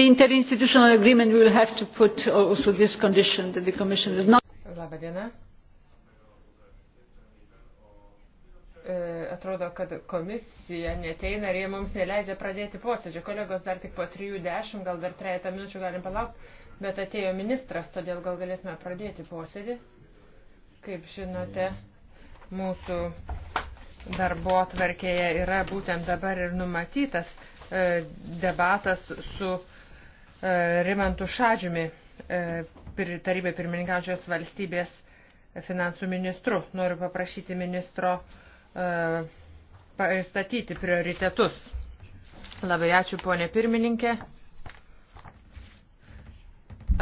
the interinstitutional agreement we will have to put also this condition that the commission is not Labą dieną. E, atrodo, kad komisija neteina ir jie mums neleidžia pradėti posėdžio. Kolegos dar tik po 3.10, gal dar 3 minučių galim palaukti, bet atėjo ministras, todėl gal galėtume pradėti posėdį. Kaip žinote, mūsų darbo atverkėje yra būtent dabar ir numatytas e, debatas su E, Rimantu Šadžiumi, e, tarybai pirmininkaujančios valstybės finansų ministru. Noriu paprašyti ministro e, pristatyti prioritetus. Labai ačiū, ponė pirmininkė.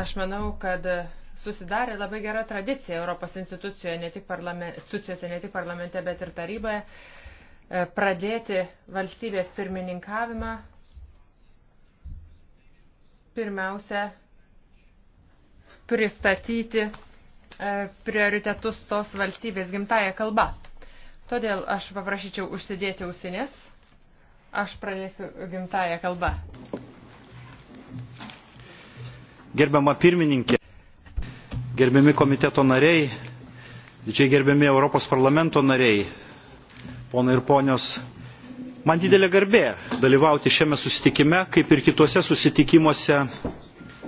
Aš manau, kad susidarė labai gera tradicija Europos institucijose, ne tik, parlamente, ne tik parlamente, bet ir taryboje, pradėti valstybės pirmininkavimą pirmiausia pristatyti e, prioritetus tos valstybės gimtaja kalba. Todėl aš paprašyčiau užsidėti ausinės. Aš pradėsiu gimtają kalbą. Gerbiama pirmininkė, gerbiami komiteto nariai, didžiai gerbiami Europos parlamento nariai, ponai ir ponios Man didelė garbė dalyvauti šiame susitikime, kaip ir kituose susitikimuose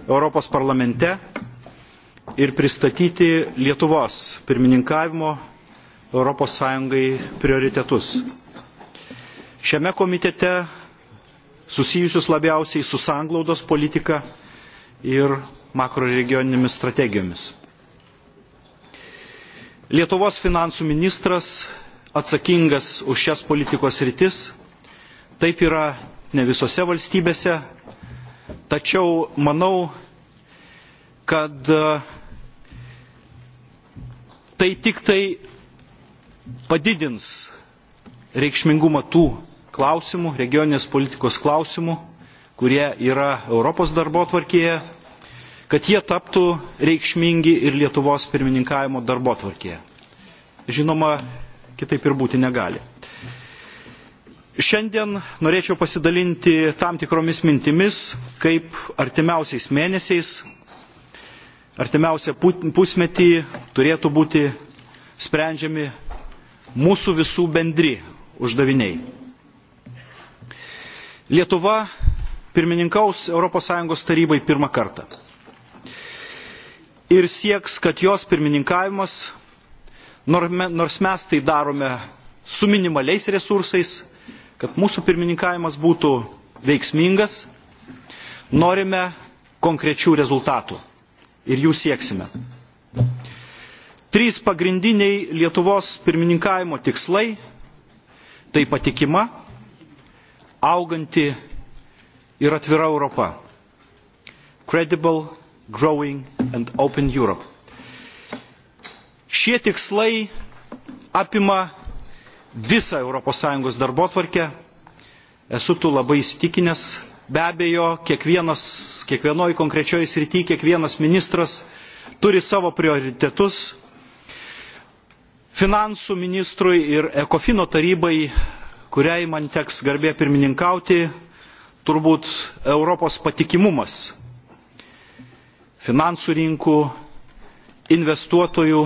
Europos parlamente ir pristatyti Lietuvos pirmininkavimo Europos Sąjungai prioritetus. Šiame komitete susijusius labiausiai su sanglaudos politika ir makroregioninėmis strategijomis. Lietuvos finansų ministras atsakingas už šias politikos rytis. Taip yra ne visose valstybėse, tačiau manau, kad e, tai tik tai padidins reikšmingumą tų klausimų, regioninės politikos klausimų, kurie yra Europos darbo tvarkėje, kad jie taptų reikšmingi ir Lietuvos pirmininkavimo darbo tvarkėje. Žinoma, kitaip ir būti negali. Šiandien norėčiau pasidalinti tam tikromis mintimis, kaip artimiausiais mėnesiais, artimiausią pusmetį turėtų būti sprendžiami mūsų visų bendri uždaviniai. Lietuva pirmininkaus ES tarybai pirmą kartą ir sieks, kad jos pirmininkavimas nors mes tai darome su minimaliais resursais, kad mūsų pirmininkavimas būtų veiksmingas, norime konkrečių rezultatų ir jų sieksime. Trys pagrindiniai Lietuvos pirmininkavimo tikslai - tai patikima, auganti ir atvira Europa. Credible, growing and open Europe. Šie tikslai apima visą ES darbotvarkę. Esu tu labai įstikinęs. Be abejo, kiekvienas, kiekvienoj konkrečioje srityje kiekvienas ministras turi savo prioritetus. Finansų ministrui ir ekofino tarybai, kuriai man teks garbė pirmininkauti, turbūt Europos patikimumas finansų rinkų, investuotojų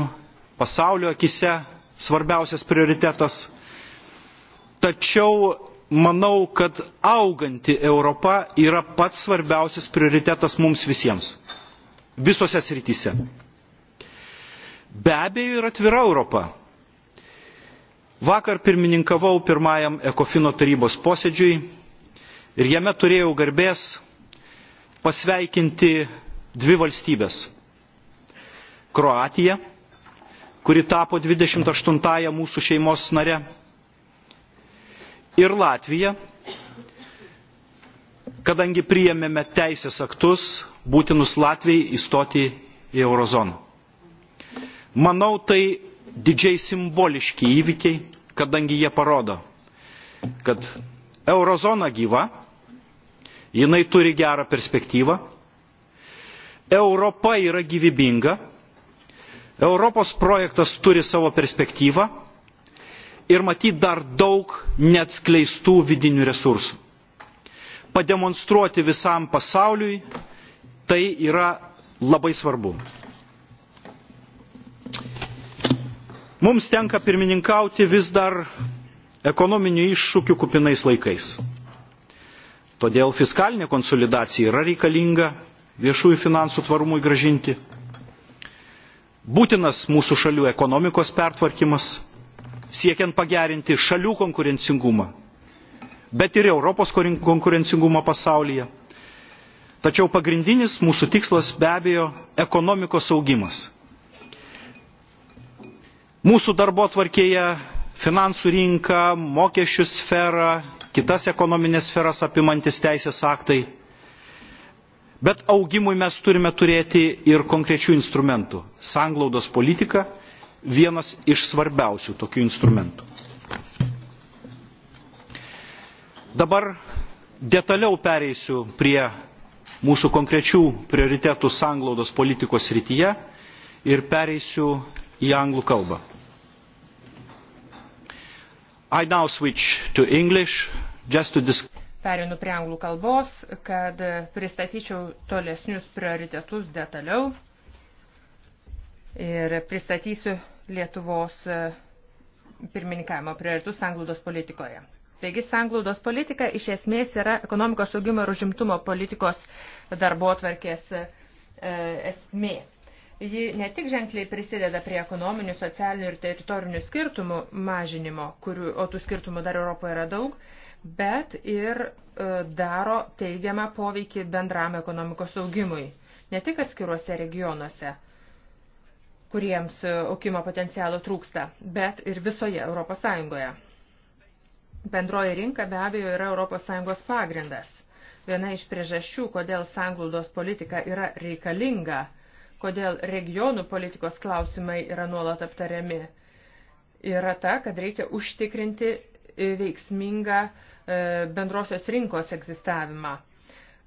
pasaulio akise svarbiausias prioritetas. Tačiau manau, kad auganti Europa yra pats svarbiausias prioritetas mums visiems. Visose srityse. Be abejo ir atvira Europa. Vakar pirmininkavau pirmajam Ekofino tarybos posėdžiui ir jame turėjau garbės pasveikinti dvi valstybės - Kroatiją kuri tapo 28-ąją mūsų šeimos nare. Ir Latvija, kadangi priėmėme teisės aktus, būtinus Latvijai įstoti į eurozoną. Manau, tai didžiai simboliški įvykiai, kadangi jie parodo, kad eurozona gyva, jinai turi gerą perspektyvą, Europa yra gyvybinga Europos projektas turi savo perspektyvą ir matyt dar daug neatskleistų vidinių resursų. Pademonstruoti visam pasauliui tai yra labai svarbu. Mums tenka pirmininkauti vis dar ekonominių iššūkių kupinais laikais. Todėl fiskalinė konsolidacija yra reikalinga viešųjų finansų tvarumui gražinti būtinas mūsų šalių ekonomikos pertvarkymas, siekiant pagerinti šalių konkurencingumą, bet ir Europos konkurencingumą pasaulyje. Tačiau pagrindinis mūsų tikslas be abejo - ekonomikos augimas. Mūsų darbo tvarkėje finansų rinka, mokesčių sfera, kitas ekonominės sferas apimantis teisės aktai Bet augimui mes turime turėti ir konkrečių instrumentų. Sanglaudos politika vienas iš svarbiausių tokių instrumentų. Dabar detaliau pereisiu prie mūsų konkrečių prioritetų sanglaudos politikos rytyje ir pereisiu į anglų kalbą. I now switch to English just to discuss. Perinu prie anglų kalbos, kad pristatyčiau tolesnius prioritetus detaliau ir pristatysiu Lietuvos e, pirmininkavimo prioritus sanglaudos politikoje. Taigi sanglaudos politika iš esmės yra ekonomikos augimo ir užimtumo politikos darbo atvarkės e, esmė. Ji ne tik ženkliai prisideda prie ekonominių, socialinių ir teritorinių skirtumų mažinimo, kurių, o tų skirtumų dar Europoje yra daug, bet ir e, daro teigiamą poveikį bendram ekonomikos augimui. Ne tik atskiruose regionuose, kuriems e, aukimo potencialo trūksta, bet ir visoje Europos Sąjungoje. Bendroji rinka be abejo yra Europos Sąjungos pagrindas. Viena iš priežasčių, kodėl sanglaudos politika yra reikalinga, kodėl regionų politikos klausimai yra nuolat aptariami, yra ta, kad reikia užtikrinti veiksmingą e, bendrosios rinkos egzistavimą.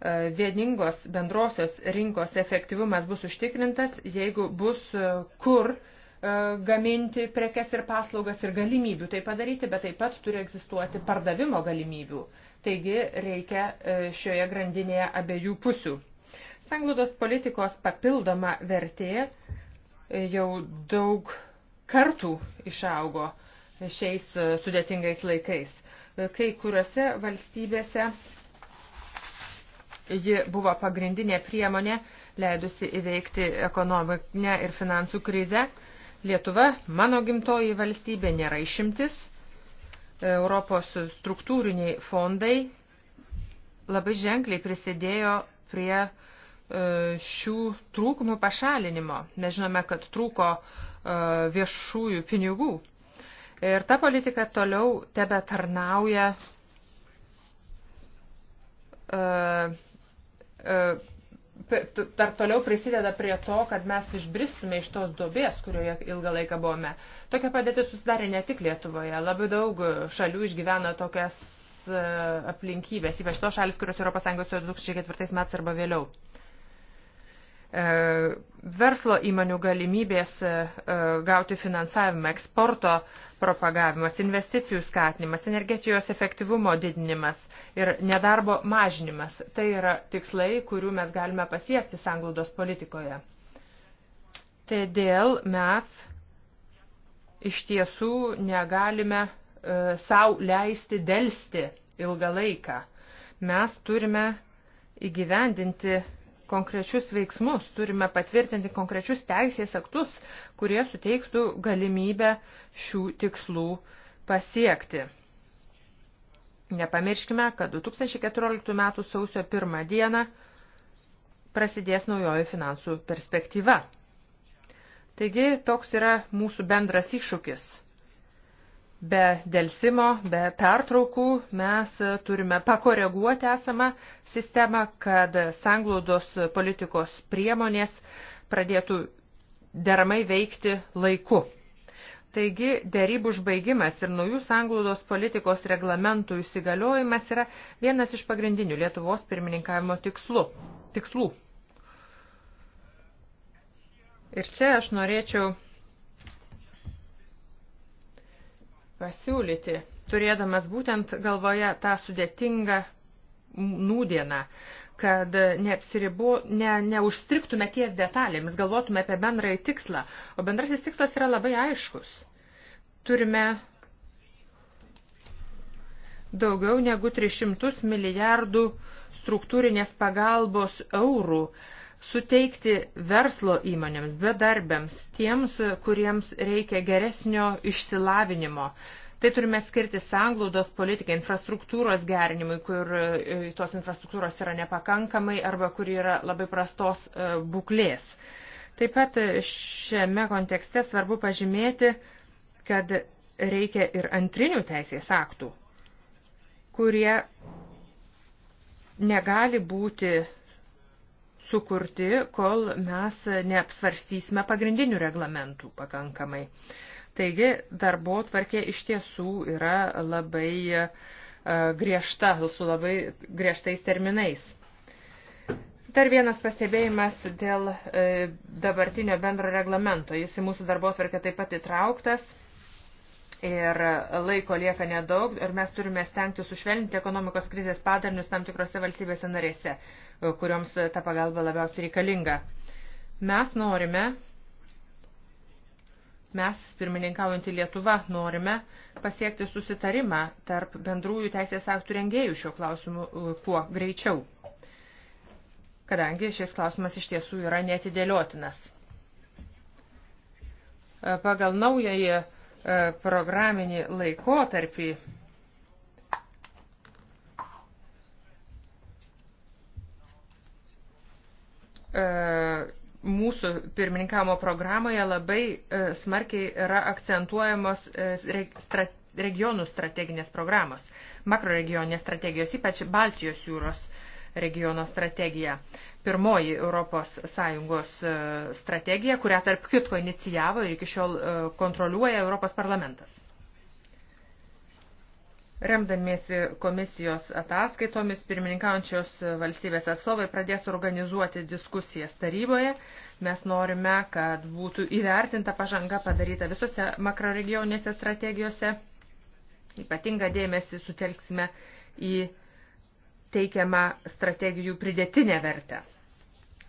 E, vieningos bendrosios rinkos efektyvumas bus užtikrintas, jeigu bus e, kur gaminti prekes ir paslaugas ir galimybių tai padaryti, bet taip pat turi egzistuoti pardavimo galimybių. Taigi reikia šioje grandinėje abiejų pusių. Sanglaudos politikos papildoma vertė jau daug kartų išaugo šiais e, sudėtingais laikais. Kai kuriuose valstybėse ji buvo pagrindinė priemonė leidusi įveikti ekonominę ir finansų krizę. Lietuva, mano gimtoji valstybė, nėra išimtis. Europos struktūriniai fondai labai ženkliai prisidėjo prie e, šių trūkumų pašalinimo. Mes žinome, kad trūko e, viešųjų pinigų Ir ta politika toliau tebe tarnauja uh, e, uh, e, dar toliau prisideda prie to, kad mes išbristume iš tos dobės, kurioje ilgą laiką buvome. Tokia padėtis susidarė ne tik Lietuvoje, labai daug šalių išgyvena tokias e, aplinkybės, ypač tos šalis, kurios Europos Sąjungos 2004 metais arba vėliau. E, verslo įmonių galimybės e, gauti finansavimą, eksporto propagavimas, investicijų skatinimas, energetijos efektyvumo didinimas ir nedarbo mažinimas. Tai yra tikslai, kurių mes galime pasiekti sanglaudos politikoje. Todėl mes iš tiesų negalime e, savo leisti dėlsti ilgą laiką. Mes turime įgyvendinti konkrečius veiksmus, turime patvirtinti konkrečius teisės aktus, kurie suteiktų galimybę šių tikslų pasiekti. Nepamirškime, kad 2014 m. sausio 1 dieną prasidės naujoji finansų perspektyva. Taigi toks yra mūsų bendras iššūkis be delsimo, be pertraukų mes turime pakoreguoti esamą sistemą, kad sanglaudos politikos priemonės pradėtų deramai veikti laiku. Taigi dėrybų užbaigimas ir naujų sanglaudos politikos reglamentų įsigaliojimas yra vienas iš pagrindinių Lietuvos pirmininkavimo tikslu, tikslų. Ir čia aš norėčiau pasiūlyti, turėdamas būtent galvoje tą sudėtingą nūdieną, kad neapsiribu, ne, neužstriktume ties detalėmis, galvotume apie bendrąjį tikslą. O bendrasis tikslas yra labai aiškus. Turime daugiau negu 300 milijardų struktūrinės pagalbos eurų uh, suteikti verslo įmonėms, bedarbiams, tiems, kuriems reikia geresnio išsilavinimo. Tai turime skirti sanglaudos politikai, infrastruktūros gerinimui, kur e, tos infrastruktūros yra nepakankamai arba kur yra labai prastos e, būklės. Taip pat e, šiame kontekste svarbu pažymėti, kad reikia ir antrinių teisės aktų, kurie negali būti sukurti, kol mes neapsvarstysime pagrindinių reglamentų pakankamai. Taigi darbo tvarkė iš tiesų yra labai e, griežta, su labai griežtais terminais. Dar vienas pastebėjimas dėl e, dabartinio bendro reglamento. Jis į mūsų darbo tvarkę taip pat įtrauktas ir laiko lieka nedaug ir mes turime stengti sušvelninti ekonomikos krizės padarinius tam tikrose valstybėse narėse, kurioms ta pagalba labiausiai reikalinga. Mes norime, mes, pirmininkaujantį Lietuvą, norime pasiekti susitarimą tarp bendrųjų teisės aktų rengėjų šio klausimu e, kuo greičiau, kadangi šis klausimas iš tiesų yra netidėliotinas. E, pagal naująjį E, programinį laikotarpį. E, mūsų pirmininkamo programoje labai e, smarkiai yra akcentuojamos regionų strateginės programos, makroregioninės strategijos, ypač Baltijos jūros strategijos regiono strategiją. Pirmoji ES e, strategija, kurią tarp kitko inicijavo ir iki šiol e, kontroliuoja Europos parlamentas. Remdamiesi komisijos ataskaitomis, pirmininkaujančios valstybės atstovai pradės organizuoti diskusijas taryboje. Mes norime, kad būtų įvertinta pažanga padaryta visose makroregioninėse strategijose. Ypatingą dėmesį sutelksime į teikiamą strategijų pridėtinę vertę.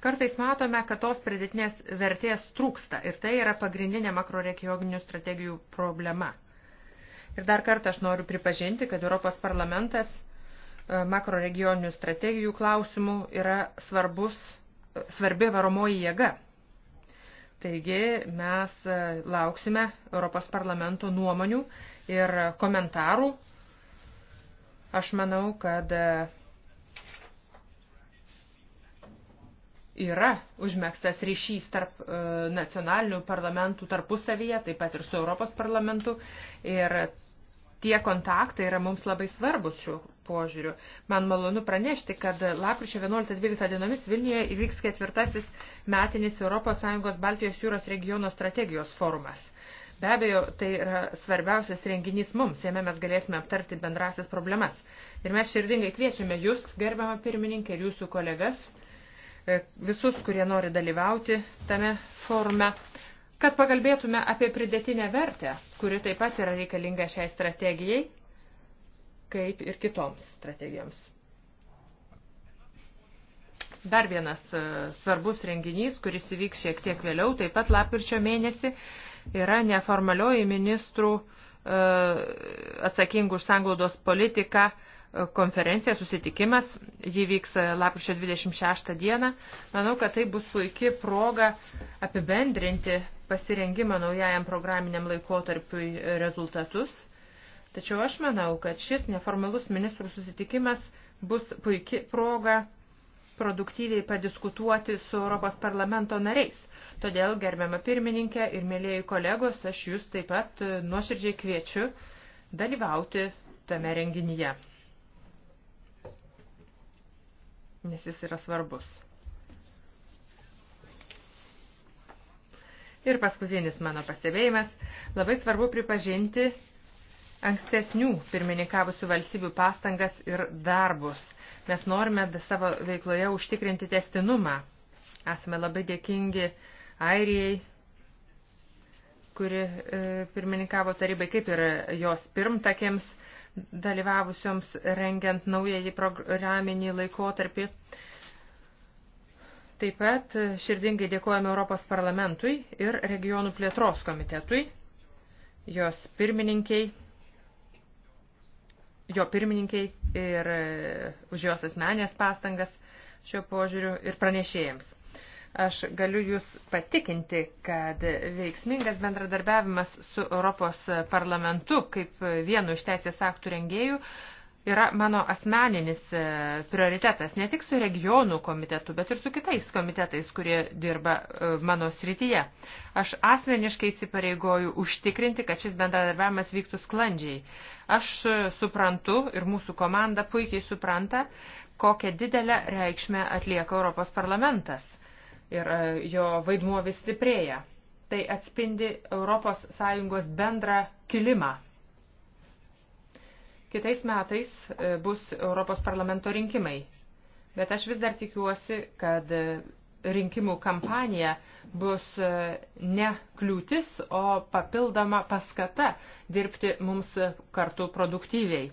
Kartais matome, kad tos pridėtinės vertės trūksta ir tai yra pagrindinė makroregioginių strategijų problema. Ir dar kartą aš noriu pripažinti, kad Europos parlamentas e, makroregioninių strategijų klausimų yra svarbus, e, svarbi varomoji jėga. Taigi mes e, lauksime Europos parlamento nuomonių ir komentarų. Aš manau, kad yra užmėgstas ryšys tarp e, nacionalinių parlamentų tarpusavyje, taip pat ir su Europos parlamentu. Ir tie kontaktai yra mums labai svarbus šiuo požiūriu. Man malonu pranešti, kad lapkričio 11-12 dienomis Vilniuje įvyks ketvirtasis metinis ES Baltijos jūros regiono strategijos forumas. Be abejo, tai yra svarbiausias renginys mums, jame mes galėsime aptarti bendrasias problemas. Ir mes širdingai kviečiame jūs, gerbiamą pirmininkę, ir jūsų kolegas E, visus, kurie nori dalyvauti tame forume, kad pakalbėtume apie pridėtinę vertę, kuri taip pat yra reikalinga šiai strategijai, kaip ir kitoms strategijoms. Dar vienas e, svarbus renginys, kuris įvyks šiek tiek vėliau, taip pat lapkričio mėnesį, yra neformalioji ministrų e, atsakingų už sanglaudos politiką uh, konferencija, susitikimas, jį vyks lapkričio 26 dieną. Manau, kad tai bus puikia proga apibendrinti pasirengimą naujajam programiniam laikotarpiui rezultatus. Tačiau aš manau, kad šis neformalus ministrų susitikimas bus puikia proga produktyviai padiskutuoti su Europos parlamento nariais. Todėl, gerbiama pirmininkė ir mėlėjai kolegos, aš jūs taip pat nuoširdžiai kviečiu dalyvauti tame renginyje nes jis yra svarbus. Ir paskutinis mano pastebėjimas. Labai svarbu pripažinti ankstesnių pirmininkavusių valstybių pastangas ir darbus. Mes norime savo veikloje užtikrinti testinumą. Esame labai dėkingi Airijai, kuri e, pirmininkavo tarybai, kaip ir jos pirmtakėms dalyvavusioms rengiant naująjį programinį laikotarpį. Taip pat širdingai dėkojame Europos parlamentui ir regionų plėtros komitetui, jos pirmininkiai, jo pirmininkiai ir e, už jos asmenės pastangas šio požiūriu ir pranešėjams. Aš galiu Jūs patikinti, kad veiksmingas bendradarbiavimas su Europos parlamentu kaip vienu iš teisės aktų rengėjų yra mano asmeninis e, prioritetas, ne tik su regionų komitetu, bet ir su kitais komitetais, kurie dirba e, mano srityje. Aš asmeniškai įsipareigoju užtikrinti, kad šis bendradarbiavimas vyktų sklandžiai. Aš e, suprantu ir mūsų komanda puikiai supranta, kokią didelę reikšmę atlieka Europos parlamentas ir e, jo vaidmuo vis stiprėja. Tai atspindi ES bendrą kilimą. Kitais metais e, bus Europos parlamento rinkimai. Bet aš vis dar tikiuosi, kad e, rinkimų kampanija bus ne kliūtis, o papildoma paskata dirbti mums kartu produktyviai.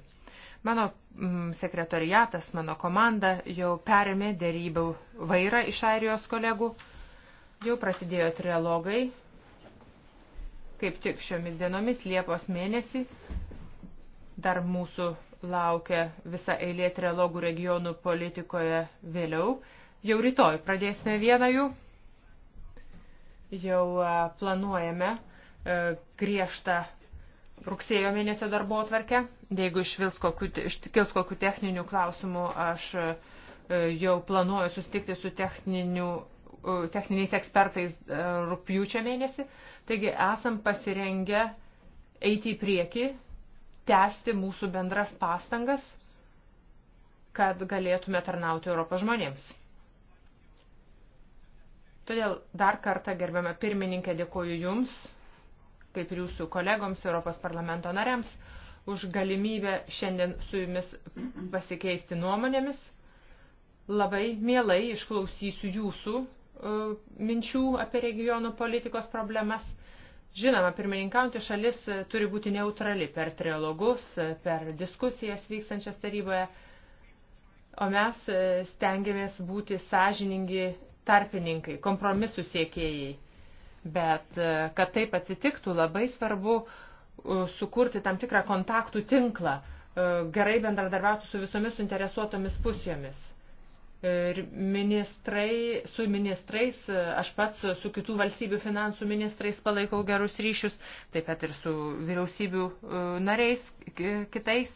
Mano mm, sekretariatas, mano komanda jau perėmė dėrybių vairą iš airijos kolegų. Jau prasidėjo trilogai. Kaip tik šiomis dienomis, Liepos mėnesį, dar mūsų laukia visa eilė trilogų regionų politikoje vėliau. Jau rytoj pradėsime vieną jų. Jau e, planuojame e, griežtą rugsėjo mėnesio darbo atvarkę. Jeigu iškils kokių, iš kokių techninių klausimų, aš e, jau planuoju sustikti su e, techniniais ekspertais e, rūpjūčio mėnesį. Taigi esam pasirengę eiti į priekį, tęsti mūsų bendras pastangas, kad galėtume tarnauti Europos žmonėms. Todėl dar kartą gerbiamą pirmininkę dėkoju Jums kaip ir jūsų kolegoms, Europos parlamento nariams, už galimybę šiandien su jumis pasikeisti nuomonėmis. Labai mielai išklausysiu jūsų e, minčių apie regionų politikos problemas. Žinoma, pirmininkauti šalis e, turi būti neutrali per trialogus, e, per diskusijas vykstančias taryboje, o mes stengiamės būti sąžiningi tarpininkai, kompromisų siekėjai. Bet e, kad taip atsitiktų, labai svarbu e, sukurti tam tikrą kontaktų tinklą, e, gerai bendradarbiauti su visomis suinteresuotomis pusėmis. Ir ministrai, su ministrais, aš pats su kitų valstybių finansų ministrais palaikau gerus ryšius, taip pat ir su vyriausybių nariais kitais,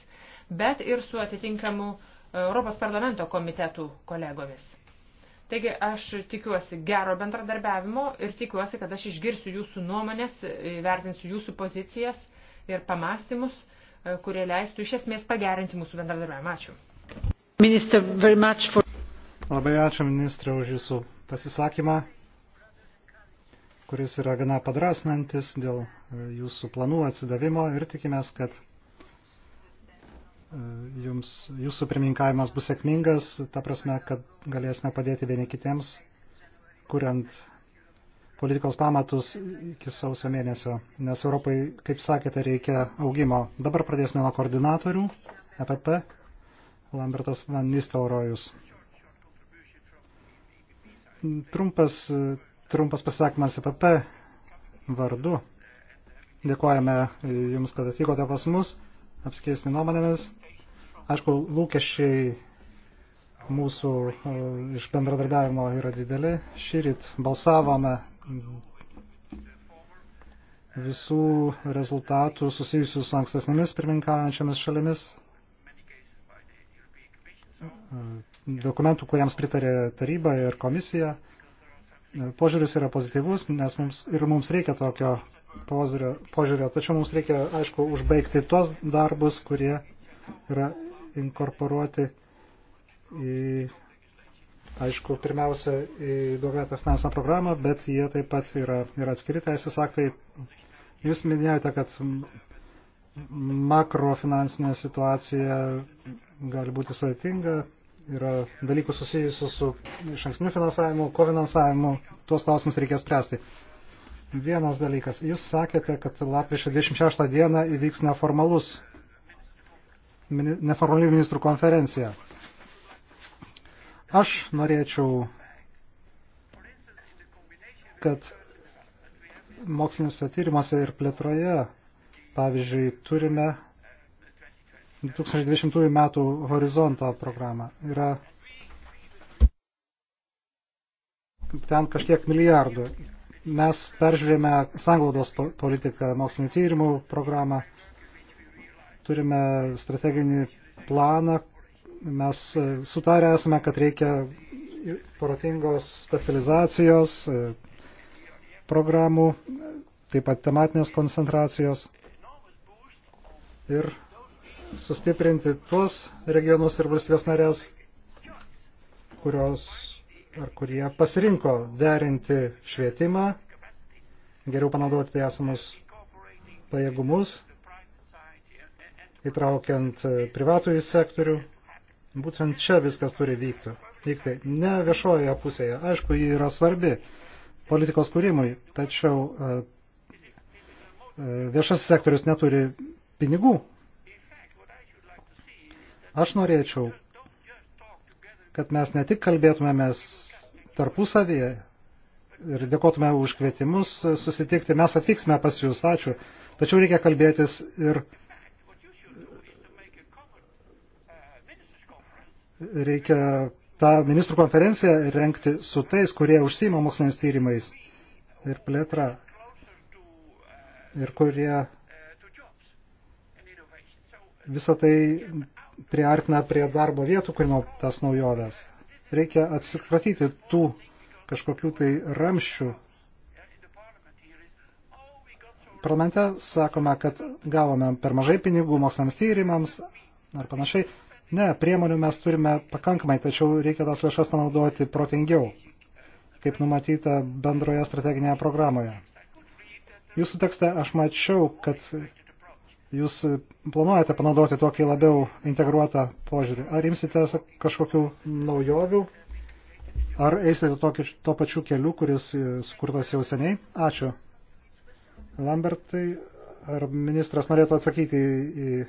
bet ir su atitinkamu Europos parlamento komitetų kolegomis. Taigi aš tikiuosi gero bendradarbiavimo ir tikiuosi, kad aš išgirsiu jūsų nuomonės, vertinsiu jūsų pozicijas ir pamastymus, e, kurie leistų iš esmės pagerinti mūsų bendradarbiavimą. Ačiū. Minister, for... Labai ačiū ministra už jūsų pasisakymą, kuris yra gana padrasnantis dėl e, jūsų planų atsidavimo ir tikimės, kad jums, jūsų pirmininkavimas bus sėkmingas, ta prasme, kad galėsime padėti vieni kitiems, kuriant politikos pamatus iki sausio mėnesio, nes Europai, kaip sakėte, reikia augimo. Dabar pradėsime nuo koordinatorių, EPP, Lambertas Van Nistelrojus. Trumpas, trumpas pasakymas EPP vardu. Dėkojame Jums, kad atvykote pas mus apskėsti nuomonėmis. Aišku, lūkesčiai mūsų e, iš bendradarbiavimo yra dideli. Šįryt balsavome visų rezultatų susijusių su ankstesnėmis pirminkaujančiamis šalimis, e, dokumentų, kuriems pritarė taryba ir komisija. E, požiūris yra pozityvus, nes mums ir mums reikia tokio požiūrio, požiūrio, tačiau mums reikia, aišku, užbaigti tuos darbus, kurie yra inkorporuoti į, aišku, pirmiausia, į daugiametę finansinę programą, bet jie taip pat yra, yra atskiri teisės aktai. Jūs minėjote, kad makrofinansinė situacija gali būti sudėtinga, yra dalykų susijusių su išankstiniu finansavimu, kofinansavimu, tuos klausimus reikės spręsti. Vienas dalykas, jūs sakėte, kad lapkričio 26 dieną įvyks neformalus neformali ministrų konferencija. Aš norėčiau, kad moksliniuose tyrimuose ir plėtroje, pavyzdžiui, turime 2020 metų horizonto programą. Yra ten kažkiek milijardų. Mes peržiūrėjome sanglaudos politiką, mokslinių tyrimų programą, turime strateginį planą. Mes sutarę esame, kad reikia protingos specializacijos e, programų, taip pat tematinės koncentracijos ir sustiprinti tuos regionus ir valstybės narės, kurios ar kurie pasirinko derinti švietimą, geriau panaudoti esamus pajėgumus įtraukiant e, privatųjų sektorių. Būtent čia viskas turi vykti. vykti. Ne viešojoje pusėje. Aišku, ji yra svarbi politikos kūrimui, tačiau e, e, viešasis sektorius neturi pinigų. Aš norėčiau, kad mes ne tik kalbėtumėmės tarpusavyje ir dėkotume už kvietimus susitikti. Mes atvyksime pas jūs, ačiū. Tačiau reikia kalbėtis ir reikia tą ministrų konferenciją renkti su tais, kurie užsima moksliniais tyrimais ir plėtra ir kurie visą tai priartina prie darbo vietų, kurimo tas naujoves. Reikia atsikratyti tų kažkokių tai ramščių. Parlamente sakome, kad gavome per mažai pinigų mokslams tyrimams ar panašiai. Ne, priemonių mes turime pakankamai, tačiau reikia tas lėšas panaudoti protingiau, kaip numatyta bendroje strateginėje programoje. Jūsų tekste aš mačiau, kad jūs planuojate panaudoti tokį labiau integruotą požiūrį. Ar imsite kažkokių naujovių, ar eisite to, to pačiu keliu, kuris sukurtas jau seniai? Ačiū. Lambertai, ar ministras norėtų atsakyti į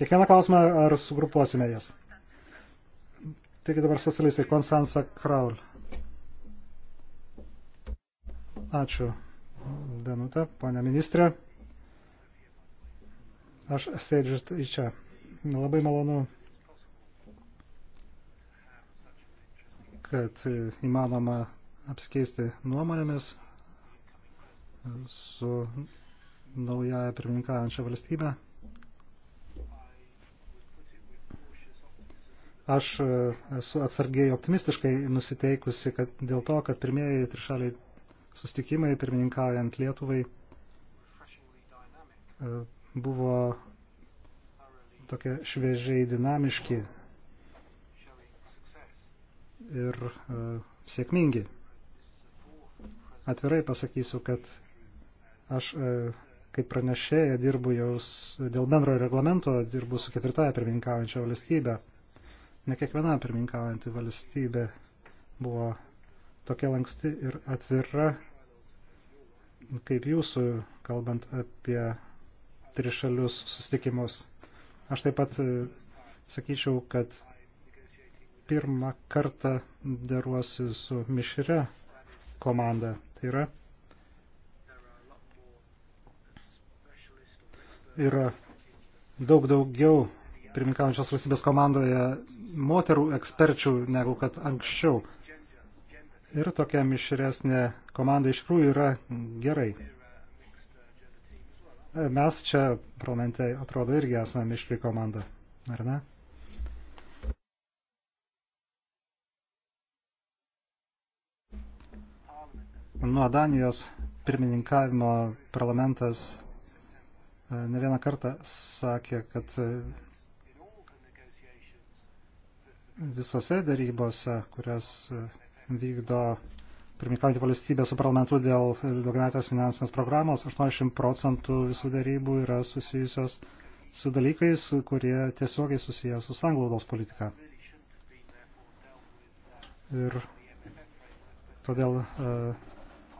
Kiekvieną klausimą ar sugrupuosime jas? Taigi dabar socialistai Konstanca Kraul. Ačiū, Danutė, ponia ministrė. Aš sėdžiu į čia. Labai malonu, kad įmanoma apsikeisti nuomonėmis su nauja pirmininkaujančia valstybė. Aš e, esu atsargiai optimistiškai nusiteikusi kad dėl to, kad pirmieji trišaliai sustikimai pirmininkaujant Lietuvai e, buvo tokie šviežiai dinamiški ir e, sėkmingi. Atvirai pasakysiu, kad aš kaip pranešėja dirbu jau dėl bendrojo reglamento, dirbu su ketvirtąją pirmininkaujančią valstybę. Ne kiekviena pirmininkaujanti valstybė buvo tokia lanksti ir atvira, kaip jūsų, kalbant apie trišalius susitikimus. Aš taip pat e, sakyčiau, kad pirmą kartą deruosi su mišre komanda. Tai yra, yra daug daugiau pirmininkaujančios valstybės komandoje moterų eksperčių negu kad anksčiau. Ir tokia mišresnė komanda iš tikrųjų yra gerai. Mes čia parlamente atrodo irgi esame mišri komanda, ar ne? Nuo Danijos pirmininkavimo parlamentas e, ne vieną kartą sakė, kad visose darybose, kurias vykdo pirmininkaujantį valstybę su parlamentu dėl daugiametės finansinės programos, 80 procentų visų darybų yra susijusios su dalykais, kurie tiesiogiai susiję su sanglaudos politika. Ir todėl e,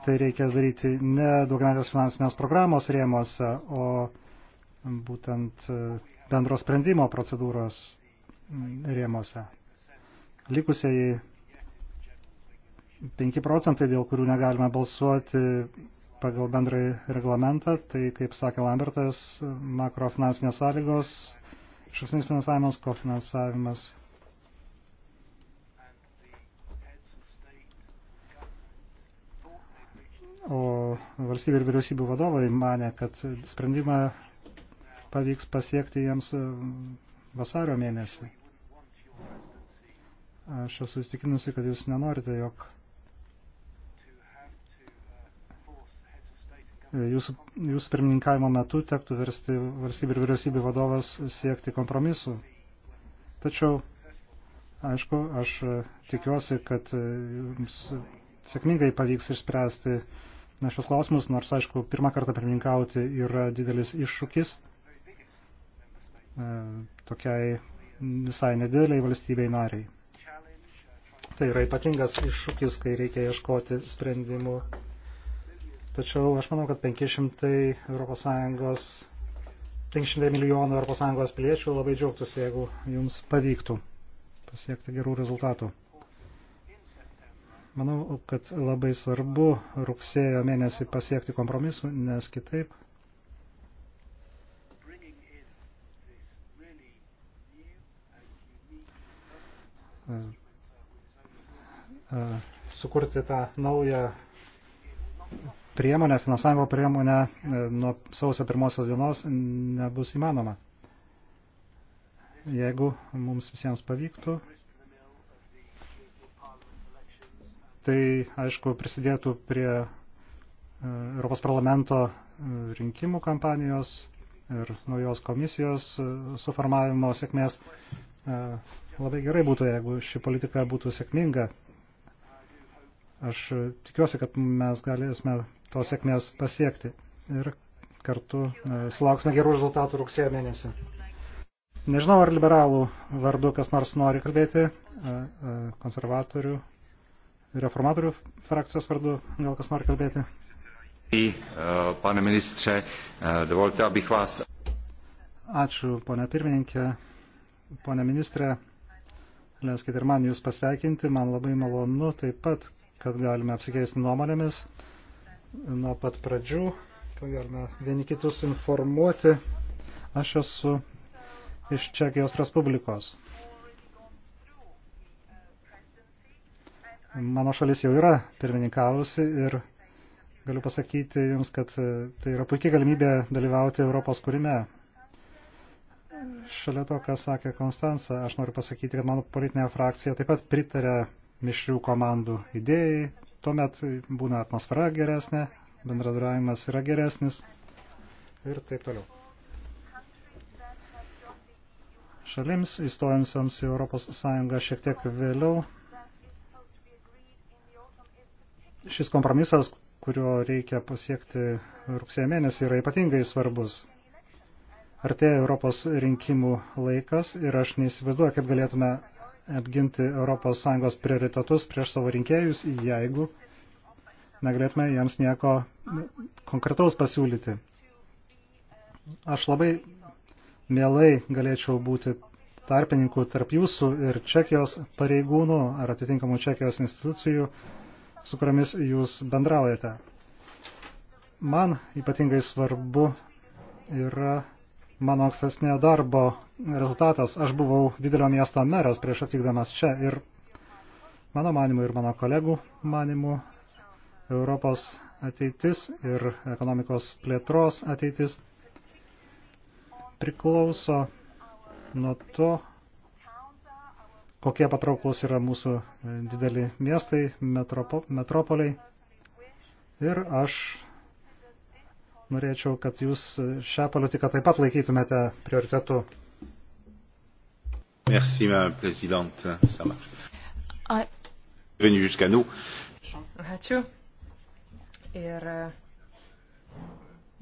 tai reikia daryti ne daugiametės finansinės programos rėmose, o būtent e, bendro sprendimo procedūros rėmose likusieji 5 procentai, dėl kurių negalime balsuoti pagal bendrąjį reglamentą, tai, kaip sakė Lambertas, makrofinansinės sąlygos, šaksnis finansavimas, kofinansavimas. O valstybė ir vyriausybių vadovai mane, kad sprendimą pavyks pasiekti jiems vasario mėnesį. Aš esu įstikinusi, kad jūs nenorite, jog jūsų, jūsų pirmininkavimo metu tektų versti valstybė ir vyriausybė vadovas siekti kompromisų. Tačiau, aišku, aš tikiuosi, kad jums sėkmingai pavyks išspręsti šios klausimus, nors, aišku, pirmą kartą pirmininkauti yra didelis iššūkis e, tokiai visai nedėliai valstybei nariai. Tai yra ypatingas iššūkis, kai reikia ieškoti sprendimų. Tačiau aš manau, kad 500 ES 500 milijonų ES piliečių labai džiaugtųsi, jeigu jums pavyktų pasiekti gerų rezultatų. Manau, kad labai svarbu rugsėjo mėnesį pasiekti kompromisų, nes kitaip sukurti tą naują priemonę, finansavimo priemonę e, nuo sausio pirmosios dienos nebus įmanoma. Jeigu mums visiems pavyktų, tai aišku prisidėtų prie e, Europos parlamento e, rinkimų kampanijos ir naujos komisijos suformavimo sėkmės. Labai gerai būtų, jeigu ši politika būtų sėkminga, Aš tikiuosi, kad mes galėsime tos sėkmės pasiekti ir kartu e, sulauksime gerų rezultatų rugsėjo mėnesį. Nežinau, ar liberalų vardu kas nors nori kalbėti, e, e, konservatorių, reformatorių frakcijos vardu gal kas nori kalbėti. Pane ministre, dovolte, abych vás. Ačiū, ponė pirmininkė, ponė ministrė. Leiskite ir man jūs pasveikinti, man labai malonu taip pat kad galime apsikeisti nuomonėmis nuo pat pradžių, kad galime vieni kitus informuoti. Aš esu iš Čekijos Respublikos. Mano šalis jau yra pirmininkavusi ir galiu pasakyti Jums, kad tai yra puikia galimybė dalyvauti Europos kūrime. Šalia to, ką sakė Konstanca, aš noriu pasakyti, kad mano politinė frakcija taip pat pritarė mišrių komandų idėjai, tuomet būna atmosfera geresnė, bendradarbiavimas yra geresnis ir taip toliau. Šalims įstojančiams į Europos Sąjungą šiek tiek vėliau šis kompromisas, kurio reikia pasiekti rugsėjo mėnesį, yra ypatingai svarbus. Artėja Europos rinkimų laikas ir aš neįsivaizduoju, kaip galėtume apginti ES prioritetus prieš savo rinkėjus, jeigu negalėtume jiems nieko konkretaus pasiūlyti. Aš labai mielai galėčiau būti tarpininkų tarp jūsų ir Čekijos pareigūnų ar atitinkamų Čekijos institucijų, su kuriamis jūs bendraujate. Man ypatingai svarbu yra mano ankstesnė darbo rezultatas. Aš buvau didelio miesto meras prieš atvykdamas čia ir mano manimu ir mano kolegų manimu Europos ateitis ir ekonomikos plėtros ateitis priklauso nuo to, kokie patrauklus yra mūsų dideli miestai, metropo, metropoliai. Ir aš norėčiau, kad jūs šią politiką taip pat laikytumėte prioritetu. Merci, madame prezidente. A... Venu jusqu'à nous. Ačiū. Ir e,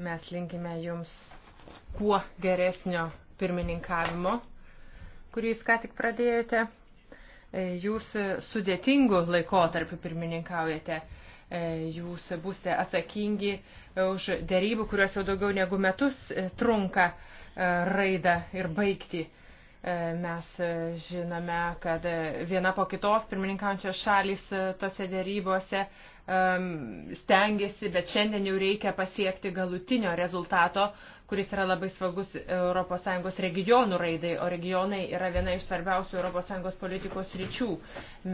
mes linkime jums kuo geresnio pirmininkavimo, kurį jūs ką tik pradėjote. E, jūs sudėtingų laikotarpių pirmininkaujate e, jūs būsite atsakingi už dėrybų, kurios jau daugiau negu metus trunka raidą ir baigti. E, mes e, žinome, kad e, viena po kitos pirmininkaujančios šalys tose dėrybose stengiasi, bet šiandien jau reikia pasiekti galutinio rezultato, kuris yra labai svagus ES regionų raidai, o regionai yra viena iš svarbiausių ES politikos ryčių.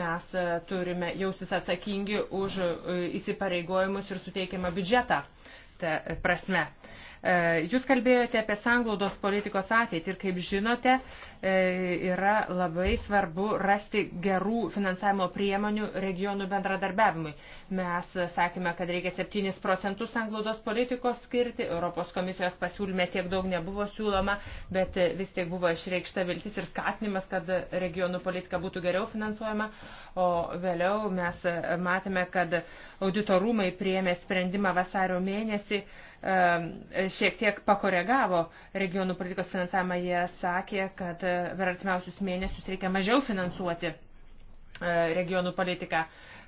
Mes turime jausis atsakingi už įsipareigojimus ir suteikiamą biudžetą prasme. E, jūs kalbėjote apie sanglaudos politikos ateitį ir, kaip žinote, e, yra labai svarbu rasti gerų finansavimo priemonių regionų bendradarbiavimui. Mes sakėme, kad reikia 7 procentus sanglaudos politikos skirti, Europos komisijos pasiūlyme tiek daug nebuvo siūloma, bet vis tiek buvo išreikšta viltis ir skatinimas, kad regionų politika būtų geriau finansuojama. O vėliau mes matėme, kad auditorumai priėmė sprendimą vasario mėnesį šiek tiek pakoregavo regionų politikos finansavimą. Jie sakė, kad per artimiausius mėnesius reikia mažiau finansuoti e, regionų politiką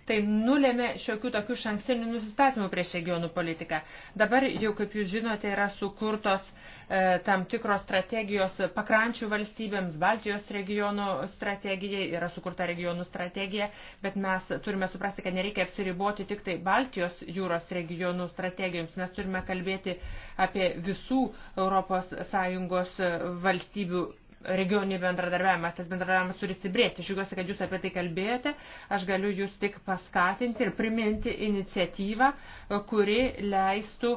tai nulėmė šiokių tokių šankstinių nusistatymų prieš regionų politiką. Dabar jau, kaip jūs žinote, yra sukurtos e, tam tikros strategijos pakrančių valstybėms, Baltijos regionų strategijai, yra sukurta regionų strategija, bet mes turime suprasti, kad nereikia apsiriboti tik tai Baltijos jūros regionų strategijoms. Mes turime kalbėti apie visų ES valstybių regioninį bendradarbiavimą. Tas bendradarbiavimas turi stiprėti. Žiūriuosi, kad jūs apie tai kalbėjote. Aš galiu jūs tik paskatinti ir priminti iniciatyvą, kuri leistų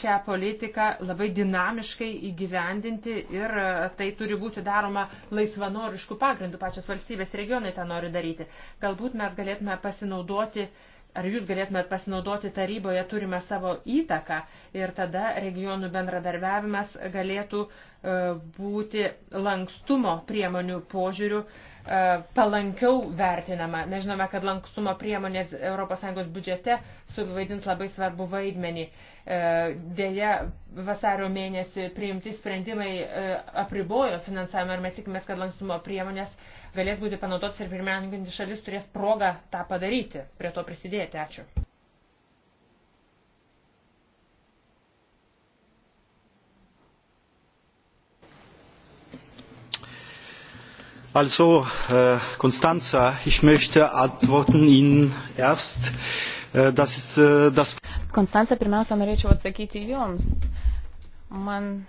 šią politiką labai dinamiškai įgyvendinti ir tai turi būti daroma laisvanoriškų pagrindų. Pačios valstybės regionai tą nori daryti. Galbūt mes galėtume pasinaudoti uh, Ar jūs galėtumėt pasinaudoti taryboje turimą savo įtaką ir tada regionų bendradarbiavimas galėtų e, būti lankstumo priemonių požiūrių e, palankiau vertinama. Mes žinome, kad lankstumo priemonės ES biudžete suvaidins labai svarbu vaidmenį. E, Deja, vasario mėnesį priimti sprendimai apribojo finansavimą ir mes tikimės, kad lankstumo priemonės uh, galės būti panaudotas ir pirmininkantis šalis turės progą tą padaryti, prie to prisidėti. Ačiū. Also, Konstanza, äh, ich möchte antworten Ihnen erst, äh, dass äh, das. Konstanza, pirmiausia, norėčiau atsakyti Jums. Man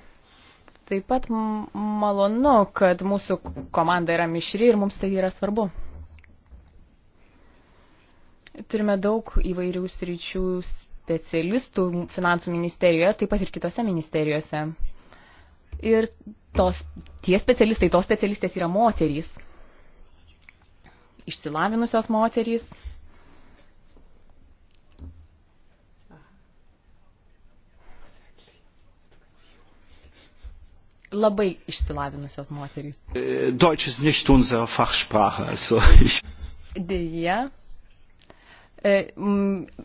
Taip pat malonu, kad mūsų komanda yra mišri ir mums tai yra svarbu. Turime daug įvairių sričių specialistų finansų ministerijoje, taip pat ir kitose ministerijose. Ir tos, tie specialistai, tos specialistės yra moterys. Išsilavinusios moterys, labai išsilavinusios moterys. E, Deutsch ist nicht unsere Fachsprache, also ich. Deja. E,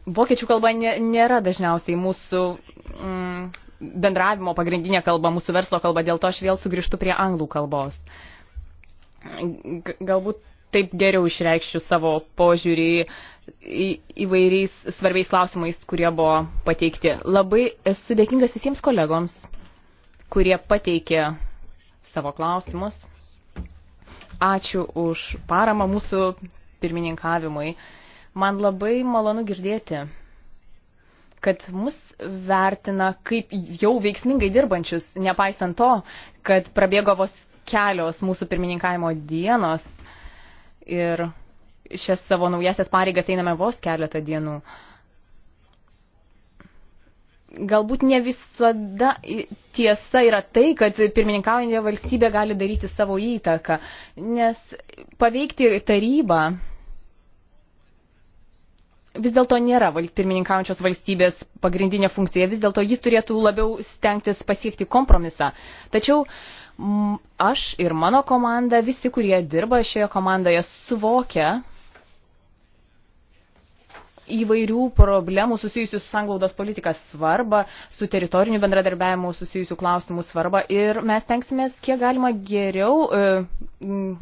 vokiečių kalba nėra dažniausiai mūsų bendravimo pagrindinė kalba, mūsų verslo kalba, dėl to aš vėl sugrįžtu prie anglų kalbos. Galbūt taip geriau išreikščiau savo požiūrį į, įvairiais svarbiais klausimais, kurie buvo pateikti. Labai esu dėkingas visiems kolegoms, kurie pateikė savo klausimus. Ačiū už paramą mūsų pirmininkavimui. Man labai malonu girdėti, kad mus vertina kaip jau veiksmingai dirbančius, nepaisant to, kad prabėgo vos kelios mūsų pirmininkavimo dienos ir šias savo naujasias pareigas einame vos keletą dienų. Uh, galbūt ne visada tiesa yra tai, kad pirmininkaujantė valstybė gali daryti savo įtaką, nes paveikti tarybą vis dėlto nėra pirmininkaujančios valstybės pagrindinė funkcija, vis dėlto jis turėtų labiau stengtis pasiekti kompromisą. Tačiau aš ir mano komanda, visi, kurie dirba šioje komandoje, suvokia, įvairių problemų susijusių su sanglaudos politika svarbą, su teritoriniu bendradarbiavimu susijusių klausimų svarbą ir mes tenksimės kiek galima geriau e, m,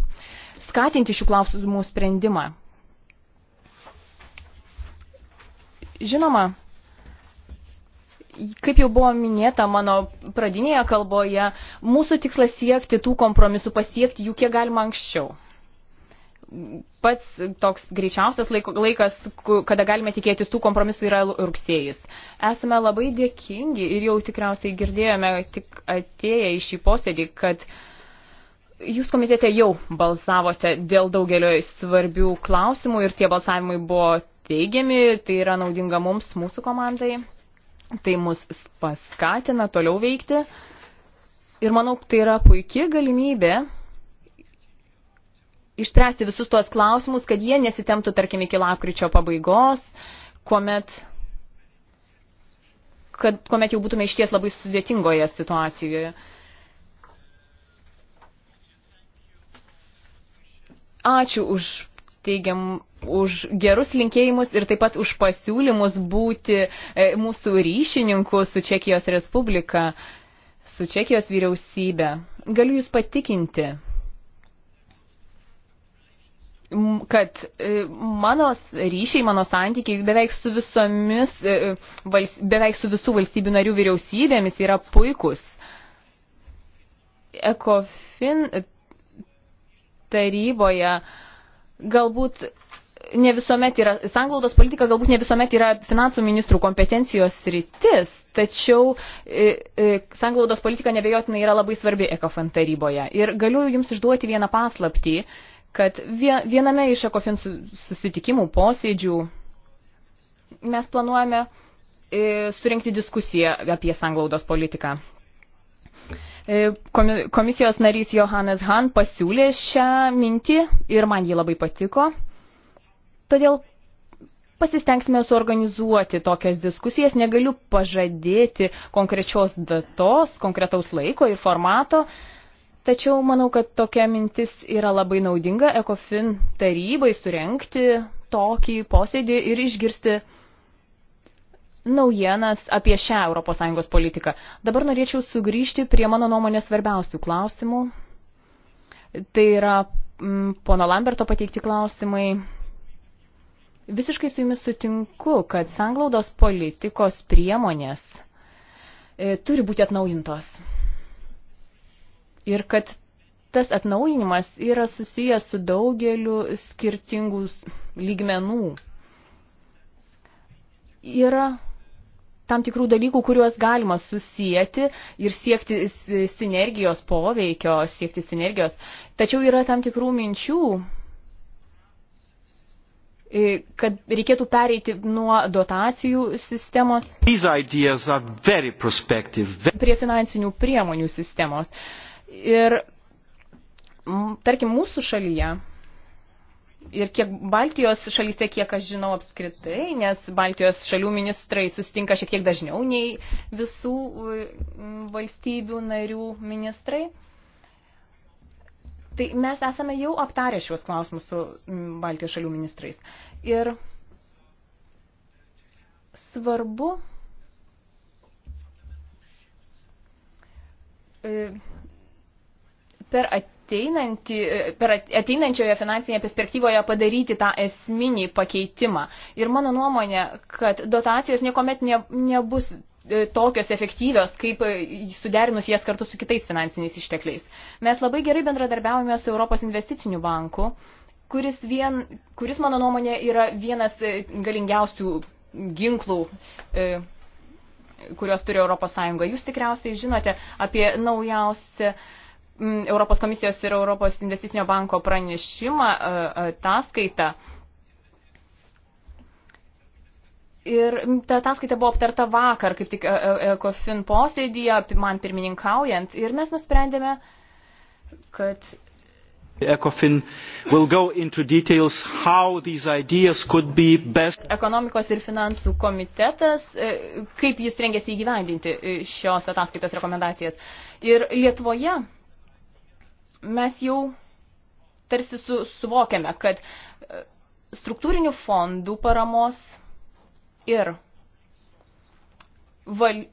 skatinti šių klausimų sprendimą. Žinoma, kaip jau buvo minėta mano pradinėje kalboje, mūsų tikslas siekti tų kompromisų, pasiekti jų kiek galima anksčiau pats toks greičiausias laikas, kada galime tikėtis tų kompromisų, yra rugsėjais. Esame labai dėkingi ir jau tikriausiai girdėjome, tik atėję į šį posėdį, kad Jūs komitete jau balsavote dėl daugelio svarbių klausimų ir tie balsavimai buvo teigiami, tai yra naudinga mums, mūsų komandai, tai mus paskatina toliau veikti. Ir manau, tai yra puikia galimybė išspręsti visus tuos klausimus, kad jie nesitemtų, tarkim, iki lapkričio pabaigos, kuomet, kad, kuomet jau būtume išties labai sudėtingoje situacijoje. Ačiū už teigiam už gerus linkėjimus ir taip pat už pasiūlymus būti e, mūsų ryšininku su Čekijos Respublika, su Čekijos vyriausybė. Galiu Jūs patikinti, kad e, mano ryšiai, mano santykiai beveik su visomis, e, beveik su visų valstybių narių vyriausybėmis yra puikus. Ekofin taryboje galbūt ne visuomet yra, sanglaudos politika galbūt ne visuomet yra finansų ministrų kompetencijos sritis, tačiau e, e, sanglaudos politika nebejotinai yra labai svarbi ECOFAN taryboje. Ir galiu Jums išduoti vieną paslaptį. E, kad viename iš ekofin susitikimų posėdžių mes planuojame e, surinkti diskusiją apie sanglaudos politiką. E, komisijos narys Johannes Han pasiūlė šią mintį ir man ji labai patiko. Todėl pasistengsime suorganizuoti tokias diskusijas. Negaliu pažadėti konkrečios datos, konkretaus laiko ir formato, Tačiau manau, kad tokia mintis yra labai naudinga ECOFIN tarybai surenkti tokį posėdį ir išgirsti naujienas apie šią ES politiką. Dabar norėčiau sugrįžti prie mano nuomonės svarbiausių klausimų. Tai yra m, mm, pono Lamberto pateikti klausimai. Visiškai su jumis sutinku, kad sanglaudos politikos priemonės e, turi būti atnaujintos ir kad tas atnaujinimas yra susijęs su daugeliu skirtingų lygmenų. Yra tam tikrų dalykų, kuriuos galima susijęti ir siekti sinergijos poveikio, siekti sinergijos. Tačiau yra tam tikrų minčių, kad reikėtų pereiti nuo dotacijų sistemos prie finansinių priemonių sistemos. Ir tarkim mūsų šalyje ir kiek Baltijos šalyse, kiek aš žinau apskritai, nes Baltijos šalių ministrai susitinka šiek tiek dažniau nei visų e, valstybių narių ministrai. Tai mes esame jau aptarę šios klausimus su Baltijos šalių ministrais. Ir svarbu e, per ateinantį, per ateinančioje finansinėje perspektyvoje padaryti tą esminį pakeitimą. Ir mano nuomonė, kad dotacijos niekuomet ne, nebus e, tokios efektyvios, kaip e, suderinus jas kartu su kitais finansiniais ištekliais. Mes labai gerai bendradarbiaujame su Europos investiciniu banku, kuris, vien, kuris mano nuomonė, yra vienas e, galingiausių ginklų, kuriuos turi Europos Sąjunga. Jūs tikriausiai žinote apie naujausią Europos komisijos ir Europos investicinio banko pranešimą, e, e, ataskaitą. Ir ta ataskaita buvo aptarta vakar, kaip tik e, ECOFIN posėdėje, man pirmininkaujant, ir mes nusprendėme, kad ECOFIN will go into details how these ideas could be best. Ekonomikos ir finansų komitetas, kaip jis rengėsi įgyvendinti šios ataskaitos rekomendacijas. Ir Lietuvoje mes jau tarsi su, suvokiame, kad e, struktūrinių fondų paramos ir val,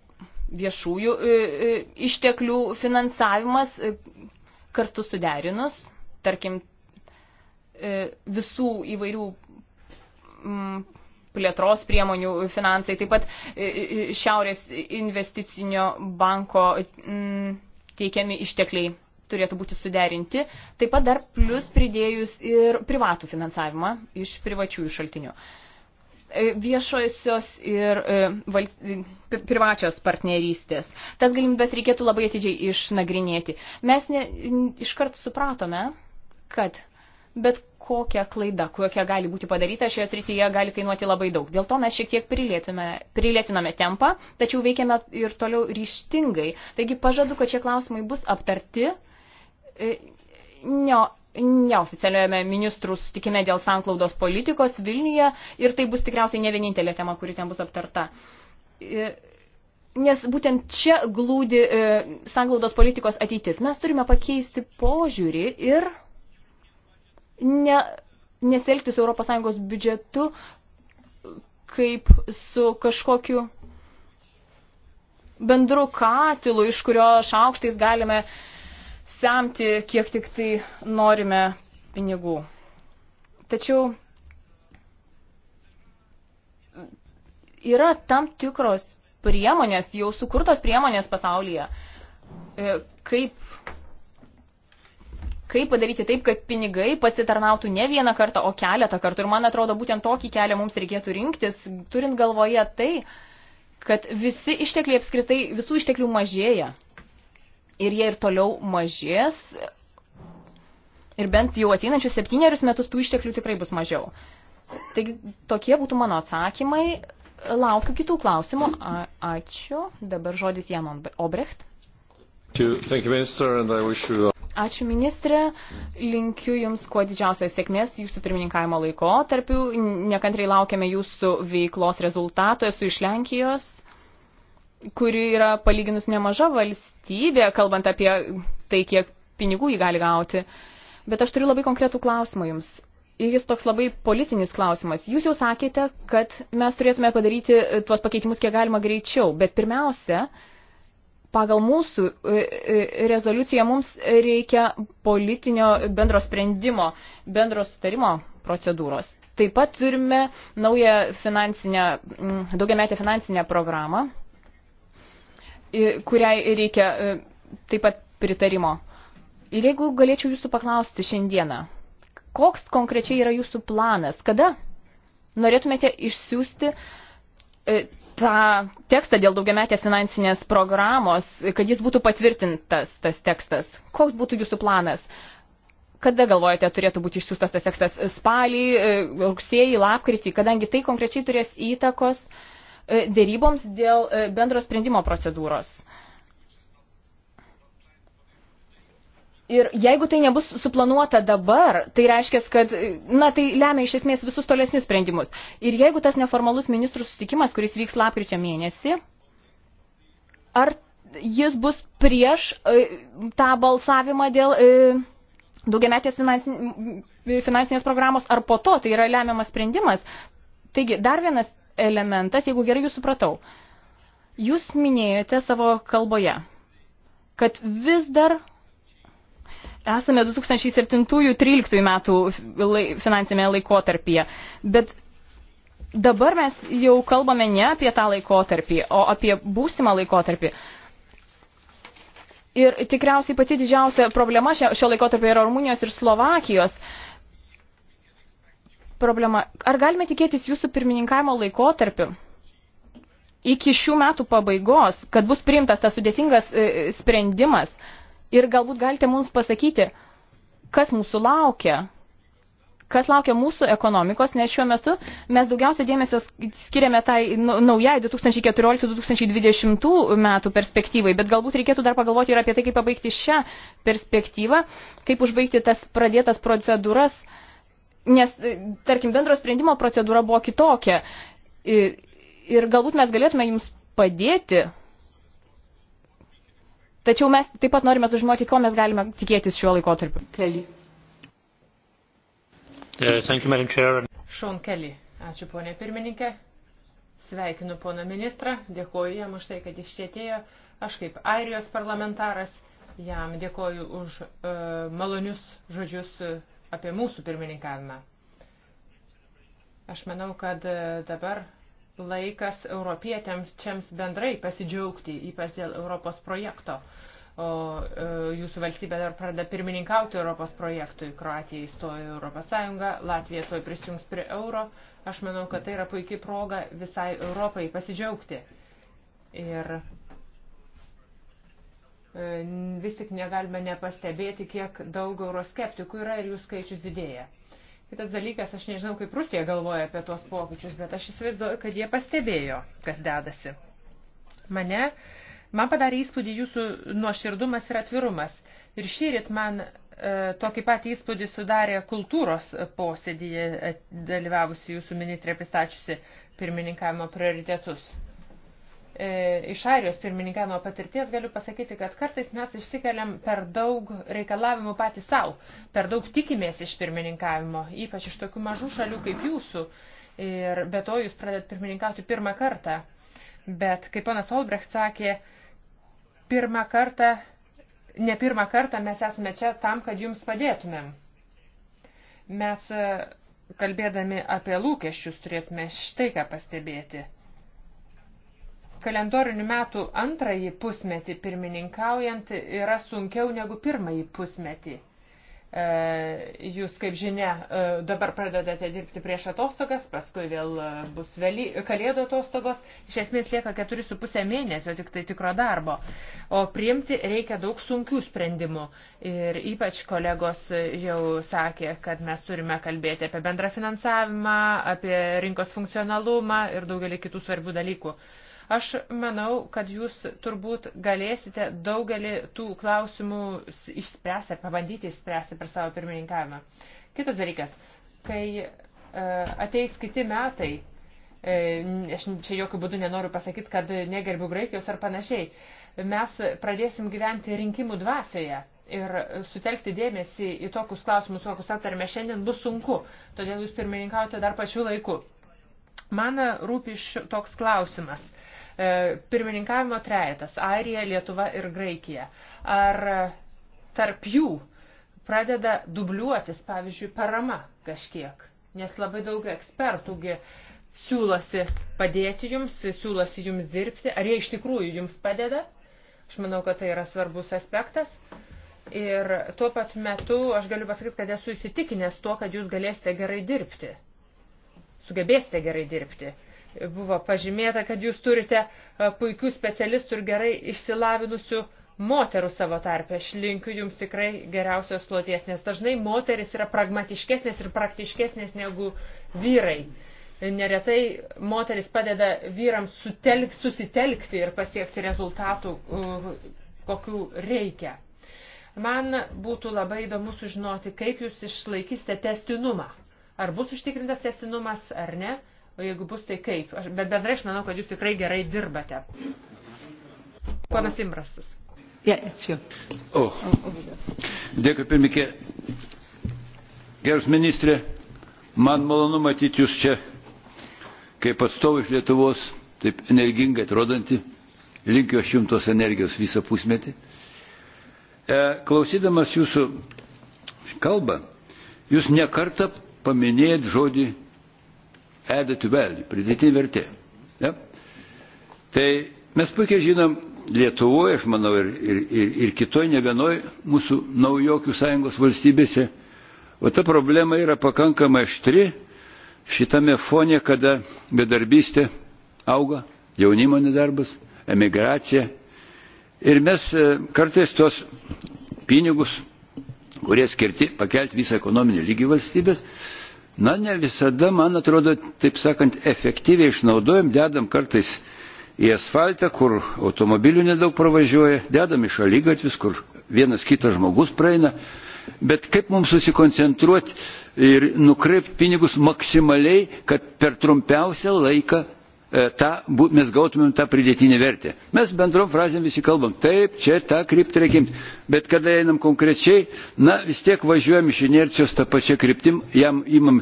viešųjų e, e, išteklių finansavimas kartu suderinus, tarkim, visų įvairių mm, plėtros priemonių finansai, taip pat Šiaurės investicinio banko mm, teikiami ištekliai turėtų būti suderinti, taip pat dar plus pridėjus ir privatų finansavimą iš privačiųjų šaltinių. E, viešosios ir e, valst... privačios partnerystės. Tas galimybės reikėtų labai atidžiai išnagrinėti. Mes ne, iškart supratome, kad bet kokia klaida, kokia gali būti padaryta šioje srityje, gali kainuoti labai daug. Dėl to mes šiek tiek prilėtiname tempą, tačiau veikiame ir toliau ryštingai. Taigi pažadu, kad šie klausimai bus aptarti E, ne, neoficialiojame ministrų sutikime dėl sanklaudos politikos Vilniuje ir tai bus tikriausiai ne vienintelė tema, kuri ten bus aptarta. E, nes būtent čia glūdi e, sanglaudos politikos ateitis. Mes turime pakeisti požiūrį ir ne, neselgti su ES biudžetu kaip su kažkokiu bendru katilu, iš kurio šaukštais galime e, semti, kiek tik tai norime pinigų. Tačiau yra tam tikros priemonės, jau sukurtos priemonės pasaulyje, e, kaip, kaip padaryti taip, kad pinigai pasitarnautų ne vieną kartą, o keletą kartų. Ir man atrodo, būtent tokį kelią mums reikėtų rinktis, turint galvoje tai, kad visi ištekliai apskritai, visų išteklių mažėja ir jie ir toliau mažės. Ir bent jau ateinančius septynerius metus tų išteklių tikrai bus mažiau. Taigi tokie būtų mano atsakymai. Laukiu kitų klausimų. A, ačiū. Dabar žodis Janon Obrecht. Ačiū ministrė, linkiu Jums kuo didžiausios sėkmės Jūsų pirmininkavimo laiko tarpiu, nekantrai laukiame Jūsų veiklos rezultato, esu iš Lenkijos kuri yra palyginus nemaža valstybė, kalbant apie tai, kiek pinigų jį gali gauti. Bet aš turiu labai konkretų klausimą jums. Ir jis toks labai politinis klausimas. Jūs jau sakėte, kad mes turėtume padaryti e, tuos pakeitimus kiek galima greičiau, bet pirmiausia, pagal mūsų e, e, rezoliuciją mums reikia politinio bendro sprendimo, bendro sutarimo procedūros. Taip pat turime naują finansinę, daugiametę finansinę programą, kuriai reikia e, taip pat pritarimo. Ir jeigu galėčiau jūsų paklausti šiandieną, koks konkrečiai yra jūsų planas, kada norėtumėte išsiųsti e, tą tekstą dėl daugiametės finansinės programos, kad jis būtų patvirtintas tas tekstas? Koks būtų jūsų planas? Kada galvojate turėtų būti išsiųstas tas tekstas? Spalį, e, rugsėjį, lapkritį, kadangi tai konkrečiai turės įtakos uh, E, dėryboms dėl e, bendro sprendimo procedūros. Ir jeigu tai nebus suplanuota dabar, tai reiškia, kad na, tai lemia iš esmės visus tolesnius sprendimus. Ir jeigu tas neformalus ministrų susitikimas, kuris vyks lapkričio mėnesį, ar jis bus prieš e, tą balsavimą dėl daugiametės finansinės programos ar po to, tai yra lemiamas sprendimas. Taigi, dar vienas elementas, jeigu gerai jūs supratau. Jūs minėjote savo kalboje, kad vis dar esame 2007-2013 metų finansinėme laikotarpyje, bet dabar mes jau kalbame ne apie tą laikotarpį, o apie būsimą laikotarpį. Ir tikriausiai pati didžiausia problema šio laikotarpio yra Rumunijos ir Slovakijos uh, problema. Ar galime tikėtis jūsų pirmininkavimo laikotarpiu? Iki šių metų pabaigos, kad bus priimtas tas sudėtingas e, sprendimas ir galbūt galite mums pasakyti, kas mūsų laukia, kas laukia mūsų ekonomikos, nes šiuo metu mes daugiausia dėmesio skiriame tai nu, naujai 2014-2020 metų perspektyvai, bet galbūt reikėtų dar pagalvoti ir apie tai, kaip pabaigti šią perspektyvą, kaip užbaigti tas pradėtas procedūras, uh, nes, e, tarkim, bendro sprendimo procedūra buvo kitokia. Ir, ir galbūt mes galėtume jums padėti. Tačiau mes taip pat norime sužinoti, ko mes galime tikėtis šiuo laikotarpiu. Kelly. Šon uh, Kelly. Ačiū, ponė pirmininkė. Sveikinu poną ministrą, dėkoju jam už tai, kad jis čia atėjo. Aš kaip airijos parlamentaras jam dėkoju už uh, malonius žodžius uh, apie mūsų pirmininkavimą. Aš manau, kad e, dabar laikas europietėms čiams bendrai pasidžiaugti, ypač dėl Europos projekto. O e, jūsų valstybė dar pradeda pirmininkauti Europos projektui. Kroatija įstojo į Europos Sąjungą, Latvija tuoj prisijungs prie euro. Aš manau, kad tai yra puikiai proga visai Europai pasidžiaugti. Ir E, vis tik negalime nepastebėti, kiek daug euroskeptikų yra ir jų skaičius didėja. Kitas dalykas, aš nežinau, kaip Rusija galvoja apie tuos pokyčius, bet aš įsivaizduoju, kad jie pastebėjo, kas dedasi. Mane, man padarė įspūdį jūsų nuoširdumas ir atvirumas. Ir šįryt man e, tokį patį įspūdį sudarė kultūros posėdyje e, dalyvavusi jūsų ministrė pristačiusi pirmininkavimo prioritetus. E, iš Airijos pirmininkavimo patirties galiu pasakyti, kad kartais mes išsikeliam per daug reikalavimų patys savo, per daug tikimės iš pirmininkavimo, ypač iš tokių mažų šalių kaip jūsų. Ir be to jūs pradedat pirmininkauti pirmą kartą. Bet, kaip ponas Olbrecht sakė, pirmą kartą, ne pirmą kartą mes esame čia tam, kad jums padėtumėm. Mes, e, kalbėdami apie lūkesčius, turėtume štai ką pastebėti – kalendorinių metų antrąjį pusmetį pirmininkaujant yra sunkiau negu pirmąjį pusmetį. E, jūs, kaip žinia, e, dabar pradedate dirbti prieš atostogas, paskui vėl e, bus vėly, kalėdų atostogos, iš esmės lieka 4,5 mėnesio tik tai tikro darbo. O priimti reikia daug sunkių sprendimų. Ir ypač kolegos jau sakė, kad mes turime kalbėti apie bendrą finansavimą, apie rinkos funkcionalumą ir daugelį kitų svarbių dalykų. Aš manau, kad jūs turbūt galėsite daugelį tų klausimų išspręsti ar pabandyti išspręsti per savo pirmininkavimą. Kitas dalykas, kai e, ateis kiti metai, e, aš čia jokių būdų nenoriu pasakyti, kad negerbiu Graikijos ar panašiai, mes pradėsim gyventi rinkimų dvasioje ir sutelkti dėmesį į tokius klausimus, kokius aptarėme šiandien, bus sunku, todėl jūs pirmininkaujate dar pačiu laiku. Man rūpi toks klausimas. E, pirmininkavimo trejetas - Airija, Lietuva ir Graikija. Ar tarp jų pradeda dubliuotis, pavyzdžiui, parama kažkiek? Nes labai daug ekspertųgi siūlosi padėti jums, siūlosi jums dirbti. Ar jie iš tikrųjų jums padeda? Aš manau, kad tai yra svarbus aspektas. Ir tuo pat metu aš galiu pasakyti, kad esu įsitikinęs tuo, kad jūs galėsite gerai dirbti. Sugebėsite gerai dirbti. Buvo pažymėta, kad jūs turite e, puikių specialistų ir gerai išsilavinusių moterų savo tarpę. Aš linkiu jums tikrai geriausios kloties, nes dažnai moteris yra pragmatiškesnės ir praktiškesnės negu vyrai. Neretai moteris padeda vyrams sutelk, susitelkti ir pasiekti rezultatų, kokių reikia. Man būtų labai įdomu sužinoti, kaip jūs išlaikysite testinumą. Ar bus užtikrintas testinumas ar ne? o jeigu bus, tai kaip. Aš, bet bendrai aš manau, kad jūs tikrai gerai dirbate. Ponas Imrastas. Dėkui, pirmikė. Geras ministrė, man malonu matyti jūs čia kaip atstovai iš Lietuvos, taip energingai atrodanti. Linkiu aš jums tos energijos visą pusmetį. E, klausydamas jūsų kalbą, jūs nekartą paminėjot žodį added value, pridėtinė vertė. Ne? Tai mes puikiai žinom Lietuvoje, aš manau, ir, ir, ir, ir kitoje ne vienoje mūsų naujokių sąjungos valstybėse, o ta problema yra pakankamai aštri šitame fone, kada bedarbystė auga, jaunimo nedarbas, emigracija. Ir mes e, kartais tuos pinigus, kurie skirti pakelti visą ekonominį lygį valstybės, na ne visada, man atrodo, taip sakant, efektyviai išnaudojam, dedam kartais į asfaltą, kur automobilių nedaug pravažiuoja, dedam į šalygatvis, kur vienas kitas žmogus praeina, bet kaip mums susikoncentruoti ir nukreipti pinigus maksimaliai, kad per trumpiausią laiką E, ta, mes gautumėm tą pridėtinę vertę. Mes bendrom frazėm visi kalbam, taip, čia tą kryptį reikia imti, bet kada einam konkrečiai, na vis tiek važiuojam iš inercijos tą pačią kryptim, jam imam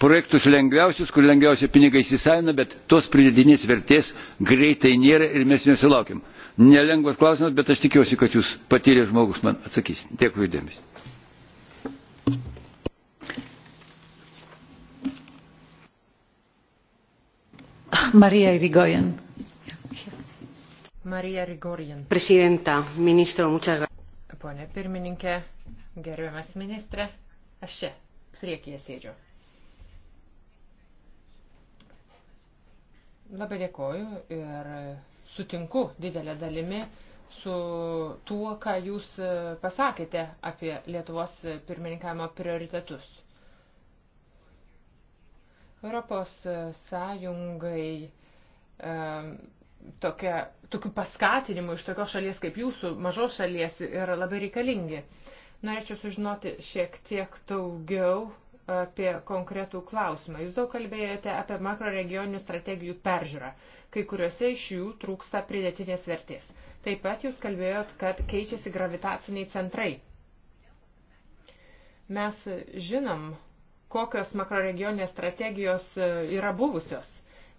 projektus lengviausius, kur lengviausia pinigai įsisavina, bet tos pridėtinės vertės greitai nėra ir mes nesulaukiam. Nelengvas klausimas, bet aš tikiuosi, kad jūs patyrę žmogus man atsakysite. Dėkui dėmesį. Marija Irigoyen. Marija Rigorien. Presidenta, ministro, muchas gracias. Pone pirmininkė, gerbiamas ministrė, aš čia, priekyje sėdžiu. Labai dėkoju ir sutinku didelę dalimi su tuo, ką jūs e, pasakėte apie Lietuvos pirmininkavimo prioritetus. Europos e, Sąjungai e, tokia, tokių paskatinimų iš tokios šalies kaip jūsų, mažos šalies, yra labai reikalingi. Norėčiau sužinoti šiek tiek daugiau apie konkretų klausimą. Jūs daug kalbėjote apie makroregioninių strategijų peržiūrą. Kai kuriuose iš jų trūksta pridėtinės vertės. Taip pat jūs kalbėjot, kad keičiasi gravitaciniai centrai. Mes žinom, kokios makroregioninės strategijos e, yra buvusios.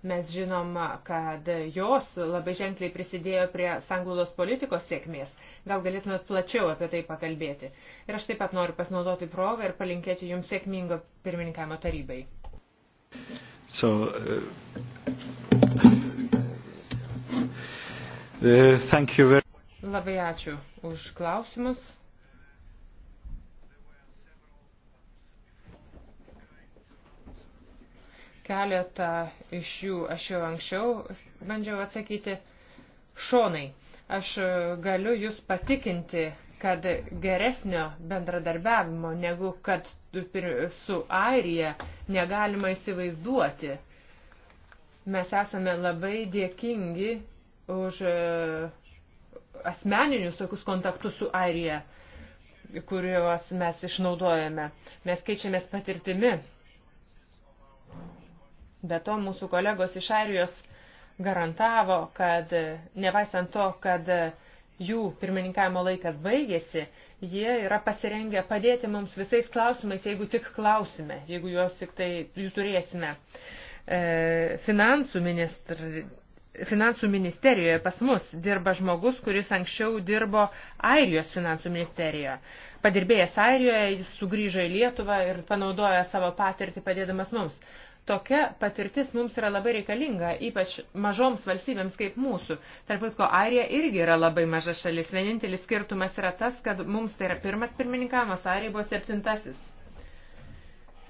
Mes žinom, kad jos labai ženkliai prisidėjo prie sanglaudos politikos sėkmės. Gal galėtumėt plačiau apie tai pakalbėti. Ir aš taip pat noriu pasinaudoti progą ir palinkėti jums sėkmingo pirmininkavimo tarybai. So, uh, uh, very... Labai ačiū už klausimus. Keletą iš jų aš jau anksčiau bandžiau atsakyti. Šonai, aš galiu jūs patikinti, kad geresnio bendradarbiavimo negu kad su Airija negalima įsivaizduoti. Mes esame labai dėkingi už e, asmeninius tokius kontaktus su Airija, kuriuos mes išnaudojame. Mes keičiamės patirtimi Be to, mūsų kolegos iš Airijos garantavo, kad nepaisant to, kad jų pirmininkavimo laikas baigėsi, jie yra pasirengę padėti mums visais klausimais, jeigu tik klausime, jeigu juos tik tai jų turėsime. E, finansų, ministr, finansų ministerijoje pas mus dirba žmogus, kuris anksčiau dirbo Airijos finansų ministerijoje. Padirbėjęs Airijoje, jis sugrįžo į Lietuvą ir panaudojo savo patirtį padėdamas mums. Tokia patirtis mums yra labai reikalinga, ypač mažoms valstybėms kaip mūsų. Tarp kitko, Airija irgi yra labai maža šalis. Vienintelis skirtumas yra tas, kad mums tai yra pirmas pirmininkavimas, Airija buvo septintasis.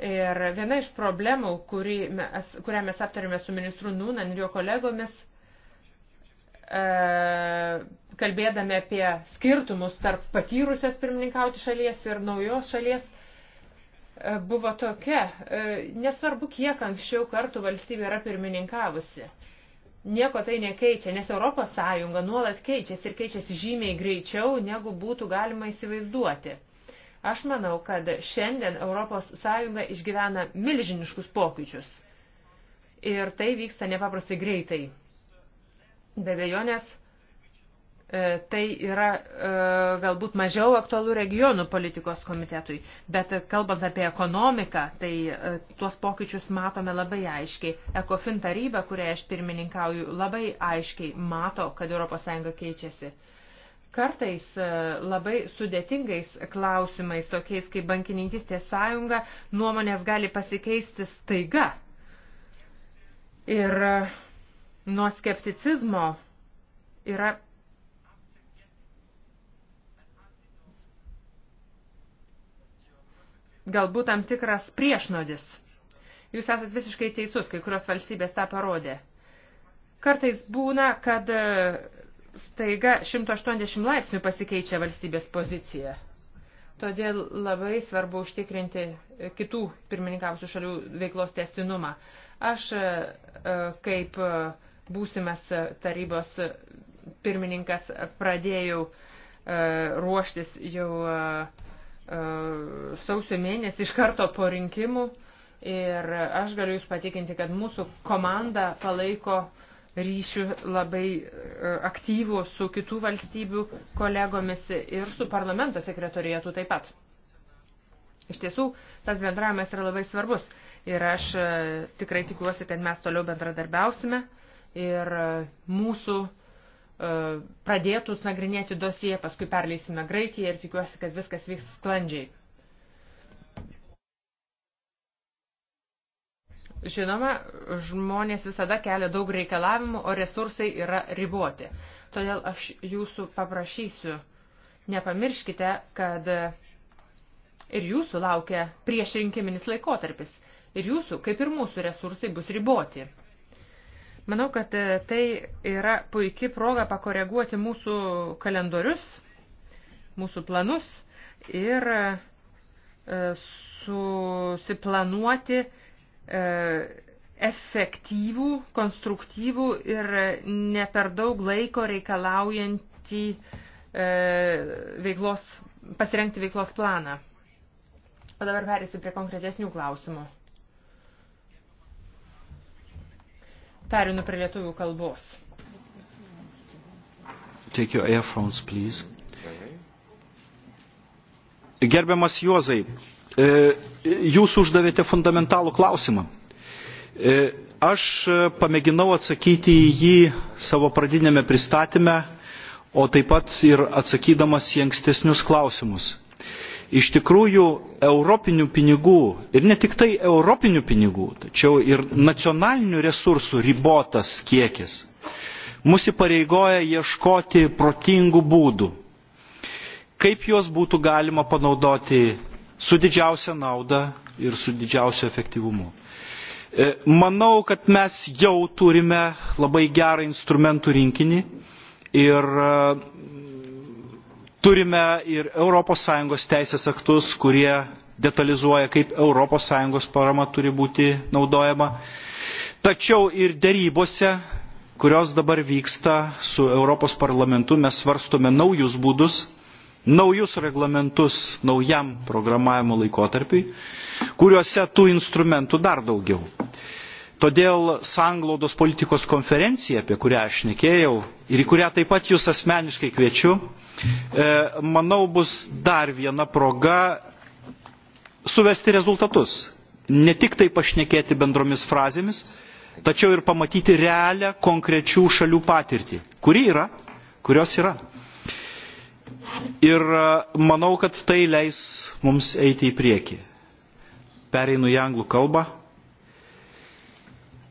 Ir viena iš problemų, kurį mes, kurią mes aptarėme su ministru Nūnan ir jo kolegomis, e, kalbėdami apie skirtumus tarp patyrusios pirmininkauti šalies ir naujos šalies, E, buvo tokia, e, nesvarbu, kiek anksčiau kartų valstybė yra pirmininkavusi. Nieko tai nekeičia, nes ES nuolat keičiasi ir keičiasi žymiai greičiau, negu būtų galima įsivaizduoti. Aš manau, kad šiandien ES išgyvena milžiniškus pokyčius. Ir tai vyksta nepaprastai greitai. Be bejonės, E, tai yra e, galbūt mažiau aktualų regionų politikos komitetui. Bet kalbant apie ekonomiką, tai e, tuos pokyčius matome labai aiškiai. Ekofin taryba, kuriai aš pirmininkauju, labai aiškiai mato, kad ES keičiasi. Kartais labai sudėtingais klausimais, tokiais kaip bankininkistės sąjunga, nuomonės gali pasikeisti staiga. Ir nuo skepticizmo yra galbūt tam tikras priešnodis. Jūs esat visiškai teisus, kai kurios valstybės tą parodė. Kartais būna, kad e, staiga 180 laipsnių pasikeičia valstybės pozicija. Todėl labai svarbu užtikrinti e, kitų pirmininkavusių šalių veiklos testinumą. Aš e, kaip būsimas tarybos pirmininkas pradėjau ruoštis jau uh, E, sausio mėnesį iš karto po rinkimų ir aš galiu Jūs patikinti, kad mūsų komanda palaiko ryšių labai e, aktyvų su kitų valstybių kolegomis ir su parlamento sekretorijatu taip pat. Iš tiesų, tas bendravimas yra labai svarbus ir aš e, tikrai tikiuosi, kad mes toliau bendradarbiausime ir mūsų uh, E, pradėtus nagrinėti dosiją, paskui perleisime Graikiją ir tikiuosi, kad viskas vyks sklandžiai. Žinoma, žmonės visada kelia daug reikalavimų, o resursai yra riboti. Todėl aš jūsų paprašysiu, nepamirškite, kad ir jūsų laukia priešrinkiminis laikotarpis. Ir jūsų, kaip ir mūsų resursai, bus riboti. Manau, kad e, tai yra puikia proga pakoreguoti mūsų kalendorius, mūsų planus ir e, susiplanuoti e, efektyvų, konstruktyvų ir ne per daug laiko reikalaujantį veiklos, pasirengti veiklos planą. O dabar perėsiu prie konkretesnių klausimų. Perinu prie lietuvių kalbos. Take your earphones, please. Gerbiamas Juozai, e, jūs uždavėte fundamentalų klausimą. E, aš e, pamėginau atsakyti į jį savo pradinėme pristatymę, o taip pat ir atsakydamas į ankstesnius klausimus iš tikrųjų europinių pinigų ir ne tik tai europinių pinigų, tačiau ir nacionalinių resursų ribotas kiekis mūsų pareigoja ieškoti protingų būdų, kaip juos būtų galima panaudoti su didžiausia nauda ir su didžiausiu efektyvumu. E, manau, kad mes jau turime labai gerą instrumentų rinkinį ir turime ir ES teisės aktus, kurie detalizuoja, kaip ES parama turi būti naudojama. Tačiau ir dėrybose, kurios dabar vyksta su Europos parlamentu, mes svarstome naujus būdus, naujus reglamentus naujam programavimo laikotarpiui, kuriuose tų instrumentų dar daugiau. Todėl sanglaudos politikos konferencija, apie kurią aš nekėjau ir į kurią taip pat jūs asmeniškai kviečiu, e, manau bus dar viena proga suvesti rezultatus. Ne tik tai pašnekėti bendromis frazėmis, tačiau ir pamatyti realią konkrečių šalių patirtį, kuri yra, kurios yra. Ir e, manau, kad tai leis mums eiti į priekį. Pereinu į anglų kalbą.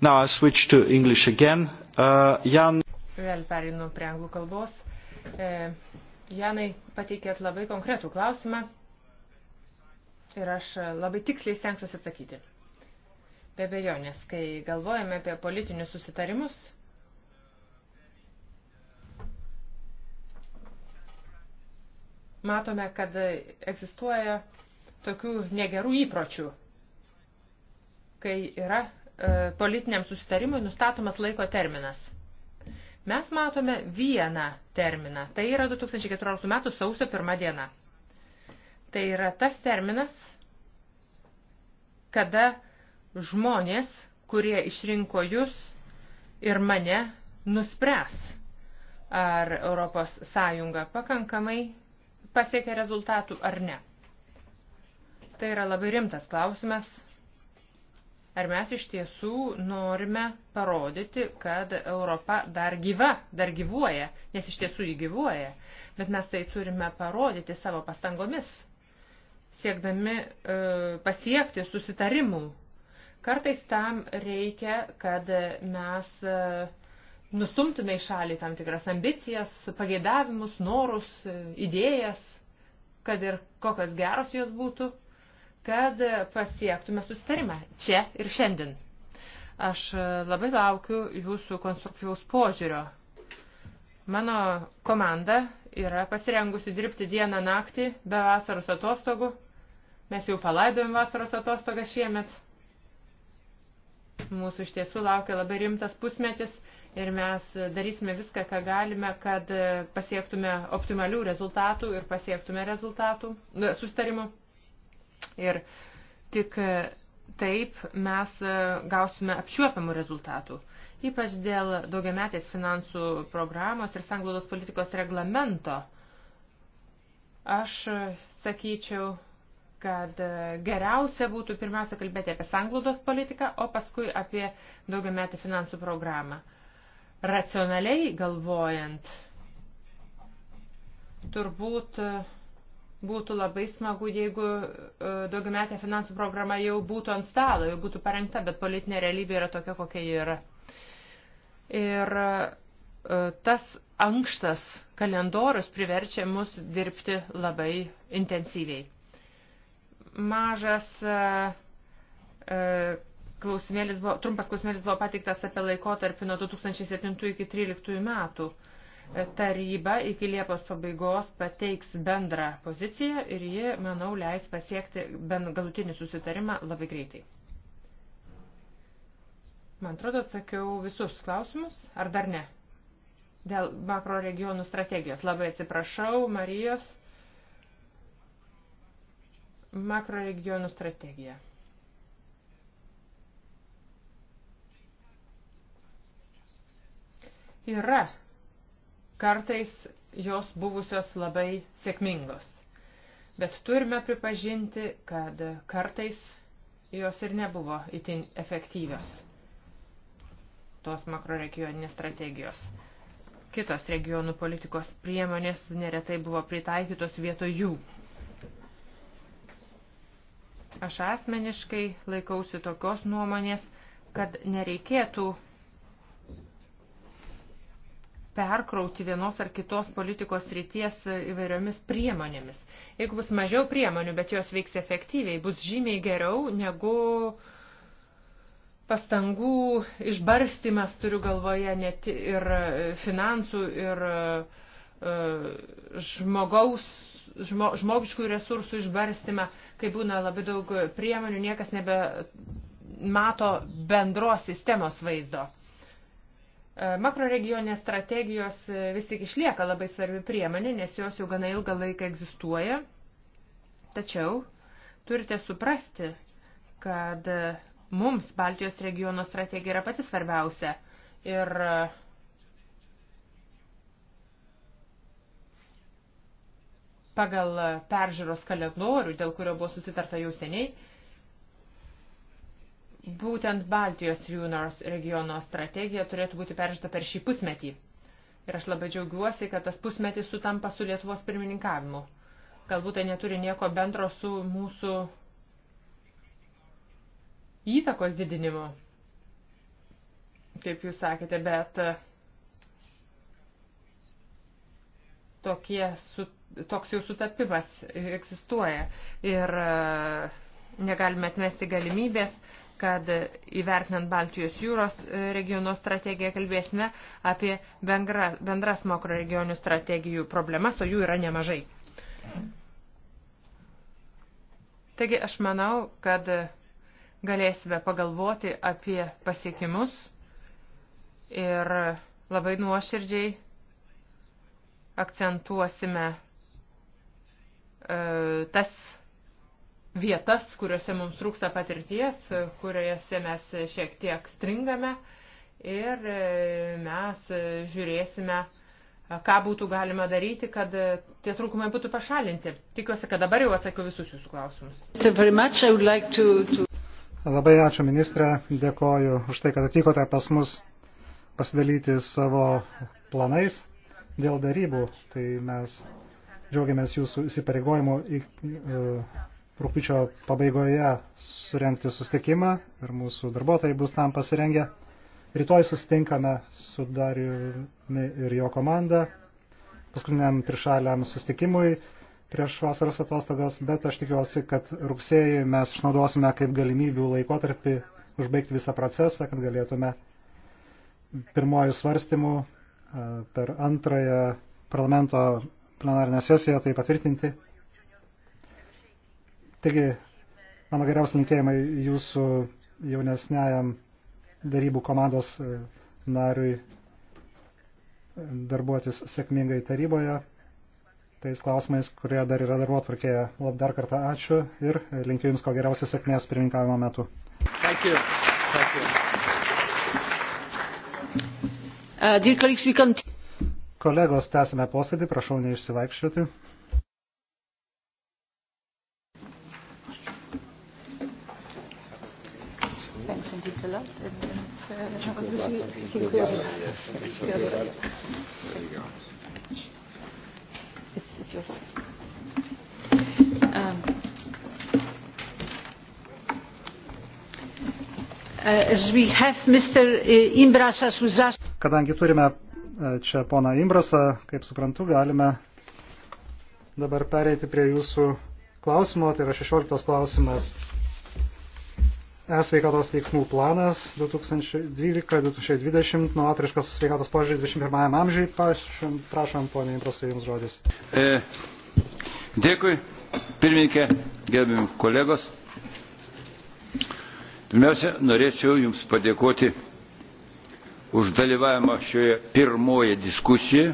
Now I switch to English again. Uh, Jan... Vėl perinu prie anglų kalbos. E, Janai, pateikėt labai konkretų klausimą ir aš labai tiksliai stengsiuosi atsakyti. Be bejonės, kai galvojame apie politinius susitarimus, matome, kad egzistuoja tokių negerų įpročių, kai yra E, politiniam susitarimui nustatomas laiko terminas. Mes matome vieną terminą. Tai yra 2014 m. sausio 1 diena. Tai yra tas terminas, kada žmonės, kurie išrinko jūs ir mane, nuspręs, ar Europos Sąjunga pakankamai pasiekia rezultatų ar ne. Tai yra labai rimtas klausimas ar mes iš tiesų norime parodyti, kad Europa dar gyva, dar gyvuoja, nes iš tiesų jį gyvuoja, bet mes tai turime parodyti savo pastangomis, siekdami e, pasiekti susitarimų. Kartais tam reikia, kad mes e, nustumtume į šalį tam tikras ambicijas, pageidavimus, norus, e, idėjas, kad ir kokios geros jos būtų kad pasiektume susitarimą čia ir šiandien. Aš labai laukiu jūsų konstruktyvaus požiūrio. Mano komanda yra pasirengusi dirbti dieną naktį be vasaros atostogų. Mes jau palaidojom vasaros atostogą šiemet. Mūsų iš tiesų laukia labai rimtas pusmetis ir mes darysime viską, ką galime, kad pasiektume optimalių rezultatų ir pasiektume rezultatų, sustarimų. Ir tik e, taip mes e, gausime apčiuopiamų rezultatų. Ypač dėl daugiametės finansų programos ir sanglaudos politikos reglamento. Aš e, sakyčiau, kad geriausia būtų pirmiausia kalbėti apie sanglaudos politiką, o paskui apie daugiametę finansų programą. Racionaliai galvojant, turbūt Būtų labai smagu, jeigu e, daugiametė finansų programa jau būtų ant stalo, jau būtų parengta, bet politinė realybė yra tokia, kokia ji yra. Ir e, tas ankštas kalendorius priverčia mus dirbti labai intensyviai. Mažas e, klausimėlis buvo, trumpas klausimėlis buvo pateiktas apie laikotarpį nuo 2007 iki 2013 metų taryba iki Liepos pabaigos pateiks bendrą poziciją ir ji, manau, leis pasiekti bent galutinį susitarimą labai greitai. Man atrodo, atsakiau visus klausimus, ar dar ne? Dėl makro regionų strategijos. Labai atsiprašau, Marijos. Makro regionų strategija. Yra Kartais jos buvusios labai sėkmingos. Bet turime pripažinti, kad kartais jos ir nebuvo itin efektyvios. Tos makroregioninės strategijos. Kitos regionų politikos priemonės neretai buvo pritaikytos vietoj jų. Aš asmeniškai laikausi tokios nuomonės, kad nereikėtų perkrauti vienos ar kitos politikos ryties e, įvairiomis priemonėmis. Jeigu bus mažiau priemonių, bet jos veiks efektyviai, bus žymiai geriau negu pastangų išbarstimas, turiu galvoje, net ir e, finansų, ir e, žmogaus, žmo, žmogiškų resursų išbarstimą, kai būna labai daug priemonių, niekas nebemato bendros sistemos vaizdo. E, makroregionės strategijos e, vis tik išlieka labai svarbi priemonė, nes jos jau gana ilgą laiką egzistuoja. Tačiau turite suprasti, kad e, mums Baltijos regiono strategija yra pati svarbiausia. Ir pagal peržiūros kalendorių, dėl kurio buvo susitarta jau seniai, būtent Baltijos jūros regiono strategija turėtų būti peržiūrėta per šį pusmetį. Ir aš labai džiaugiuosi, kad tas pusmetis sutampa su Lietuvos pirmininkavimu. Galbūt tai neturi nieko bendro su mūsų įtakos didinimu, kaip jūs sakėte, bet e, tokie su, toks jau sutapimas egzistuoja ir e, negalime atmesti galimybės, kad įvertinant Baltijos jūros e, regiono strategiją kalbėsime apie bendra, bendras makroregionių strategijų problemas, o jų yra nemažai. Taigi aš manau, kad galėsime pagalvoti apie pasiekimus ir labai nuoširdžiai akcentuosime e, tas vietas, kuriuose mums trūksta patirties, kuriuose mes šiek tiek stringame ir e, mes žiūrėsime, ką būtų galima daryti, kad tie trūkumai būtų pašalinti. Tikiuosi, kad dabar jau atsakiau visus jūsų klausimus. Labai ačiū ministrė, dėkoju už tai, kad atvykote pas mus pasidalyti savo planais dėl darybų. Tai mes džiaugiamės jūsų įsipareigojimu rūpičio pabaigoje surenkti sustikimą ir mūsų darbuotojai bus tam pasirengę. Rytoj susitinkame su Dariumi ir jo komanda paskutiniam trišaliam sustikimui prieš vasaros atostogas, bet aš tikiuosi, kad rugsėjį mes išnaudosime kaip galimybių laikotarpį užbaigti visą procesą, kad galėtume pirmojų svarstymų per antrąją parlamento plenarinę sesiją tai patvirtinti Taigi, mano geriausi linkėjimai jūsų jaunesniajam darybų komandos e, nariui e, darbuotis sėkmingai taryboje. Tais klausimais, kurie dar yra darbo atvarkėje. Dar kartą ačiū ir e, linkiu Jums ko geriausios sėkmės pirmininkavimo metu. Thank you. Thank you. Uh, Kolegos, tęsime posėdį, prašau neišsivaikščioti. developed and, and uh, obviously included. It's, it's yours. Um, uh, uh, Kadangi turime e, čia poną Imbrasą, kaip suprantu, galime dabar pereiti prie jūsų klausimo, tai yra 16 klausimas e-sveikatos veiksmų planas 2012-2020, novatoriškas sveikatos požiūris 21 amžiui. Prašom, prašom ponė Imprasai, jums žodis. E, dėkui, pirmininkė, gerbim kolegos. Pirmiausia, norėčiau Jums padėkoti už dalyvavimą šioje pirmoje diskusijoje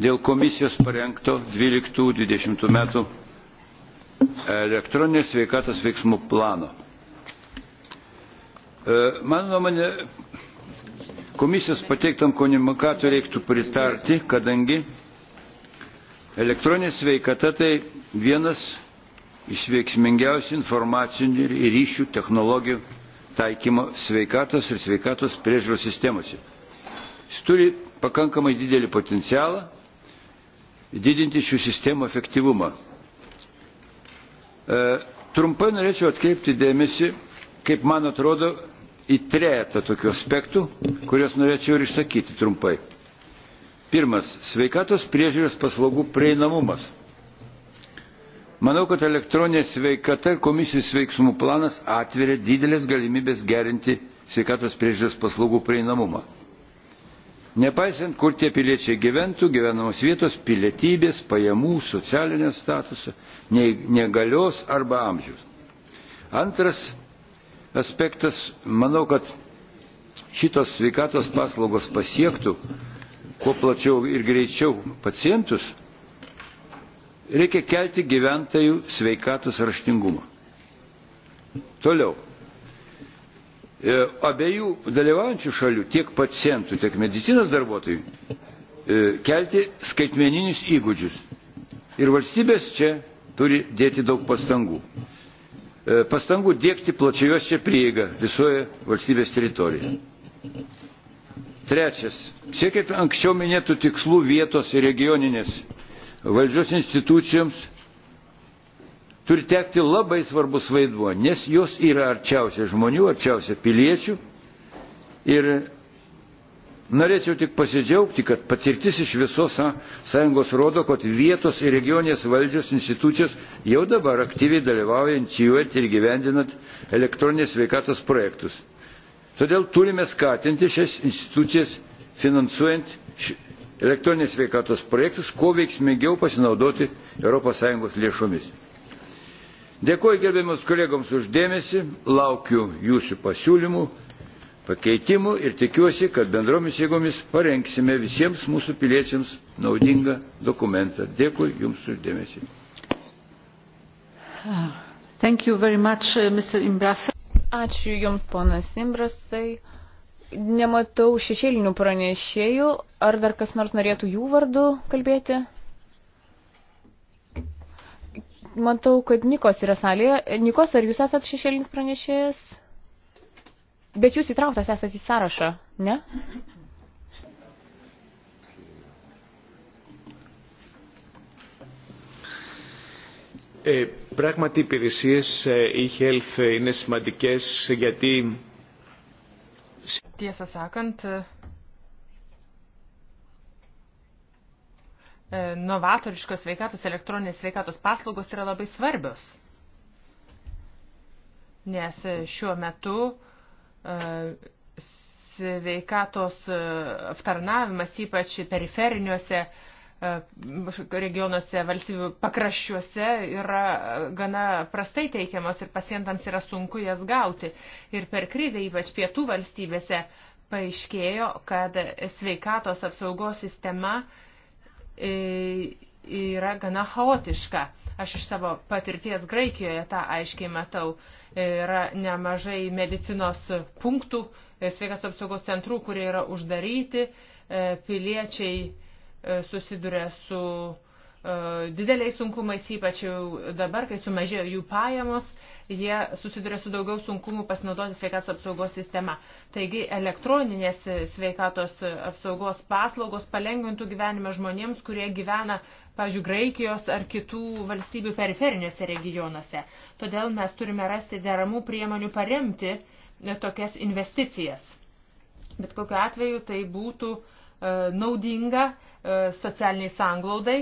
dėl komisijos parengto 12-20 metų elektroninės sveikatos veiksmų plano. E, mano nuomonė, komisijos pateiktam komunikatui reiktų pritarti, kadangi elektroninė sveikata tai vienas iš veiksmingiausių informacinių ir ryšių technologijų taikymo sveikatos ir sveikatos priežiūros sistemose. Jis turi pakankamai didelį potencialą didinti šių sistemų efektyvumą. E, trumpai norėčiau atkreipti dėmesį, kaip man atrodo, į trejetą tokių aspektų, kuriuos norėčiau ir išsakyti trumpai. Pirmas - sveikatos priežiūros paslaugų prieinamumas. Manau, kad elektroninė sveikata ir komisijos veiksmų planas atveria didelės galimybės gerinti sveikatos priežiūros paslaugų prieinamumą. Nepaisant, kur tie piliečiai gyventų, gyvenamos vietos, pilietybės, pajamų, socialinio statuso, negalios arba amžiaus. Antras aspektas. Manau, kad šitos sveikatos paslaugos pasiektų kuo plačiau ir greičiau pacientus, reikia kelti gyventojų sveikatos raštingumą. Toliau. E, abiejų dalyvaujančių šalių, tiek pacientų, tiek medicinos darbuotojų, e, kelti skaitmeninius įgūdžius. Ir valstybės čia turi dėti daug pastangų pastangų dėkti plačiajuose prieigą visoje valstybės teritorijoje. Trečias. Siekiant anksčiau minėtų tikslų vietos ir regioninės valdžios institucijoms turi tekti labai svarbus vaidmuo, nes jos yra arčiausia žmonių, arčiausia piliečių ir Norėčiau tik pasidžiaugti, kad patirtis iš visos sąjungos rodo, kad vietos ir regionės valdžios institucijos jau dabar aktyviai dalyvauja inicijuojant ir gyvendinant elektroninės sveikatos projektus. Todėl turime skatinti šias institucijas finansuojant elektroninės sveikatos projektus, kuo veiksmingiau pasinaudoti ES lėšomis. Dėkuoju gerbiamus kolegoms uždėmesi, laukiu jūsų pasiūlymų pakeitimų ir tikiuosi, kad bendromis jėgomis parengsime visiems mūsų piliečiams naudingą dokumentą. Dėkui Jums uždėmesi. Ah, uh, Ačiū Jums, ponas Imbrasai. Nematau šešėlinių pranešėjų. Ar dar kas nors norėtų jų vardu kalbėti? Matau, kad Nikos yra salėje. Nikos, ar Jūs esat šešėlinis pranešėjas? Bet jūs įtrauktas esate į sąrašą, ne? Ε, πράγματι οι υπηρεσίες e-health είναι σημαντικές γιατί... Tiesą sakant, novatoriškos sveikatos, elektroninės sveikatos paslaugos yra labai svarbios, nes e, šiuo metu uh, sveikatos aptarnavimas, ypač periferiniuose e, regionuose, valstybių pakraščiuose yra gana prastai teikiamos ir pacientams yra sunku jas gauti. Ir per krizę, ypač pietų valstybėse, paaiškėjo, kad sveikatos apsaugos sistema e, yra gana chaotiška. Aš iš savo patirties Graikijoje tą aiškiai matau. Yra nemažai medicinos punktų, e, sveikas apsaugos centrų, kurie yra uždaryti, e, piliečiai e, susiduria su dideliais sunkumais, ypač jau dabar, kai sumažėjo jų pajamos, jie susiduria su daugiau sunkumų pasinaudoti sveikatos apsaugos sistema. Taigi elektroninės sveikatos apsaugos paslaugos palengvintų gyvenimą žmonėms, kurie gyvena, pavyzdžiui, Graikijos ar kitų valstybių periferiniuose regionuose. Todėl mes turime rasti deramų priemonių paremti tokias investicijas. Bet kokiu atveju tai būtų e, naudinga e, socialiniai sanglaudai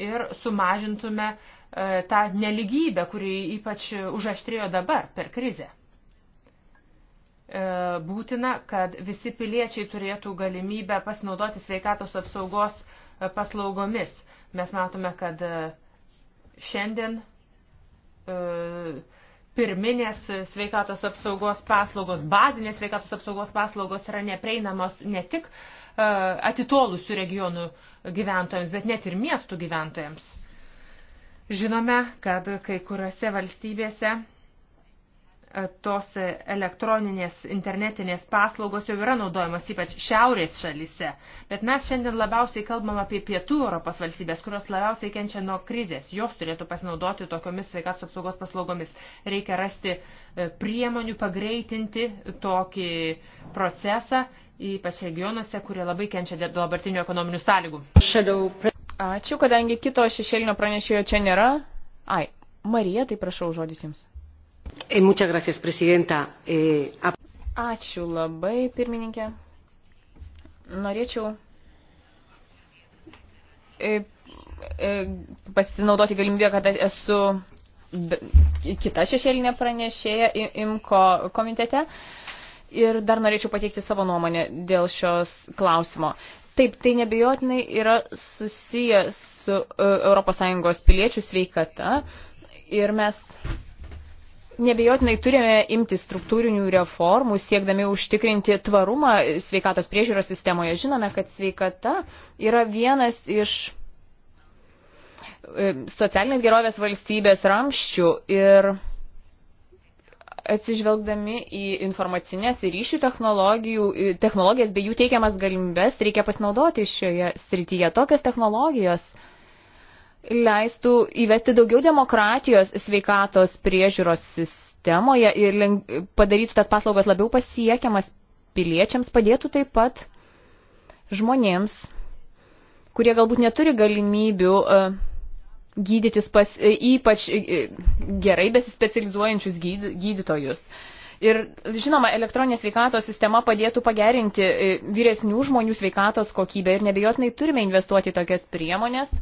ir sumažintume e, tą neligybę, kuri ypač užaštrėjo dabar per krizę. E, būtina, kad visi piliečiai turėtų galimybę pasinaudoti sveikatos apsaugos e, paslaugomis. Mes matome, kad šiandien pirminės sveikatos apsaugos paslaugos, bazinės sveikatos apsaugos paslaugos yra neprieinamos ne tik uh, E, atitolusių regionų gyventojams, bet net ir miestų gyventojams. Žinome, kad kai kuriuose valstybėse E, tos elektroninės internetinės paslaugos jau yra naudojamas ypač šiaurės šalyse. Bet mes šiandien labiausiai kalbam apie pietų Europos valstybės, kurios labiausiai kenčia nuo krizės. Jos turėtų pasinaudoti tokiomis sveikatos apsaugos paslaugomis. Reikia rasti e, priemonių pagreitinti tokį procesą, ypač regionuose, kurie labai kenčia dėl dabartinių ekonominių sąlygų. Ačiū, kadangi kito šešėlinio pranešėjo čia nėra. Ai, Marija, tai prašau žodis jums. Eh, gracias, eh, Ačiū labai, pirmininkė. Norėčiau eh, pasinaudoti galimybę, kad esu kita šešėlinė pranešėja IMKO komitete. Ir dar norėčiau pateikti savo nuomonę dėl šios klausimo. Taip, tai nebejotinai yra susiję su ES piliečių sveikata ir mes Nebejotinai turime imti struktūrinių reformų, siekdami užtikrinti tvarumą sveikatos priežiūros sistemoje. Žinome, kad sveikata yra vienas iš e, socialinės gerovės valstybės ramščių ir atsižvelgdami į informacinės ir ryšių technologijų, e, technologijas bei jų teikiamas galimybes, reikia pasinaudoti šioje srityje. Tokios technologijos uh, leistų įvesti daugiau demokratijos sveikatos priežiūros sistemoje ir padarytų tas paslaugas labiau pasiekiamas piliečiams, padėtų taip pat žmonėms, kurie galbūt neturi galimybių e, gydytis pas e, ypač e, gerai besispecializuojančius gydytojus. Ir žinoma, elektroninė sveikatos sistema padėtų pagerinti vyresnių žmonių sveikatos kokybę ir nebejotinai turime investuoti į tokias priemonės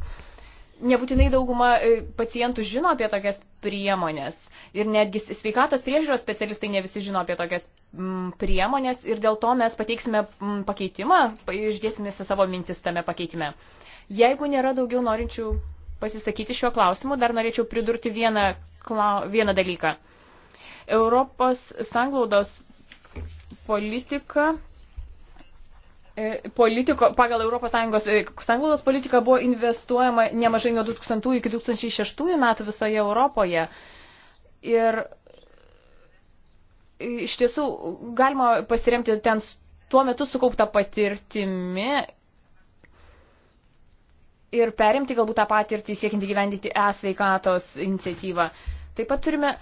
nebūtinai dauguma e, pacientų žino apie tokias priemonės ir netgi sveikatos priežiūros specialistai ne visi žino apie tokias mm, priemonės ir dėl to mes pateiksime mm, pakeitimą, išdėsime savo mintis tame pakeitime. Jeigu nėra daugiau norinčių pasisakyti šiuo klausimu, dar norėčiau pridurti vieną, klau, vieną dalyką. Europos sanglaudos politika E, politiko, pagal ES e, sanglaudos politiką buvo investuojama nemažai nuo 2000 iki 2006 metų visoje Europoje. Ir iš tiesų galima pasiremti ten tuo metu sukauptą patirtimi ir perimti galbūt tą patirtį siekinti gyvendyti e-sveikatos iniciatyvą. Taip pat turime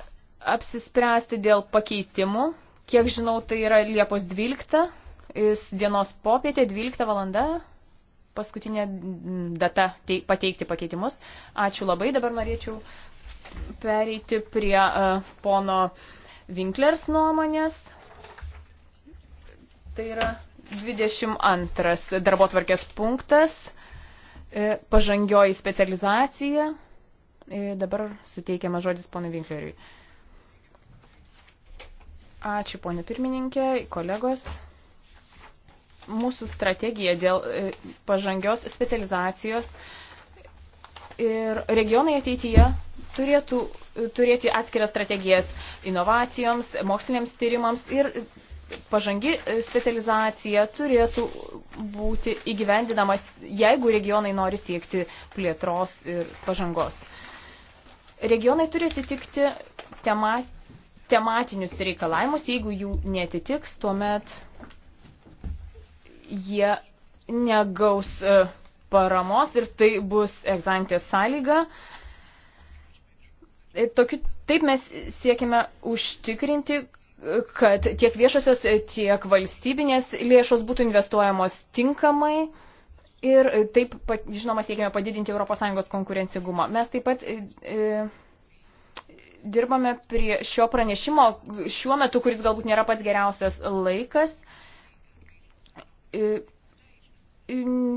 apsispręsti dėl pakeitimų. Kiek žinau, tai yra Liepos 12 dienos popietė 12 valanda, paskutinė data pateikti pakeitimus. Ačiū labai, dabar norėčiau pereiti prie uh, pono Winklers nuomonės. Tai yra 22 darbo tvarkės punktas, e, pažangioji specializacija. E, dabar suteikiama žodis ponui Winkleriui. Ačiū, ponė pirmininkė, kolegos mūsų strategija dėl e, pažangios specializacijos ir regionai ateityje turėtų e, turėti atskiras strategijas inovacijoms, moksliniams tyrimams ir pažangi e, specializacija turėtų būti įgyvendinamas, jeigu regionai nori siekti plėtros ir pažangos. Regionai turi atitikti tema, tematinius reikalavimus, jeigu jų netitiks, tuomet jie negaus e, paramos ir tai bus egzantės sąlyga. E, tokiu, taip mes siekime užtikrinti, e, kad tiek viešosios, tiek valstybinės lėšos būtų investuojamos tinkamai ir taip, žinoma, siekime padidinti ES konkurencigumą. Mes taip pat e, dirbame prie šio pranešimo šiuo metu, kuris galbūt nėra pats geriausias laikas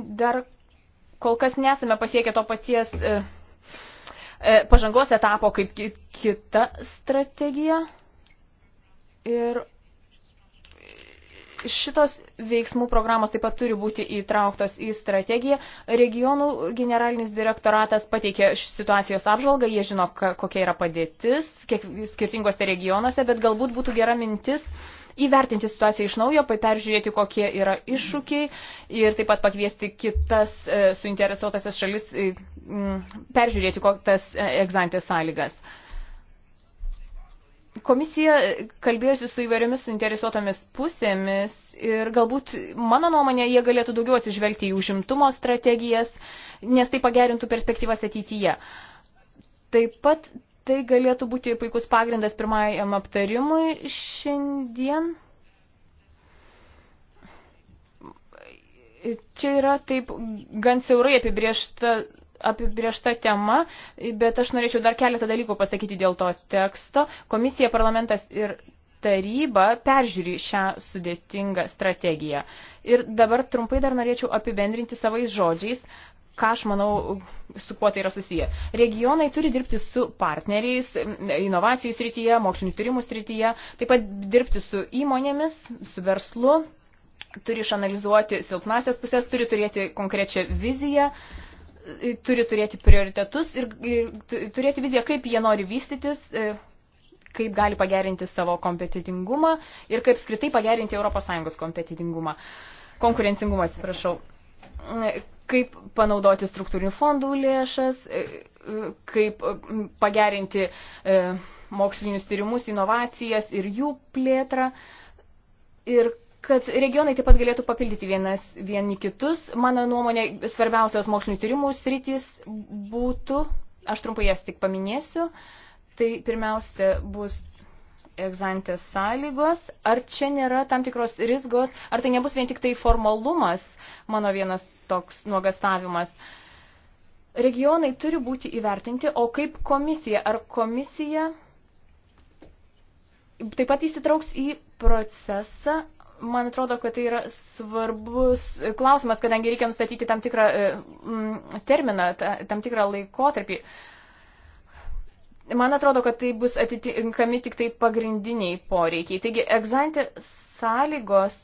dar kol kas nesame pasiekę to paties e, e, pažangos etapo kaip kita strategija. Ir šitos veiksmų programos taip pat turi būti įtrauktos į strategiją. Regionų generalinis direktoratas pateikė situacijos apžvalgą, jie žino, kokia yra padėtis kiek skirtingose regionuose, bet galbūt būtų gera mintis uh, įvertinti situaciją iš naujo, peržiūrėti, kokie yra iššūkiai ir taip pat pakviesti kitas e, suinteresuotasias šalis e, peržiūrėti tas e, egzantės sąlygas. Komisija kalbėjusi su įvairiomis suinteresuotomis pusėmis ir galbūt, mano nuomonė, jie galėtų daugiau atsižvelgti į užimtumo strategijas, nes tai pagerintų perspektyvas ateityje. Taip pat Tai galėtų būti puikus pagrindas pirmajam aptarimui šiandien. Čia yra taip gan siaurai apibriešta apibriešta tema, bet aš norėčiau dar keletą dalykų pasakyti dėl to teksto. Komisija, parlamentas ir taryba peržiūri šią sudėtingą strategiją. Ir dabar trumpai dar norėčiau apibendrinti savais žodžiais, uh, ką aš manau, su kuo tai yra susiję. Regionai turi dirbti su partneriais, inovacijų srityje, mokslinių tyrimų srityje, taip pat dirbti su įmonėmis, su verslu, turi išanalizuoti silpnasias pusės, turi turėti konkrečią viziją turi turėti prioritetus ir, ir turėti viziją, kaip jie nori vystytis, e, kaip gali pagerinti savo kompetitingumą ir kaip skritai pagerinti ES kompetitingumą. Konkurencingumą, atsiprašau e, kaip panaudoti struktūrinių fondų lėšas, e, e, kaip e, pagerinti mokslinius tyrimus, inovacijas ir jų plėtrą. Ir kad regionai taip pat galėtų papildyti vienas, vieni kitus. Mano nuomonė, svarbiausios mokslinių tyrimų sritys būtų, aš trumpai jas tik paminėsiu, tai pirmiausia bus egzantės sąlygos, ar čia nėra tam tikros rizgos, ar tai nebus vien tik tai formalumas, mano vienas toks nuogastavimas. Regionai turi būti įvertinti, o kaip komisija, ar komisija taip pat įsitrauks į procesą, man atrodo, kad tai yra svarbus klausimas, kadangi reikia nustatyti tam tikrą e, terminą, tam tikrą laikotarpį. tarpį Man atrodo, kad tai bus atitinkami tik tai pagrindiniai poreikiai. Taigi, egzantė sąlygos,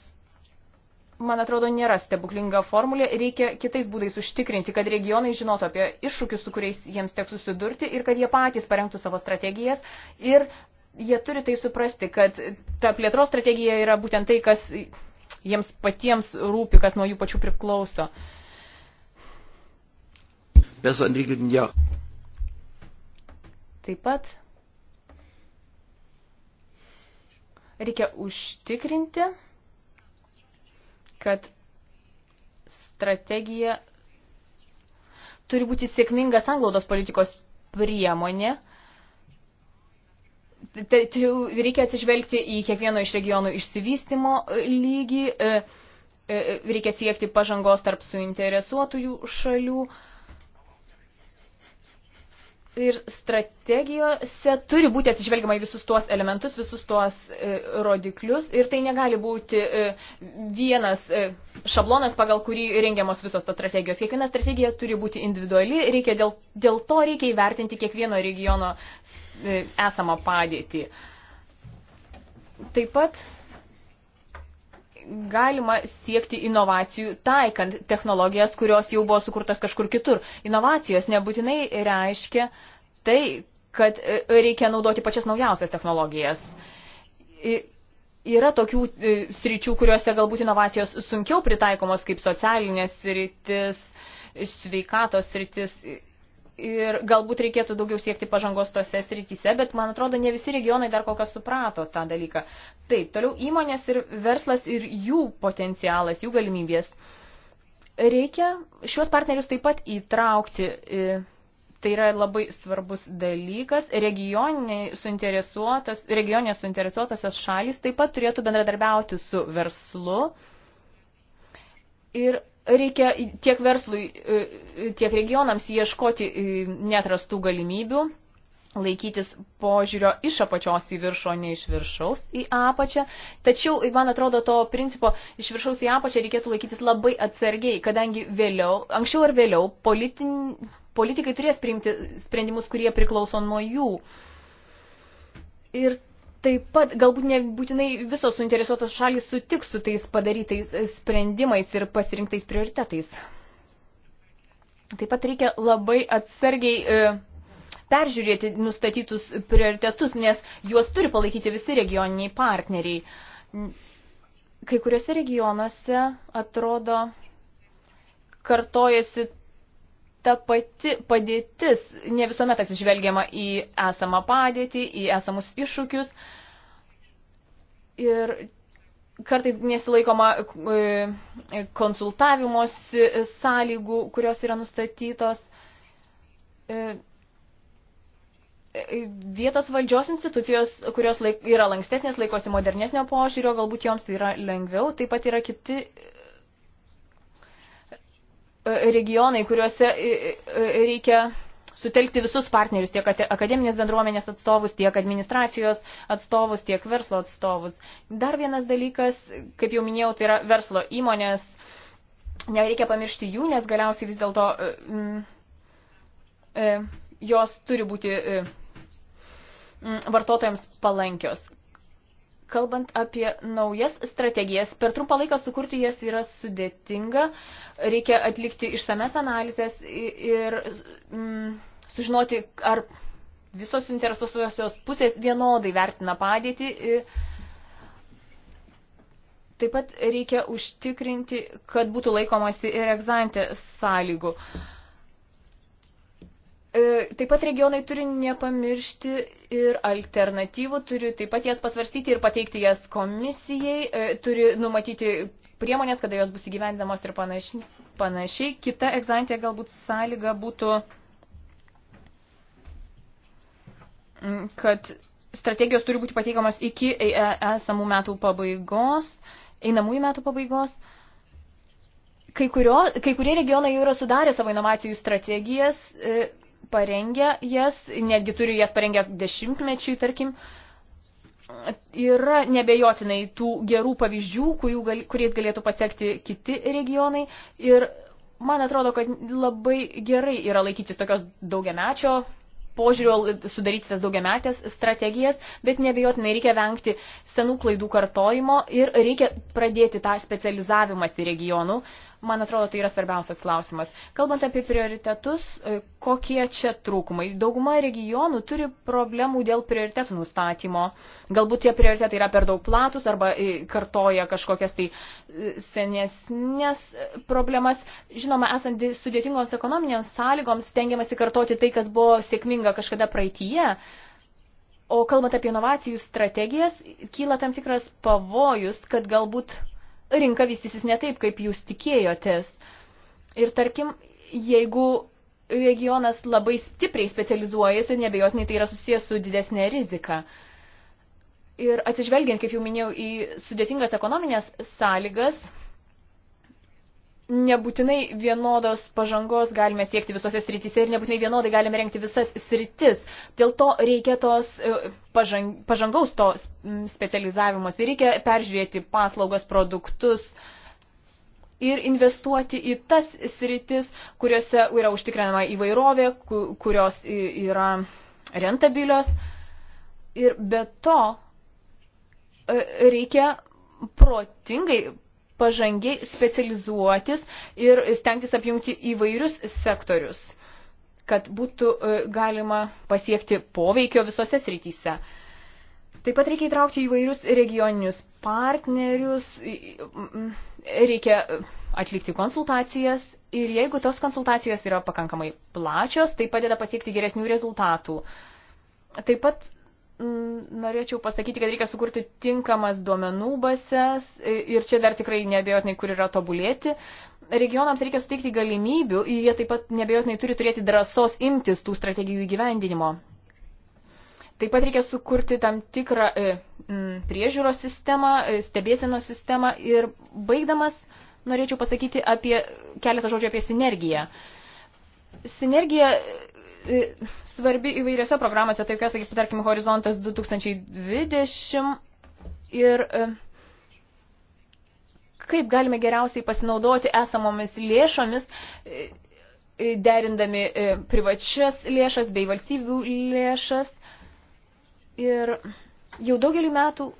man atrodo, nėra stebuklinga formulė. Reikia kitais būdais užtikrinti, kad regionai žinotų apie iššūkius, su kuriais jiems teks susidurti ir kad jie patys parengtų savo strategijas. Ir jie turi tai suprasti, kad ta plėtros strategija yra būtent tai, kas jiems patiems rūpi, kas nuo jų pačių priklauso. Besser entwickelten Jahren Taip pat reikia užtikrinti, kad strategija turi būti sėkminga sanglaudos politikos priemonė. Tačiau reikia atsižvelgti į kiekvieno iš regionų išsivystimo lygį, e, e, reikia siekti pažangos tarp suinteresuotųjų šalių, ir strategijose turi būti atsižvelgiama į visus tuos elementus, visus tuos e, rodiklius ir tai negali būti e, vienas e, šablonas, pagal kurį rengiamos visos tos strategijos. Kiekviena strategija turi būti individuali, reikia dėl, dėl to reikia įvertinti kiekvieno regiono e, esamą padėtį. Taip pat galima siekti inovacijų taikant technologijas, kurios jau buvo sukurtas kažkur kitur. Inovacijos nebūtinai reiškia tai, kad e, reikia naudoti pačias naujausias technologijas. Yra tokių e, sričių, kuriuose galbūt inovacijos sunkiau pritaikomos, kaip socialinės sritis, sveikatos sritis ir galbūt reikėtų daugiau siekti pažangos tose srityse, bet man atrodo, ne visi regionai dar kol kas suprato tą dalyką. Taip, toliau įmonės ir verslas ir jų potencialas, jų galimybės. Reikia šiuos partnerius taip pat įtraukti. E, tai yra labai svarbus dalykas. Regioninės suinteresuotos, regioninės suinteresuotosios šalys taip pat turėtų bendradarbiauti su verslu. Ir reikia tiek verslui, e, e, tiek regionams ieškoti e, netrastų galimybių, laikytis požiūrio iš apačios į viršų, o ne iš viršaus į apačią. Tačiau, man atrodo, to principo iš viršaus į apačią reikėtų laikytis labai atsargiai, kadangi vėliau, anksčiau ar vėliau politin, politikai turės priimti sprendimus, kurie priklauso nuo jų. Ir taip pat galbūt nebūtinai visos suinteresuotos šalys sutiks su tais padarytais sprendimais ir pasirinktais prioritetais. Taip pat reikia labai atsargiai e, peržiūrėti nustatytus prioritetus, nes juos turi palaikyti visi regioniniai partneriai. Kai kuriuose regionuose atrodo kartojasi ta pati padėtis, ne visuomet atsižvelgiama į esamą padėtį, į esamus iššūkius ir kartais nesilaikoma e, konsultavimos sąlygų, kurios yra nustatytos. E, e, vietos valdžios institucijos, kurios laik, yra lankstesnės, laikosi modernesnio požiūrio, galbūt joms yra lengviau, taip pat yra kiti E, regionai, kuriuose e, e, reikia sutelkti visus partnerius, tiek akademinės bendruomenės atstovus, tiek administracijos atstovus, tiek verslo atstovus. Dar vienas dalykas, kaip jau minėjau, tai yra verslo įmonės. Nereikia pamiršti jų, nes galiausiai vis dėlto jos turi būti vartotojams palankios kalbant apie naujas strategijas, per trumpą laiką sukurti jas yra sudėtinga, reikia atlikti išsames analizės ir mm, sužinoti, ar visos suinteresuosios pusės vienodai vertina padėtį. Taip pat reikia užtikrinti, kad būtų laikomasi ir egzantė sąlygų. Uh, E, taip pat regionai turi nepamiršti ir alternatyvų, turi taip pat jas pasvarstyti ir pateikti jas komisijai, e, turi numatyti priemonės, kada jos bus įgyvendinamos ir panašiai. panašiai. Kita egzantė galbūt sąlyga būtų, mm, kad strategijos turi būti pateikiamas iki esamų metų pabaigos, einamųjų metų pabaigos. Kai, kurio, kai kurie regionai jau yra sudarę savo inovacijų strategijas, e, parengę jas, netgi turi jas parengę dešimtmečiui, tarkim, yra nebejotinai tų gerų pavyzdžių, gal, kuriais galėtų pasiekti kiti regionai. Ir man atrodo, kad labai gerai yra laikytis tokios daugiamečio požiūrio sudaryti tas daugiametės strategijas, bet nebejotinai reikia vengti senų klaidų kartojimo ir reikia pradėti tą specializavimąsi regionų, uh, Man atrodo, tai yra svarbiausias klausimas. Kalbant apie prioritetus, e, kokie čia trūkumai? Dauguma regionų turi problemų dėl prioritetų nustatymo. Galbūt tie prioritetai yra per daug platus arba e, kartoja kažkokias tai e, senesnės problemas. Žinoma, esant sudėtingoms ekonominėms sąlygoms, stengiamasi kartoti tai, kas buvo sėkminga kažkada praeityje. O kalbant apie inovacijų strategijas, kyla tam tikras pavojus, kad galbūt rinka vystysis ne taip, kaip jūs tikėjotės. Ir tarkim, jeigu regionas labai stipriai specializuojasi, nebejotinai tai yra susijęs su didesnė rizika. Ir atsižvelgiant, kaip jau minėjau, į sudėtingas ekonominės sąlygas, nebūtinai vienodos pažangos galime siekti visose srityse ir nebūtinai vienodai galime rengti visas sritis. Dėl to reikia tos e, pažang, pažangaus to specializavimus ir reikia peržiūrėti paslaugas, produktus ir investuoti į tas sritis, kuriuose yra užtikrinama įvairovė, kurios yra rentabilios. Ir be to e, reikia protingai pažangiai specializuotis ir stengtis apjungti įvairius sektorius, kad būtų e, galima pasiekti poveikio visose srityse. Taip pat reikia įtraukti įvairius regioninius partnerius, reikia atlikti konsultacijas ir jeigu tos konsultacijos yra pakankamai plačios, tai padeda pasiekti geresnių rezultatų. Taip pat Mm, norėčiau pasakyti, kad reikia sukurti tinkamas duomenų bases ir čia dar tikrai nebejotinai, kur yra tobulėti. Regionams reikia suteikti galimybių ir jie taip pat nebejotinai turi turėti drąsos imtis tų strategijų įgyvendinimo. Taip pat reikia sukurti tam tikrą e, mm, priežiūros sistemą, e, stebėsenos sistemą ir baigdamas norėčiau pasakyti apie keletą žodžių apie sinergiją. Sinergija svarbi įvairiose programose, tai kas, kaip, tarkim, Horizontas 2020 ir e, kaip galime geriausiai pasinaudoti esamomis lėšomis, e, e, derindami privačias lėšas bei valstybių lėšas. Ir jau daugelį metų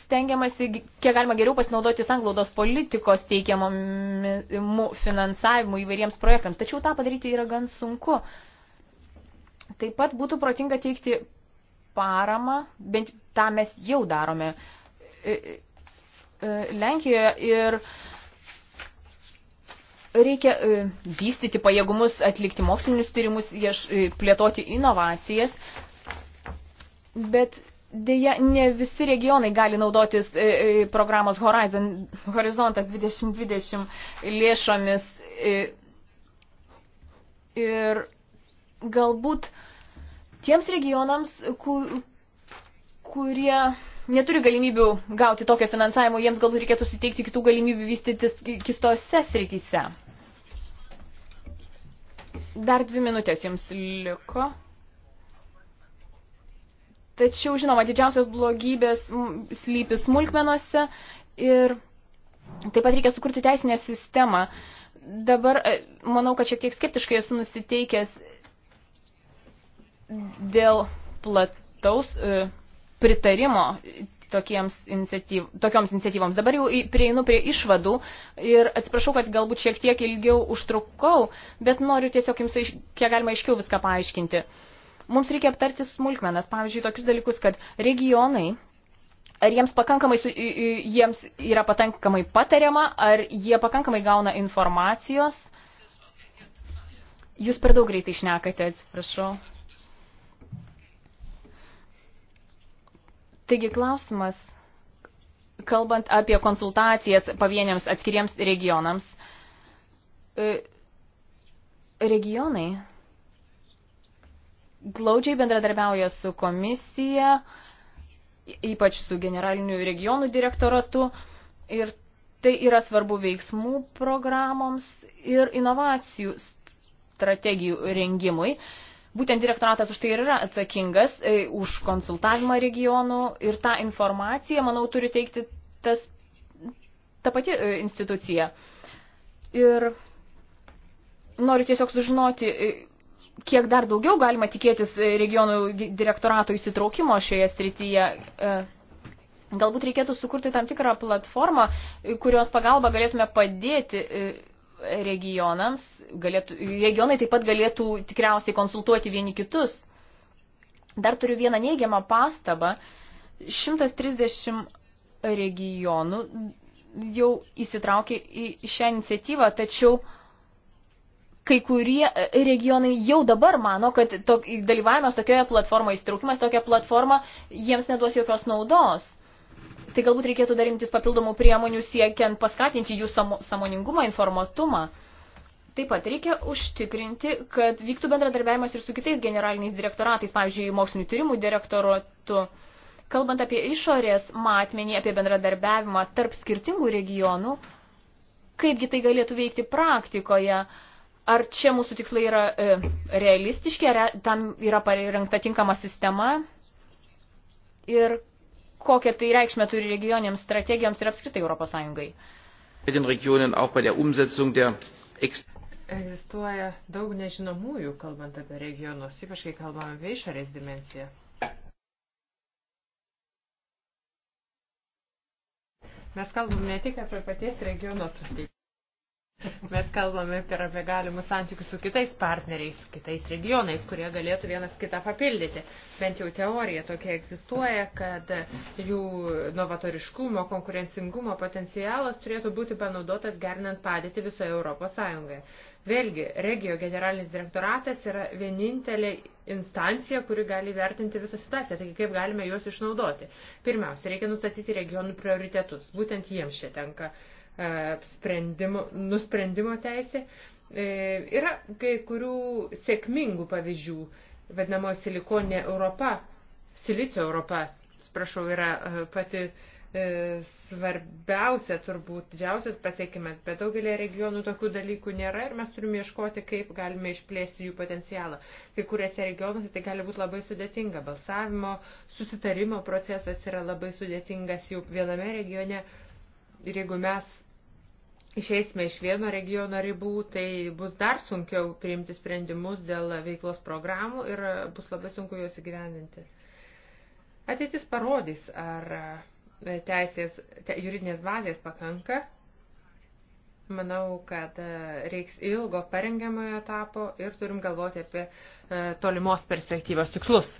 stengiamasi, kiek galima geriau pasinaudoti sanglaudos politikos teikiamam finansavimu įvairiems projektams. Tačiau tą padaryti yra gan sunku. Uh, Taip pat būtų protinga teikti paramą, bent tą mes jau darome e, e, Lenkijoje ir reikia e, vystyti pajėgumus, atlikti mokslinius tyrimus, plėtoti inovacijas, bet dėja ne visi regionai gali naudotis programos Horizon, Horizontas 2020 lėšomis ir galbūt tiems regionams, ku, kurie neturi galimybių gauti tokio finansavimo, jiems galbūt reikėtų suteikti kitų galimybių vystytis kitose srityse. Dar dvi minutės jums liko. Tačiau, žinoma, didžiausios blogybės slypi smulkmenuose ir taip pat reikia sukurti teisinę sistemą. Dabar e, manau, kad šiek tiek skeptiškai esu nusiteikęs dėl plataus e, pritarimo tokiems iniciatyv, tokioms iniciatyvoms. Dabar jau prieinu prie išvadų ir atsiprašau, kad galbūt šiek tiek ilgiau užtrukau, bet noriu tiesiog jums kiek galima aiškiau viską paaiškinti. Mums reikia aptarti smulkmenas, pavyzdžiui, tokius dalykus, kad regionai, ar jiems, pakankamai, jiems yra pakankamai patariama, ar jie pakankamai gauna informacijos. Jūs per daug greitai šnekate, atsiprašau. Taigi klausimas, kalbant apie konsultacijas pavieniams atskiriems regionams, e, regionai glaudžiai bendradarbiauja su komisija, ypač su generaliniu regionų direktoratu ir tai yra svarbu veiksmų programoms ir inovacijų strategijų rengimui. Būtent direktoratas už tai ir yra atsakingas, e, už konsultavimą regionų ir tą informaciją, manau, turi teikti tas, ta pati e, institucija. Ir noriu tiesiog sužinoti, e, kiek dar daugiau galima tikėtis regionų direktorato įsitraukimo šioje srityje. Galbūt reikėtų sukurti tam tikrą platformą, kurios pagalba galėtume padėti regionams, galėtų, regionai taip pat galėtų tikriausiai konsultuoti vieni kitus. Dar turiu vieną neigiamą pastabą. 130 regionų jau įsitraukė į šią iniciatyvą, tačiau kai kurie regionai jau dabar mano, kad to, dalyvavimas tokioje platformoje, įsitraukimas tokią platformą jiems neduos jokios naudos tai galbūt reikėtų dar imtis papildomų priemonių siekiant paskatinti jų samoningumą, informatumą. Taip pat reikia užtikrinti, kad vyktų bendradarbiavimas ir su kitais generaliniais direktoratais, pavyzdžiui, mokslinių tyrimų direktoratu. Kalbant apie išorės matmenį, apie bendradarbiavimą tarp skirtingų regionų, kaipgi tai galėtų veikti praktikoje, ar čia mūsų tikslai yra e, realistiški, ar e, tam yra parengta tinkama sistema ir kokią tai reikšmę turi regioniams strategijoms ir apskritai Europos Sąjungai. Egzistuoja daug nežinomųjų, kalbant apie regionus, ypač kai kalbame apie išorės dimenciją. Mes kalbame ne tik apie paties regiono strategiją. Mes kalbame ir apie galimus santykius su kitais partneriais, kitais regionais, kurie galėtų vienas kitą papildyti. Bent jau teorija tokia egzistuoja, kad jų novatoriškumo, konkurencingumo potencialas turėtų būti panaudotas gerinant padėtį visoje Europos Sąjungoje. Vėlgi, regio generalinis direktoratas yra vienintelė instancija, kuri gali vertinti visą situaciją, taigi kaip galime juos išnaudoti. Pirmiausia, reikia nustatyti regionų prioritetus, būtent jiems čia tenka uh, E, nusprendimo teisė. E, yra kai kurių sėkmingų pavyzdžių, vadinamoji silikonė Europa, silicio Europa, sprašau, yra e, pati svarbiausia turbūt didžiausias pasiekimas, bet daugelį regionų tokių dalykų nėra ir mes turime ieškoti, kaip galime išplėsti jų potencialą. Kai kuriuose regionuose tai gali būti labai sudėtinga. Balsavimo, susitarimo procesas yra labai sudėtingas jau viename regione, Ir jeigu mes išeisime iš vieno regiono ribų, tai bus dar sunkiau priimti sprendimus dėl veiklos programų ir bus labai sunku juos įgyvendinti. Ateitis parodys, ar teisės, te, juridinės bazės pakanka Manau, kad e, reiks ilgo parengiamojo etapo ir turim galvoti apie e, tolimos perspektyvos tikslus.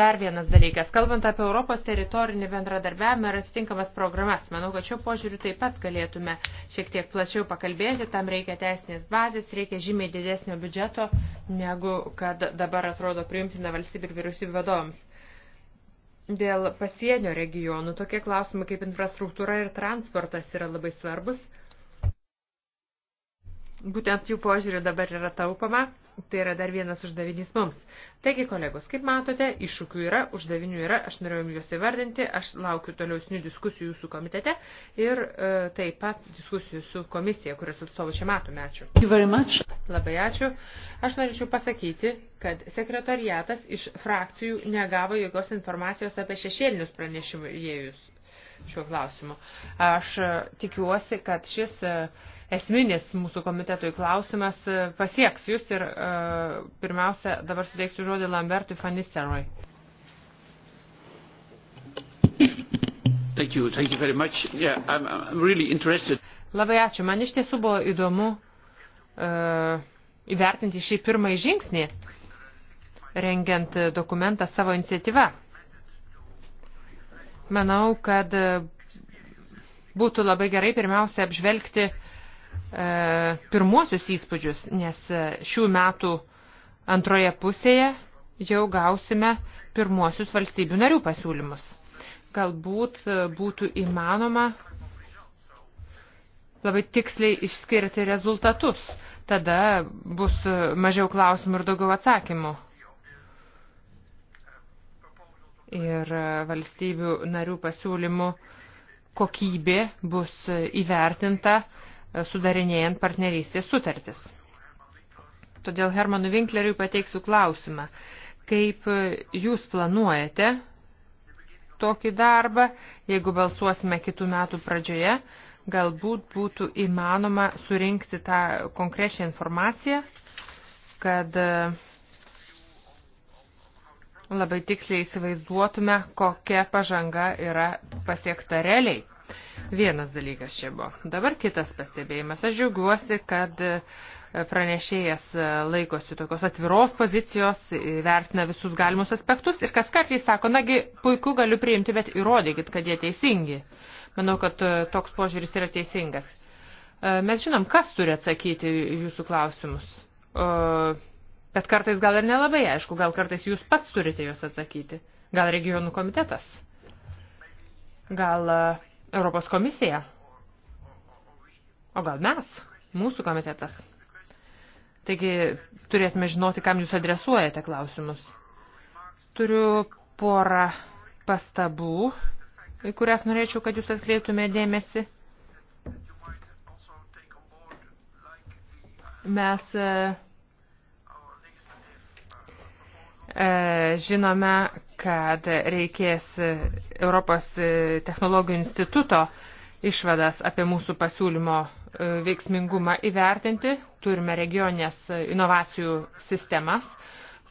Dar vienas dalykas, kalbant apie Europos teritorinį bendradarbiavimą ir atitinkamas programas, manau, kad šiuo požiūriu taip pat galėtume šiek tiek plačiau pakalbėti, tam reikia teisinės bazės, reikia žymiai didesnio biudžeto, negu kad dabar atrodo priimtina valstybių ir vyriausybių vadovams. Dėl pasienio regionų tokie klausimai kaip infrastruktūra ir transportas yra labai svarbus Būtent jų požiūrių dabar yra taupama. Tai yra dar vienas uždavinys mums. Taigi, kolegos, kaip matote, iššūkių yra, uždavinių yra, aš norėjau juos įvardinti, aš laukiu toliausnių diskusijų jūsų komitete ir e, taip pat diskusijų su komisija, kurios atstovų čia matome. Ačiū. Labai ačiū. Aš norėčiau pasakyti, kad sekretariatas iš frakcijų negavo jokios informacijos apie šešėlinius pranešimų įėjus šiuo klausimu. Aš e, tikiuosi, kad šis. E, esminis mūsų komitetui klausimas e, pasieks jūs ir e, pirmiausia dabar suteiksiu žodį Lambertui Fanisteroj. Thank you. Thank you very much. Yeah, I'm, I'm really interested. Labai ačiū. Man iš tiesų buvo įdomu uh, įvertinti šį pirmąjį žingsnį, rengiant dokumentą savo iniciatyvą. Manau, kad būtų labai gerai pirmiausia apžvelgti uh, E, pirmuosius įspūdžius, nes e, šių metų antroje pusėje jau gausime pirmuosius valstybių narių pasiūlymus. Galbūt e, būtų įmanoma labai tiksliai išskirti rezultatus. Tada bus mažiau klausimų ir daugiau atsakymų. Ir valstybių narių pasiūlymų kokybė bus įvertinta uh, sudarinėjant partnerystės sutartis. Todėl Hermanu Winkleriui pateiksiu klausimą, kaip jūs planuojate tokį darbą, jeigu balsuosime kitų metų pradžioje, galbūt būtų įmanoma surinkti tą konkrečią informaciją, kad e, labai tiksliai įsivaizduotume, kokia pažanga yra pasiekta realiai. Vienas dalykas čia buvo. Dabar kitas pastebėjimas. Aš džiaugiuosi, kad e, pranešėjas e, laikosi tokios atviros pozicijos, vertina visus galimus aspektus ir kas kartais sako, nagi, puiku galiu priimti, bet įrodykit, kad jie teisingi. Manau, kad e, toks požiūris yra teisingas. Mes žinom, kas turi atsakyti jūsų klausimus. Bet kartais gal ir nelabai aišku, gal kartais jūs pats turite juos atsakyti. Gal regionų komitetas. Gal uh, Europos komisija? O gal mes, mūsų komitetas? Taigi turėtume žinoti, kam jūs adresuojate klausimus. Turiu porą pastabų, į kurias norėčiau, kad jūs atkreiptume dėmesį. Mes uh, E, žinome, kad reikės Europos e, technologijų instituto išvadas apie mūsų pasiūlymo e, veiksmingumą įvertinti. Turime regionės inovacijų sistemas,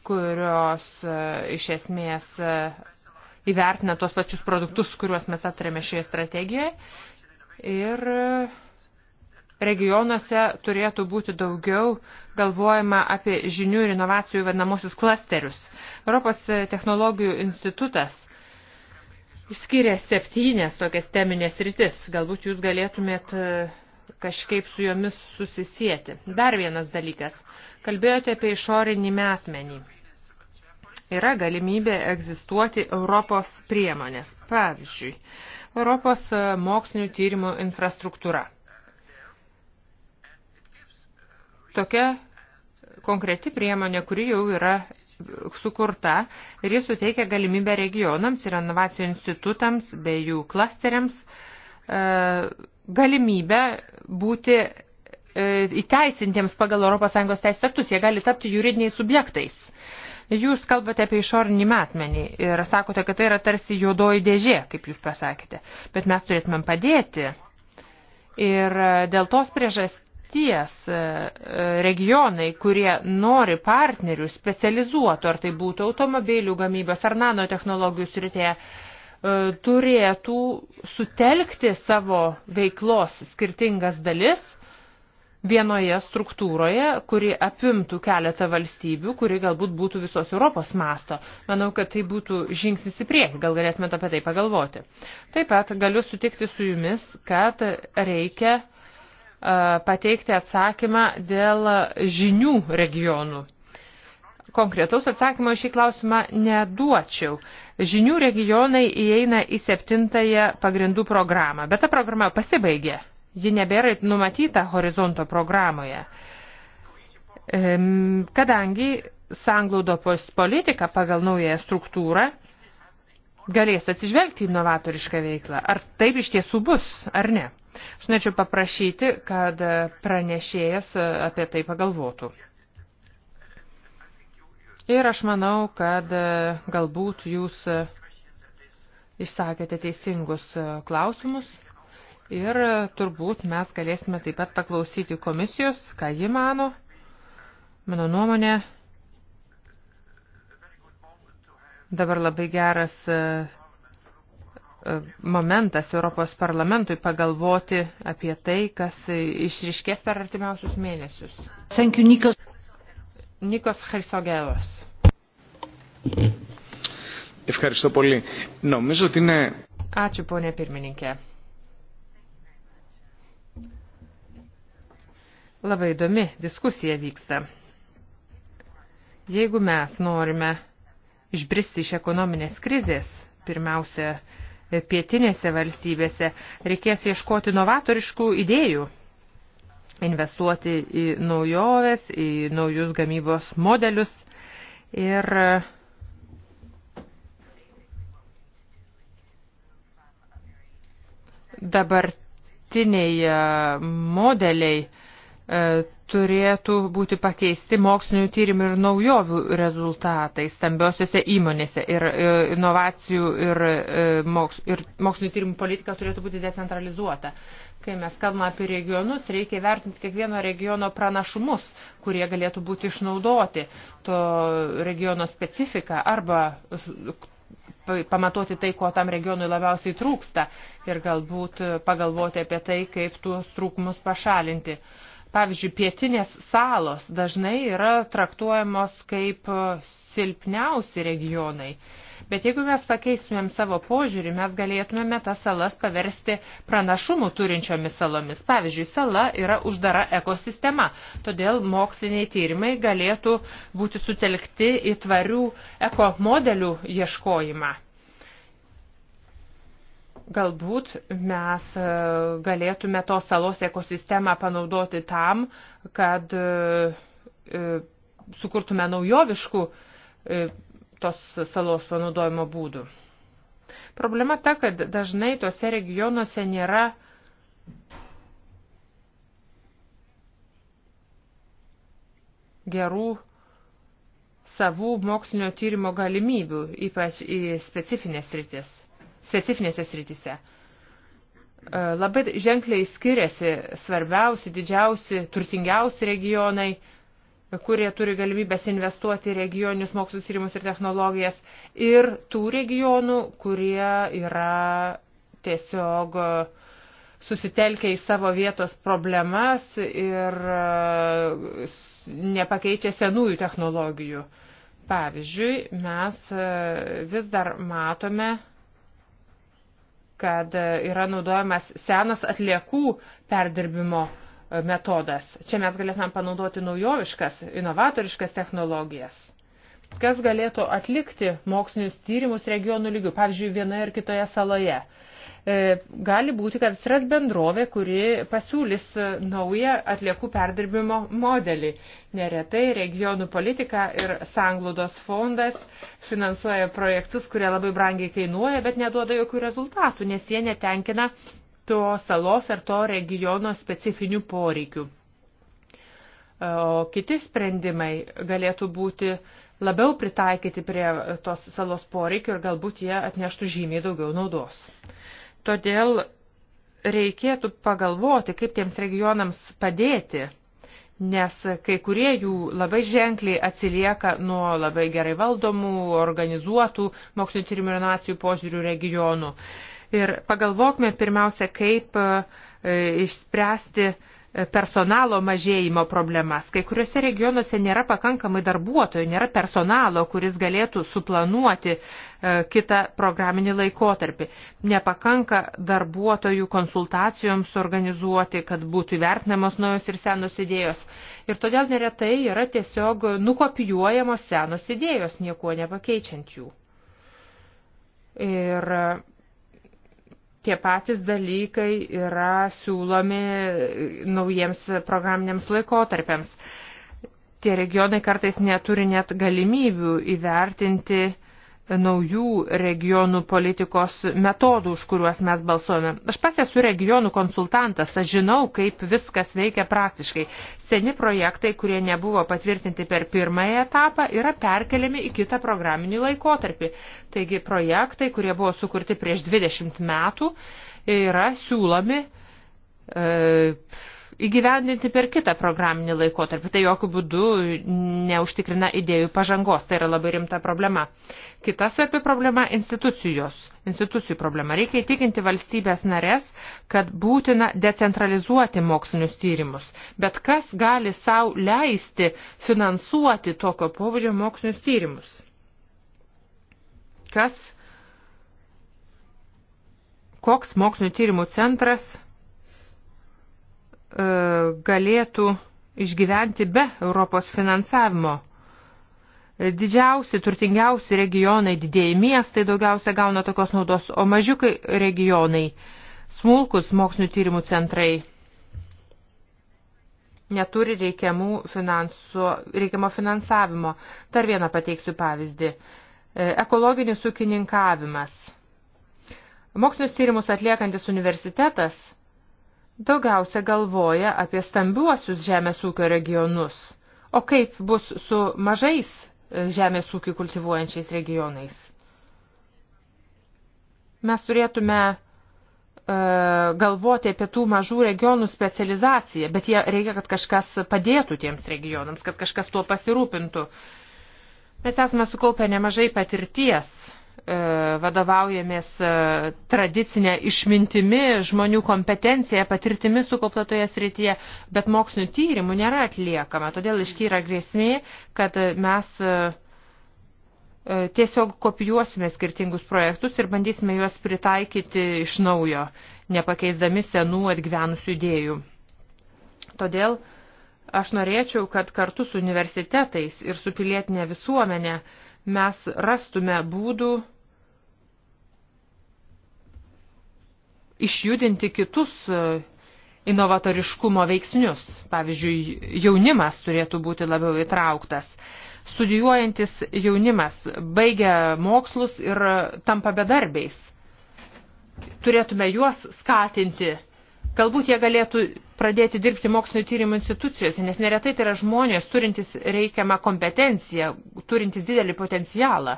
kurios iš esmės įvertina tos pačius produktus, kuriuos mes aptarėme šioje strategijoje. Ir regionuose turėtų būti daugiau galvojama apie žinių ir inovacijų vadinamosius klasterius. Europos technologijų institutas išskiria septynės tokias teminės rytis. Galbūt jūs galėtumėt e, kažkaip su jomis susisieti. Dar vienas dalykas. Kalbėjote apie išorinį metmenį. Yra galimybė egzistuoti Europos priemonės. Pavyzdžiui, Europos e, mokslinių tyrimų infrastruktūra. tokia konkreti priemonė, kuri jau yra sukurta ir jis suteikia galimybę regionams ir inovacijų institutams bei jų klasteriams e, galimybę būti e, įteisintiems pagal ES teisės aktus. Jie gali tapti juridiniais subjektais. Jūs kalbate apie išorinį metmenį ir sakote, kad tai yra tarsi juodoji dėžė, kaip jūs pasakėte. Bet mes turėtumėm padėti. Ir e, dėl tos priežasties krypties e, e, regionai, kurie nori partnerių specializuotų, ar tai būtų automobilių gamybos ar nanotehnologijų srityje, e, turėtų sutelkti savo veiklos skirtingas dalis vienoje struktūroje, kuri apimtų keletą valstybių, kuri galbūt būtų visos Europos masto. Manau, kad tai būtų žingsnis į priekį, gal galėtumėte apie tai pagalvoti. Taip pat galiu sutikti su jumis, kad reikia pateikti atsakymą dėl žinių regionų. Konkretaus atsakymo šį klausimą neduočiau. Žinių regionai įeina į septintąją pagrindų programą, bet ta programa pasibaigė. Ji nebėra numatyta horizonto programoje. Kadangi sanglaudos politika pagal naująją struktūrą galės atsižvelgti į novatorišką veiklą. Ar taip iš tiesų bus, ar ne? Aš norėčiau paprašyti, kad pranešėjas apie tai pagalvotų. Ir aš manau, kad galbūt jūs išsakėte teisingus klausimus ir turbūt mes galėsime taip pat paklausyti komisijos, ką ji mano. Mano nuomonė, dabar labai geras E, momentas Europos parlamentui pagalvoti apie tai, kas išriškės per artimiausius mėnesius. Thank you, Nikos. Nikos Χρυσογέλος. Ευχαριστώ πολύ. Νομίζω ότι είναι... Ačiū, ponė pirmininkė. Labai įdomi diskusija vyksta. Jeigu mes norime išbristi iš ekonominės krizės, pirmiausia, pietinėse valstybėse. Reikės ieškoti novatoriškų idėjų, investuoti į naujoves, į naujus gamybos modelius ir dabartiniai e, modeliai E, turėtų būti pakeisti mokslinių tyrimų ir naujovių rezultatai stambiosiose įmonėse ir e, inovacijų ir, e, moks, ir mokslinių tyrimų politika turėtų būti decentralizuota. Kai mes kalbame apie regionus, reikia vertinti kiekvieno regiono pranašumus, kurie galėtų būti išnaudoti, to regiono specifiką arba pamatuoti tai, ko tam regionui labiausiai trūksta ir galbūt pagalvoti apie tai, kaip tuos trūkumus pašalinti. Uh, Pavyzdžiui, pietinės salos dažnai yra traktuojamos kaip e, silpniausi regionai. Bet jeigu mes pakeistumėm savo požiūrį, mes galėtumėme tas salas paversti pranašumų turinčiomis salomis. Pavyzdžiui, sala yra uždara ekosistema, todėl moksliniai tyrimai galėtų būti sutelkti į tvarių ekomodelių ieškojimą. Galbūt mes e, galėtume tos salos ekosistemą panaudoti tam, kad e, e, sukurtume naujoviškų tos salos panaudojimo būdų. Problema ta, kad dažnai tose regionuose nėra gerų savų mokslinio tyrimo galimybių, ypač į specifinės rytis specifinėse srityse. E, labai ženkliai skiriasi svarbiausi, didžiausi, turtingiausi regionai, kurie turi galimybės investuoti į regioninius mokslus tyrimus ir technologijas, ir tų regionų, kurie yra tiesiog e, susitelkia į savo vietos problemas ir e, nepakeičia senųjų technologijų. Pavyzdžiui, mes vis dar matome kad e, yra naudojamas senas atliekų perdirbimo e, metodas. Čia mes galėtume panaudoti naujoviškas, inovatoriškas technologijas. Kas galėtų atlikti mokslinius tyrimus regionų lygių, pavyzdžiui, vienoje ar kitoje saloje? E, gali būti, kad atsiras bendrovė, kuri pasiūlys e, naują atliekų perdirbimo modelį. Neretai regionų politika ir sanglaudos fondas finansuoja projektus, kurie labai brangiai kainuoja, bet neduoda jokių rezultatų, nes jie netenkina to salos ar to regiono specifinių poreikių. E, o kiti sprendimai galėtų būti labiau pritaikyti prie tos salos poreikio ir galbūt jie atneštų žymiai daugiau naudos. Todėl reikėtų pagalvoti, kaip tiems regionams padėti, nes kai kurie jų labai ženkliai atsilieka nuo labai gerai valdomų, organizuotų mokslinio tyrimų ir inovacijų požiūrių regionų. Ir pagalvokime pirmiausia, kaip e, išspręsti personalo mažėjimo problemas. Kai kuriuose regionuose nėra pakankamai darbuotojų, nėra personalo, kuris galėtų suplanuoti e, kitą programinį laikotarpį. Nepakanka darbuotojų konsultacijoms organizuoti, kad būtų įvertinamos naujos ir senos idėjos. Ir todėl neretai yra tiesiog nukopijuojamos senos idėjos, nieko nepakeičiant jų. Ir tie patys dalykai yra siūlomi naujiems programiniams laikotarpiams. Tie regionai kartais neturi net galimybių įvertinti naujų regionų politikos metodų, už kuriuos mes balsuojame. Aš pats esu regionų konsultantas, aš žinau, kaip viskas veikia praktiškai. Seni projektai, kurie nebuvo patvirtinti per pirmąją etapą, yra perkeliami į kitą programinį laikotarpį. Taigi projektai, kurie buvo sukurti prieš 20 metų, yra siūlomi e, įgyvendinti per kitą programinį laikotarpį. Tai jokių būdų neužtikrina idėjų pažangos. Tai yra labai rimta problema. Kita svarbi problema - institucijos. Institucijų problema. Reikia įtikinti valstybės narės, kad būtina decentralizuoti mokslinius tyrimus. Bet kas gali savo leisti finansuoti tokio pobūdžio mokslinius tyrimus? Kas? Koks mokslinio tyrimų centras E, galėtų išgyventi be Europos finansavimo. E, didžiausi, turtingiausi regionai, didėjai miestai daugiausia gauna tokios naudos, o mažiukai regionai, smulkus mokslinių tyrimų centrai neturi reikiamų finansų, reikiamo finansavimo. Dar vieną pateiksiu pavyzdį. E, ekologinis ūkininkavimas. Mokslinius tyrimus atliekantis universitetas – daugiausia galvoja apie stambiuosius žemės ūkio regionus. O kaip bus su mažais e, žemės ūkį kultivuojančiais regionais? Mes turėtume e, galvoti apie tų mažų regionų specializaciją, bet jie reikia, kad kažkas padėtų tiems regionams, kad kažkas tuo pasirūpintų. Mes esame sukaupę nemažai patirties E, vadovaujamės e, tradicinę išmintimi, žmonių kompetenciją, patirtimi sukauptoje srityje, bet mokslinių tyrimų nėra atliekama. Todėl iškyra grėsmė, kad mes e, tiesiog kopijuosime skirtingus projektus ir bandysime juos pritaikyti iš naujo, nepakeisdami senų atgyvenusių idėjų. Todėl aš norėčiau, kad kartu su universitetais ir su pilietinė visuomenė uh, mes rastume būdų išjudinti kitus e, inovatoriškumo veiksnius. Pavyzdžiui, jaunimas turėtų būti labiau įtrauktas. Studijuojantis jaunimas baigia mokslus ir tampa bedarbiais. Turėtume juos skatinti Galbūt jie galėtų pradėti dirbti mokslinio tyrimų institucijose, nes neretai tai yra žmonės turintys reikiamą kompetenciją, turintys didelį potencialą.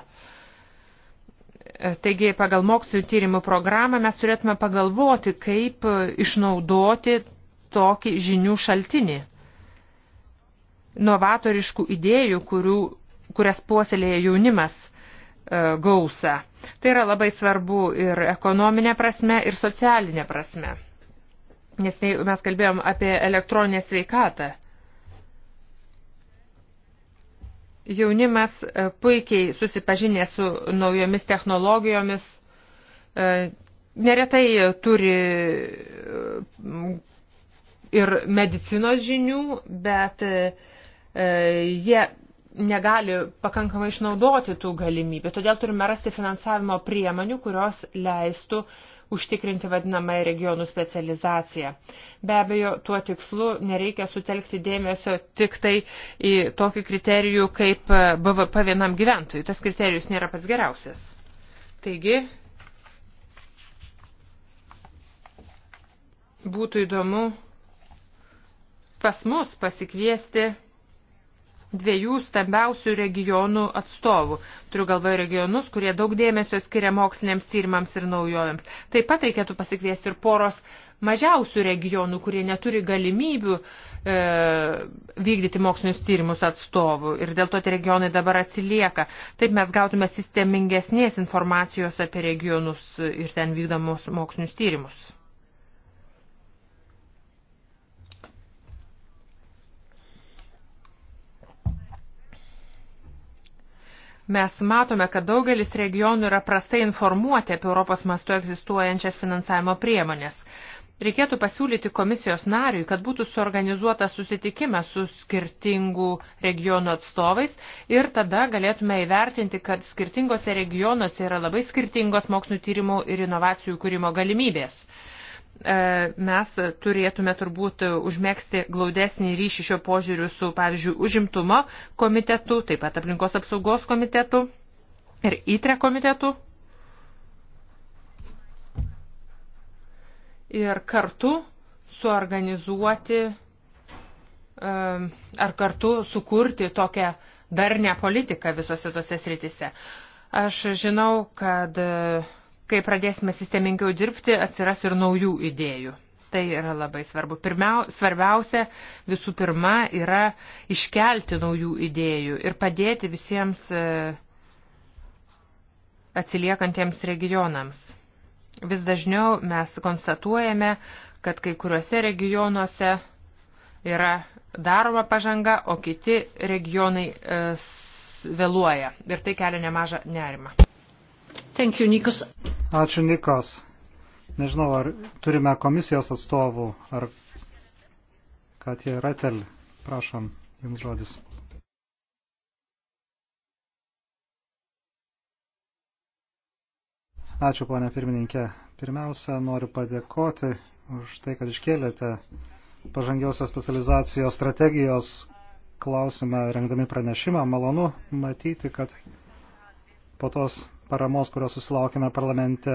Taigi pagal mokslinio tyrimų programą mes turėtume pagalvoti, kaip išnaudoti tokį žinių šaltinį. Novatoriškų idėjų, kurių, kurias puoselėja jaunimas e, gausa. Tai yra labai svarbu ir ekonominė prasme, ir socialinė prasme nes tai mes kalbėjom apie elektroninę sveikatą. Jaunimas e, puikiai susipažinė su naujomis technologijomis, e, neretai turi e, ir medicinos žinių, bet jie negali pakankamai išnaudoti tų galimybių. Todėl turime rasti finansavimo priemonių, kurios leistų uh, užtikrinti vadinamąją regionų specializaciją. Be abejo, tuo tikslu nereikia sutelkti dėmesio tik tai į tokį kriterijų kaip BVP vienam gyventojui. Tas kriterijus nėra pats geriausias. Taigi, būtų įdomu pas mus pasikviesti dviejų stambiausių regionų atstovų. Turiu galvoje regionus, kurie daug dėmesio skiria moksliniams tyrimams ir naujovėms. Taip pat reikėtų pasikviesti ir poros mažiausių regionų, kurie neturi galimybių e, vykdyti mokslinius tyrimus atstovų ir dėl to tie regionai dabar atsilieka. Taip mes gautume sistemingesnės informacijos apie regionus ir ten vykdomus mokslinius tyrimus. Mes matome, kad daugelis regionų yra prastai informuoti apie Europos mastu egzistuojančias finansavimo priemonės. Reikėtų pasiūlyti komisijos nariui, kad būtų suorganizuota susitikimas su skirtingų regionų atstovais ir tada galėtume įvertinti, kad skirtingose regionuose yra labai skirtingos mokslinio tyrimų ir inovacijų kūrimo galimybės. E, mes turėtume turbūt užmėgsti glaudesnį ryšį šio požiūriu su, pavyzdžiui, užimtumo komitetu, taip pat aplinkos apsaugos komitetu ir įtre komitetu. Ir kartu suorganizuoti e, ar kartu sukurti tokią darnę politiką visose tose sritise. Aš žinau, kad uh, Kai pradėsime sistemingiau dirbti, atsiras ir naujų idėjų. Tai yra labai svarbu. Pirmiau, svarbiausia visų pirma yra iškelti naujų idėjų ir padėti visiems e, atsiliekantiems regionams. Vis dažniau mes konstatuojame, kad kai kuriuose regionuose yra daroma pažanga, o kiti regionai e, vėluoja. Ir tai kelia nemažą nerimą. Thank you, Nikos. Ačiū, Nikos. Nežinau, ar turime komisijos atstovų, ar kad jie ratel. Prašom, jums žodis. Ačiū, ponė pirmininkė. Pirmiausia, noriu padėkoti už tai, kad iškėlėte pažangiausios specializacijos strategijos klausimą rengdami pranešimą. Malonu matyti, kad po tos paramos, kurios susilaukime parlamente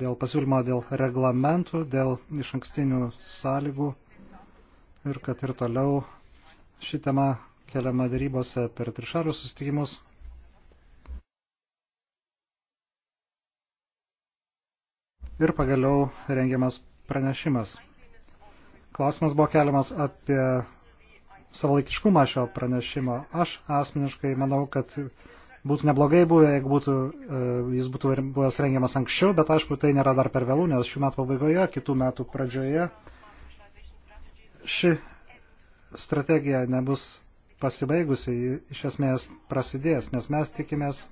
dėl pasiūlymo, dėl reglamentų, dėl iš ankstinių sąlygų ir kad ir toliau ši tema keliama darybose per trišalius susitikimus. Ir pagaliau rengiamas pranešimas. Klausimas buvo keliamas apie savalaikiškumą šio pranešimo. Aš asmeniškai manau, kad Būtų neblogai buvę, jeigu būtų, e, jis būtų buvęs rengiamas anksčiau, bet aišku, tai nėra dar per vėlų, nes šių metų pabaigoje, kitų metų pradžioje ši strategija nebus pasibaigusi, iš esmės prasidės, nes mes tikimės,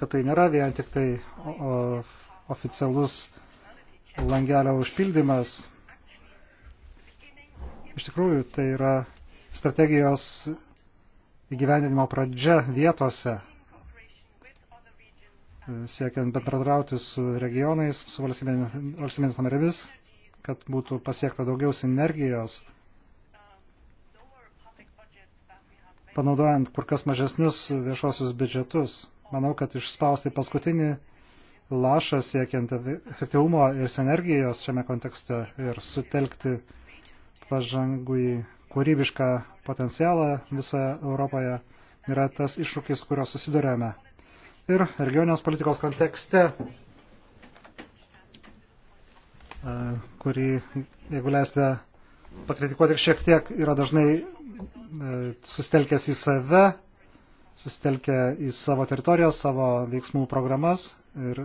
kad tai nėra vien tik tai oficialus langelio užpildymas. Iš tikrųjų, tai yra strategijos įgyvendinimo pradžia vietose, siekiant bendradrauti su regionais, su valstybėmis narėmis, kad būtų pasiekta daugiau sinergijos, panaudojant kur kas mažesnius viešosius biudžetus. Manau, kad išspausti paskutinį lašą siekiant efektyvumo ir sinergijos šiame kontekste ir sutelkti pažangui kūrybišką potencialą visoje Europoje, yra tas iššūkis, kurio susidurėme. Ir regioninės politikos kontekste, e, kurį, jeigu leisite pakritikuoti ir šiek tiek, yra dažnai e, sustelkęs į save, susitelkę į savo teritoriją, savo veiksmų programas ir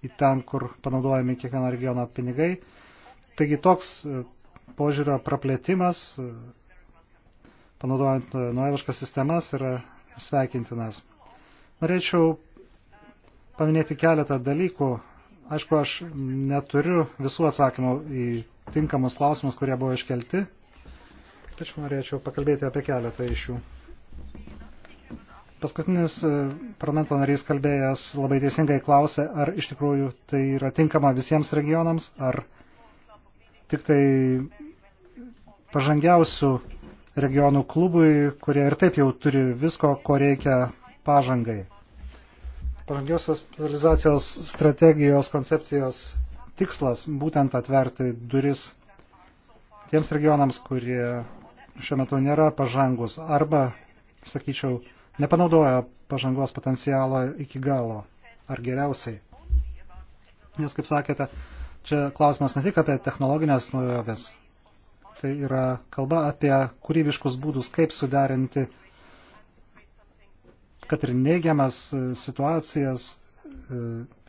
į ten, kur panaudojami kiekvieno regiono pinigai. Taigi toks požiūrio praplėtimas, panaudojant e, nuojaviškas sistemas, yra sveikintinas. Norėčiau paminėti keletą dalykų. Aišku, aš neturiu visų atsakymų į tinkamus klausimus, kurie buvo iškelti, tačiau norėčiau pakalbėti apie keletą iš jų. Paskutinis e, parlamento narys kalbėjęs labai teisingai klausė, ar iš tikrųjų tai yra tinkama visiems regionams, ar tik tai pažangiausių regionų klubui, kurie ir taip jau turi visko, ko reikia pažangai. Pažangiausios specializacijos strategijos koncepcijos tikslas būtent atverti duris tiems regionams, kurie šiuo metu nėra pažangus arba, sakyčiau, nepanaudoja pažangos potencialą iki galo ar geriausiai. Nes, kaip sakėte, čia klausimas ne tik apie technologinės naujoves, Tai yra kalba apie kūrybiškus būdus, kaip suderinti, kad ir neigiamas e, situacijas e,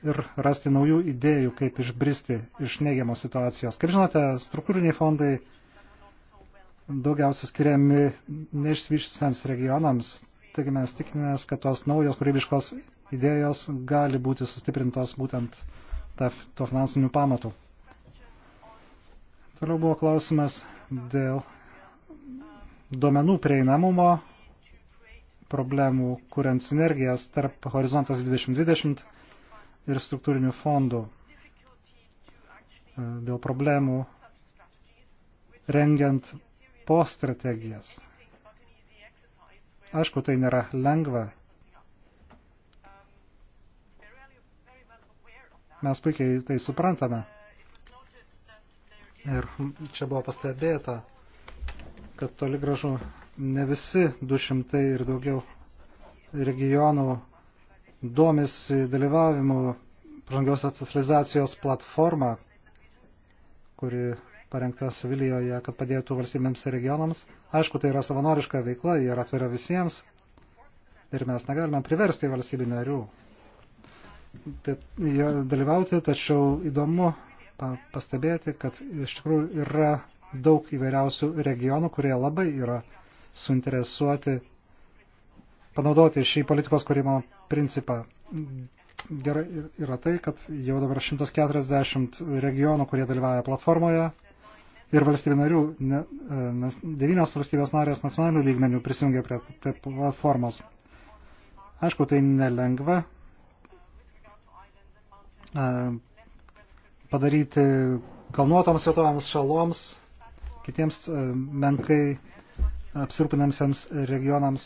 ir rasti naujų idėjų, kaip išbristi iš neigiamos situacijos. Kaip žinote, struktūriniai fondai daugiausia skiriami neišsivyščiusiams regionams, taigi mes tikinės, kad tos naujos kūrybiškos idėjos gali būti sustiprintos būtent to finansinių pamatų. Toliau buvo klausimas dėl duomenų prieinamumo problemų, kuriant sinergijas tarp Horizontas 2020 ir struktūrinių fondų dėl problemų rengiant po strategijas. Aišku, tai nėra lengva. Mes puikiai tai suprantame. Ir čia buvo pastebėta, kad toli gražu ne visi 200 ir daugiau regionų domisi dalyvavimu pažangios specializacijos platforma, kuri parengta Sevilijoje, kad padėtų valstybėms ir regionams. Aišku, tai yra savanoriška veikla, jie yra atvira visiems ir mes negalime priversti valstybių narių tai, dalyvauti, tačiau įdomu pastebėti, kad iš tikrųjų yra daug įvairiausių regionų, kurie labai yra suinteresuoti panaudoti šį politikos kūrimo principą. Gerai yra tai, kad jau dabar 140 regionų, kurie dalyvauja platformoje ir valstybių narių, e, nes devynios valstybės narės nacionalinių lygmenių prisijungia prie, prie platformos. Aišku, tai nelengva, e, padaryti kalnuotoms vietovėms, šaloms, kitiems e, menkai apsirūpinamsiams regionams.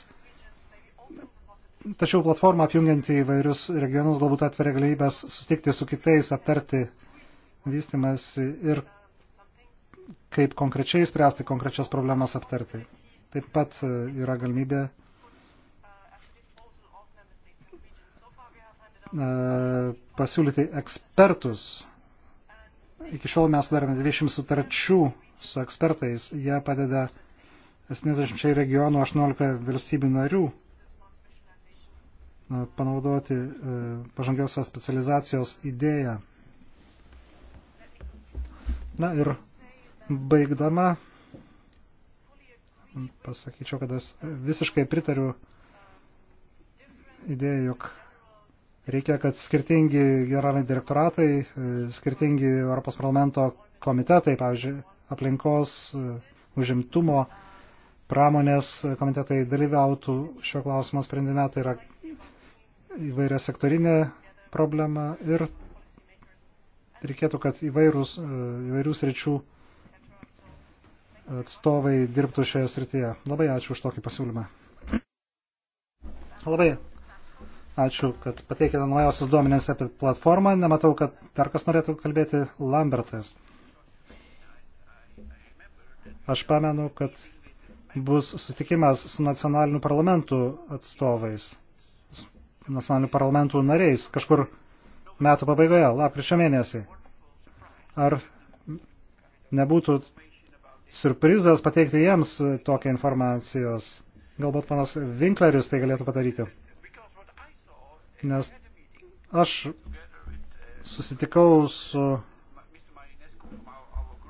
Tačiau platforma apjungianti įvairius regionus galbūt atveria galimybės susitikti su kitais, aptarti vystimas ir kaip konkrečiai spręsti konkrečias problemas aptarti. Taip pat e, yra galimybė e, pasiūlyti ekspertus Iki šiol mes darome 20 sutarčių su ekspertais. Jie padeda 70 regionų 18 valstybių narių panaudoti e, pažangiausios specializacijos idėją. Na ir baigdama, pasakyčiau, kad aš visiškai pritariu idėją, jog Reikia, kad skirtingi generaliniai direktoratai, e, skirtingi Europos parlamento komitetai, pavyzdžiui, aplinkos, e, užimtumo, pramonės e, komitetai dalyvautų šio klausimo sprendime, tai yra įvairia sektorinė problema ir reikėtų, kad įvairūs, įvairius ryčių atstovai dirbtų šioje srityje. Labai ačiū už tokį pasiūlymą. Labai Ačiū, kad pateikėte naujausias duomenės apie platformą. Nematau, kad dar kas norėtų kalbėti Lambertas. Aš pamenu, kad bus sutikimas su nacionalinių parlamentų atstovais, nacionalinių parlamentų nariais kažkur metų pabaigoje, lapkričio mėnesį. Ar nebūtų surprizas pateikti jiems tokią informacijos? Galbūt panas Winkleris tai galėtų padaryti nes aš susitikau su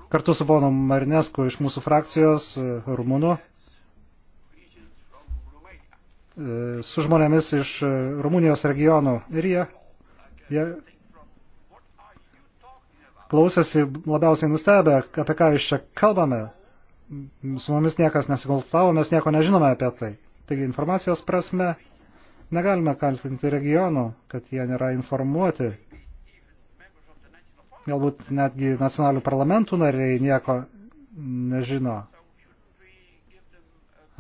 kartu su ponu Marinesku iš mūsų frakcijos e, Rumunų, e, su žmonėmis iš e, Rumunijos regionų ir jie, jie klausėsi labiausiai nustebę, apie ką iš čia kalbame. Su mumis niekas nesikultavo, mes nieko nežinome apie tai. Taigi informacijos prasme Negalime kaltinti regionų, kad jie nėra informuoti. Galbūt netgi nacionalių parlamentų nariai nieko nežino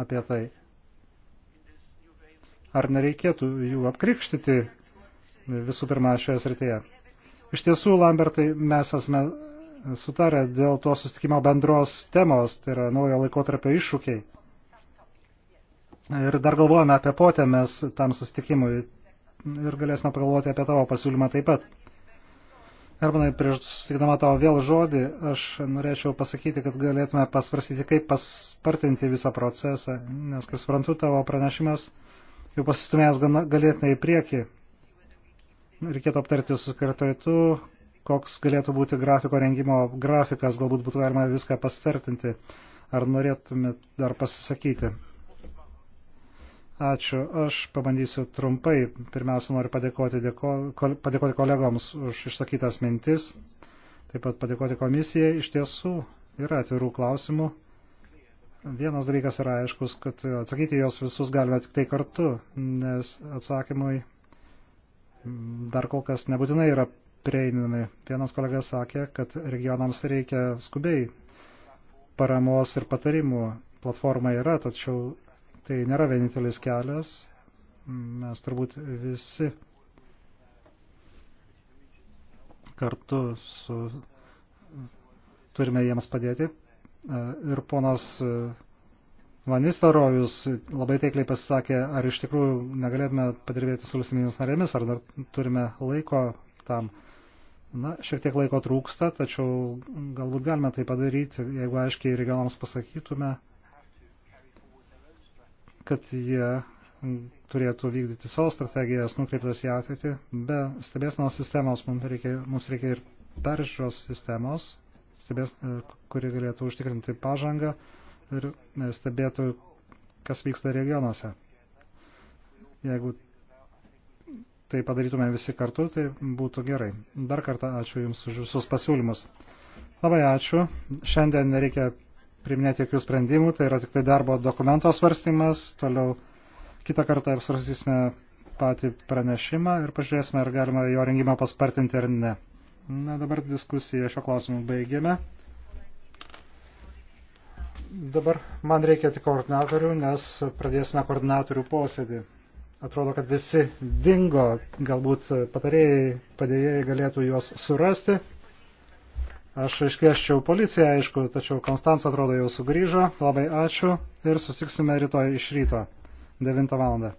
apie tai. Ar nereikėtų jų apkrikštyti visų pirma šioje srityje? Iš tiesų, Lambertai, mes esame sutarę dėl to sustikimo bendros temos, tai yra naujo laikotarpio iššūkiai. Ir dar galvojame apie potėmės tam sustikimui ir galėsime pagalvoti apie tavo pasiūlymą taip pat. Hermanai, prieš sutikdama tavo vėl žodį, aš norėčiau pasakyti, kad galėtume pasvarsyti, kaip paspartinti visą procesą, nes, kaip suprantu, tavo pranešimas jau pasistumėjęs galėtinai į priekį. Reikėtų aptarti su sekretoritu, koks galėtų būti grafiko rengimo grafikas, galbūt būtų galima viską pasvertinti. Ar norėtumėt dar pasisakyti? Ačiū. Aš pabandysiu trumpai. Pirmiausia, noriu padėkoti, dėko, padėkoti kolegoms už išsakytas mintis. Taip pat padėkoti komisijai. Iš tiesų yra atvirų klausimų. Vienas dalykas yra aiškus, kad atsakyti jos visus galime tik tai kartu, nes atsakymui dar kol kas nebūtinai yra prieinami. Vienas kolega sakė, kad regionams reikia skubiai paramos ir patarimų platforma yra, tačiau Tai nėra vienintelis kelias. Mes turbūt visi kartu su, turime jiems padėti. E, ir ponas e, Vanistarojus labai teikliai pasisakė, ar iš tikrųjų negalėtume padirbėti su valstybėmis narėmis, ar dar turime laiko tam. Na, šiek tiek laiko trūksta, tačiau galbūt galime tai padaryti, jeigu aiškiai regionams pasakytume, kad jie turėtų vykdyti savo strategijas nukreiptas į ateitį. Be stebėsnos sistemos mums reikia, mums reikia ir peržiūros sistemos, stebės, kuri galėtų užtikrinti pažangą ir stebėtų, kas vyksta regionuose. Jeigu tai padarytume visi kartu, tai būtų gerai. Dar kartą ačiū Jums už visus pasiūlymus. Labai ačiū. Šiandien nereikia priminėti jokių sprendimų, tai yra tik tai darbo dokumento svarstymas, toliau kitą kartą ir svarstysime patį pranešimą ir pažiūrėsime, ar galima jo rengimą paspartinti ar ne. Na, dabar diskusiją šio klausimu baigėme. Dabar man reikia tik koordinatorių, nes pradėsime koordinatorių posėdį. Atrodo, kad visi dingo, galbūt patarėjai, padėjėjai galėtų juos surasti. Aš iškvieščiau policiją, aišku, tačiau Konstantas atrodo jau sugrįžo. Labai ačiū ir susiksime rytoj iš ryto 9 val.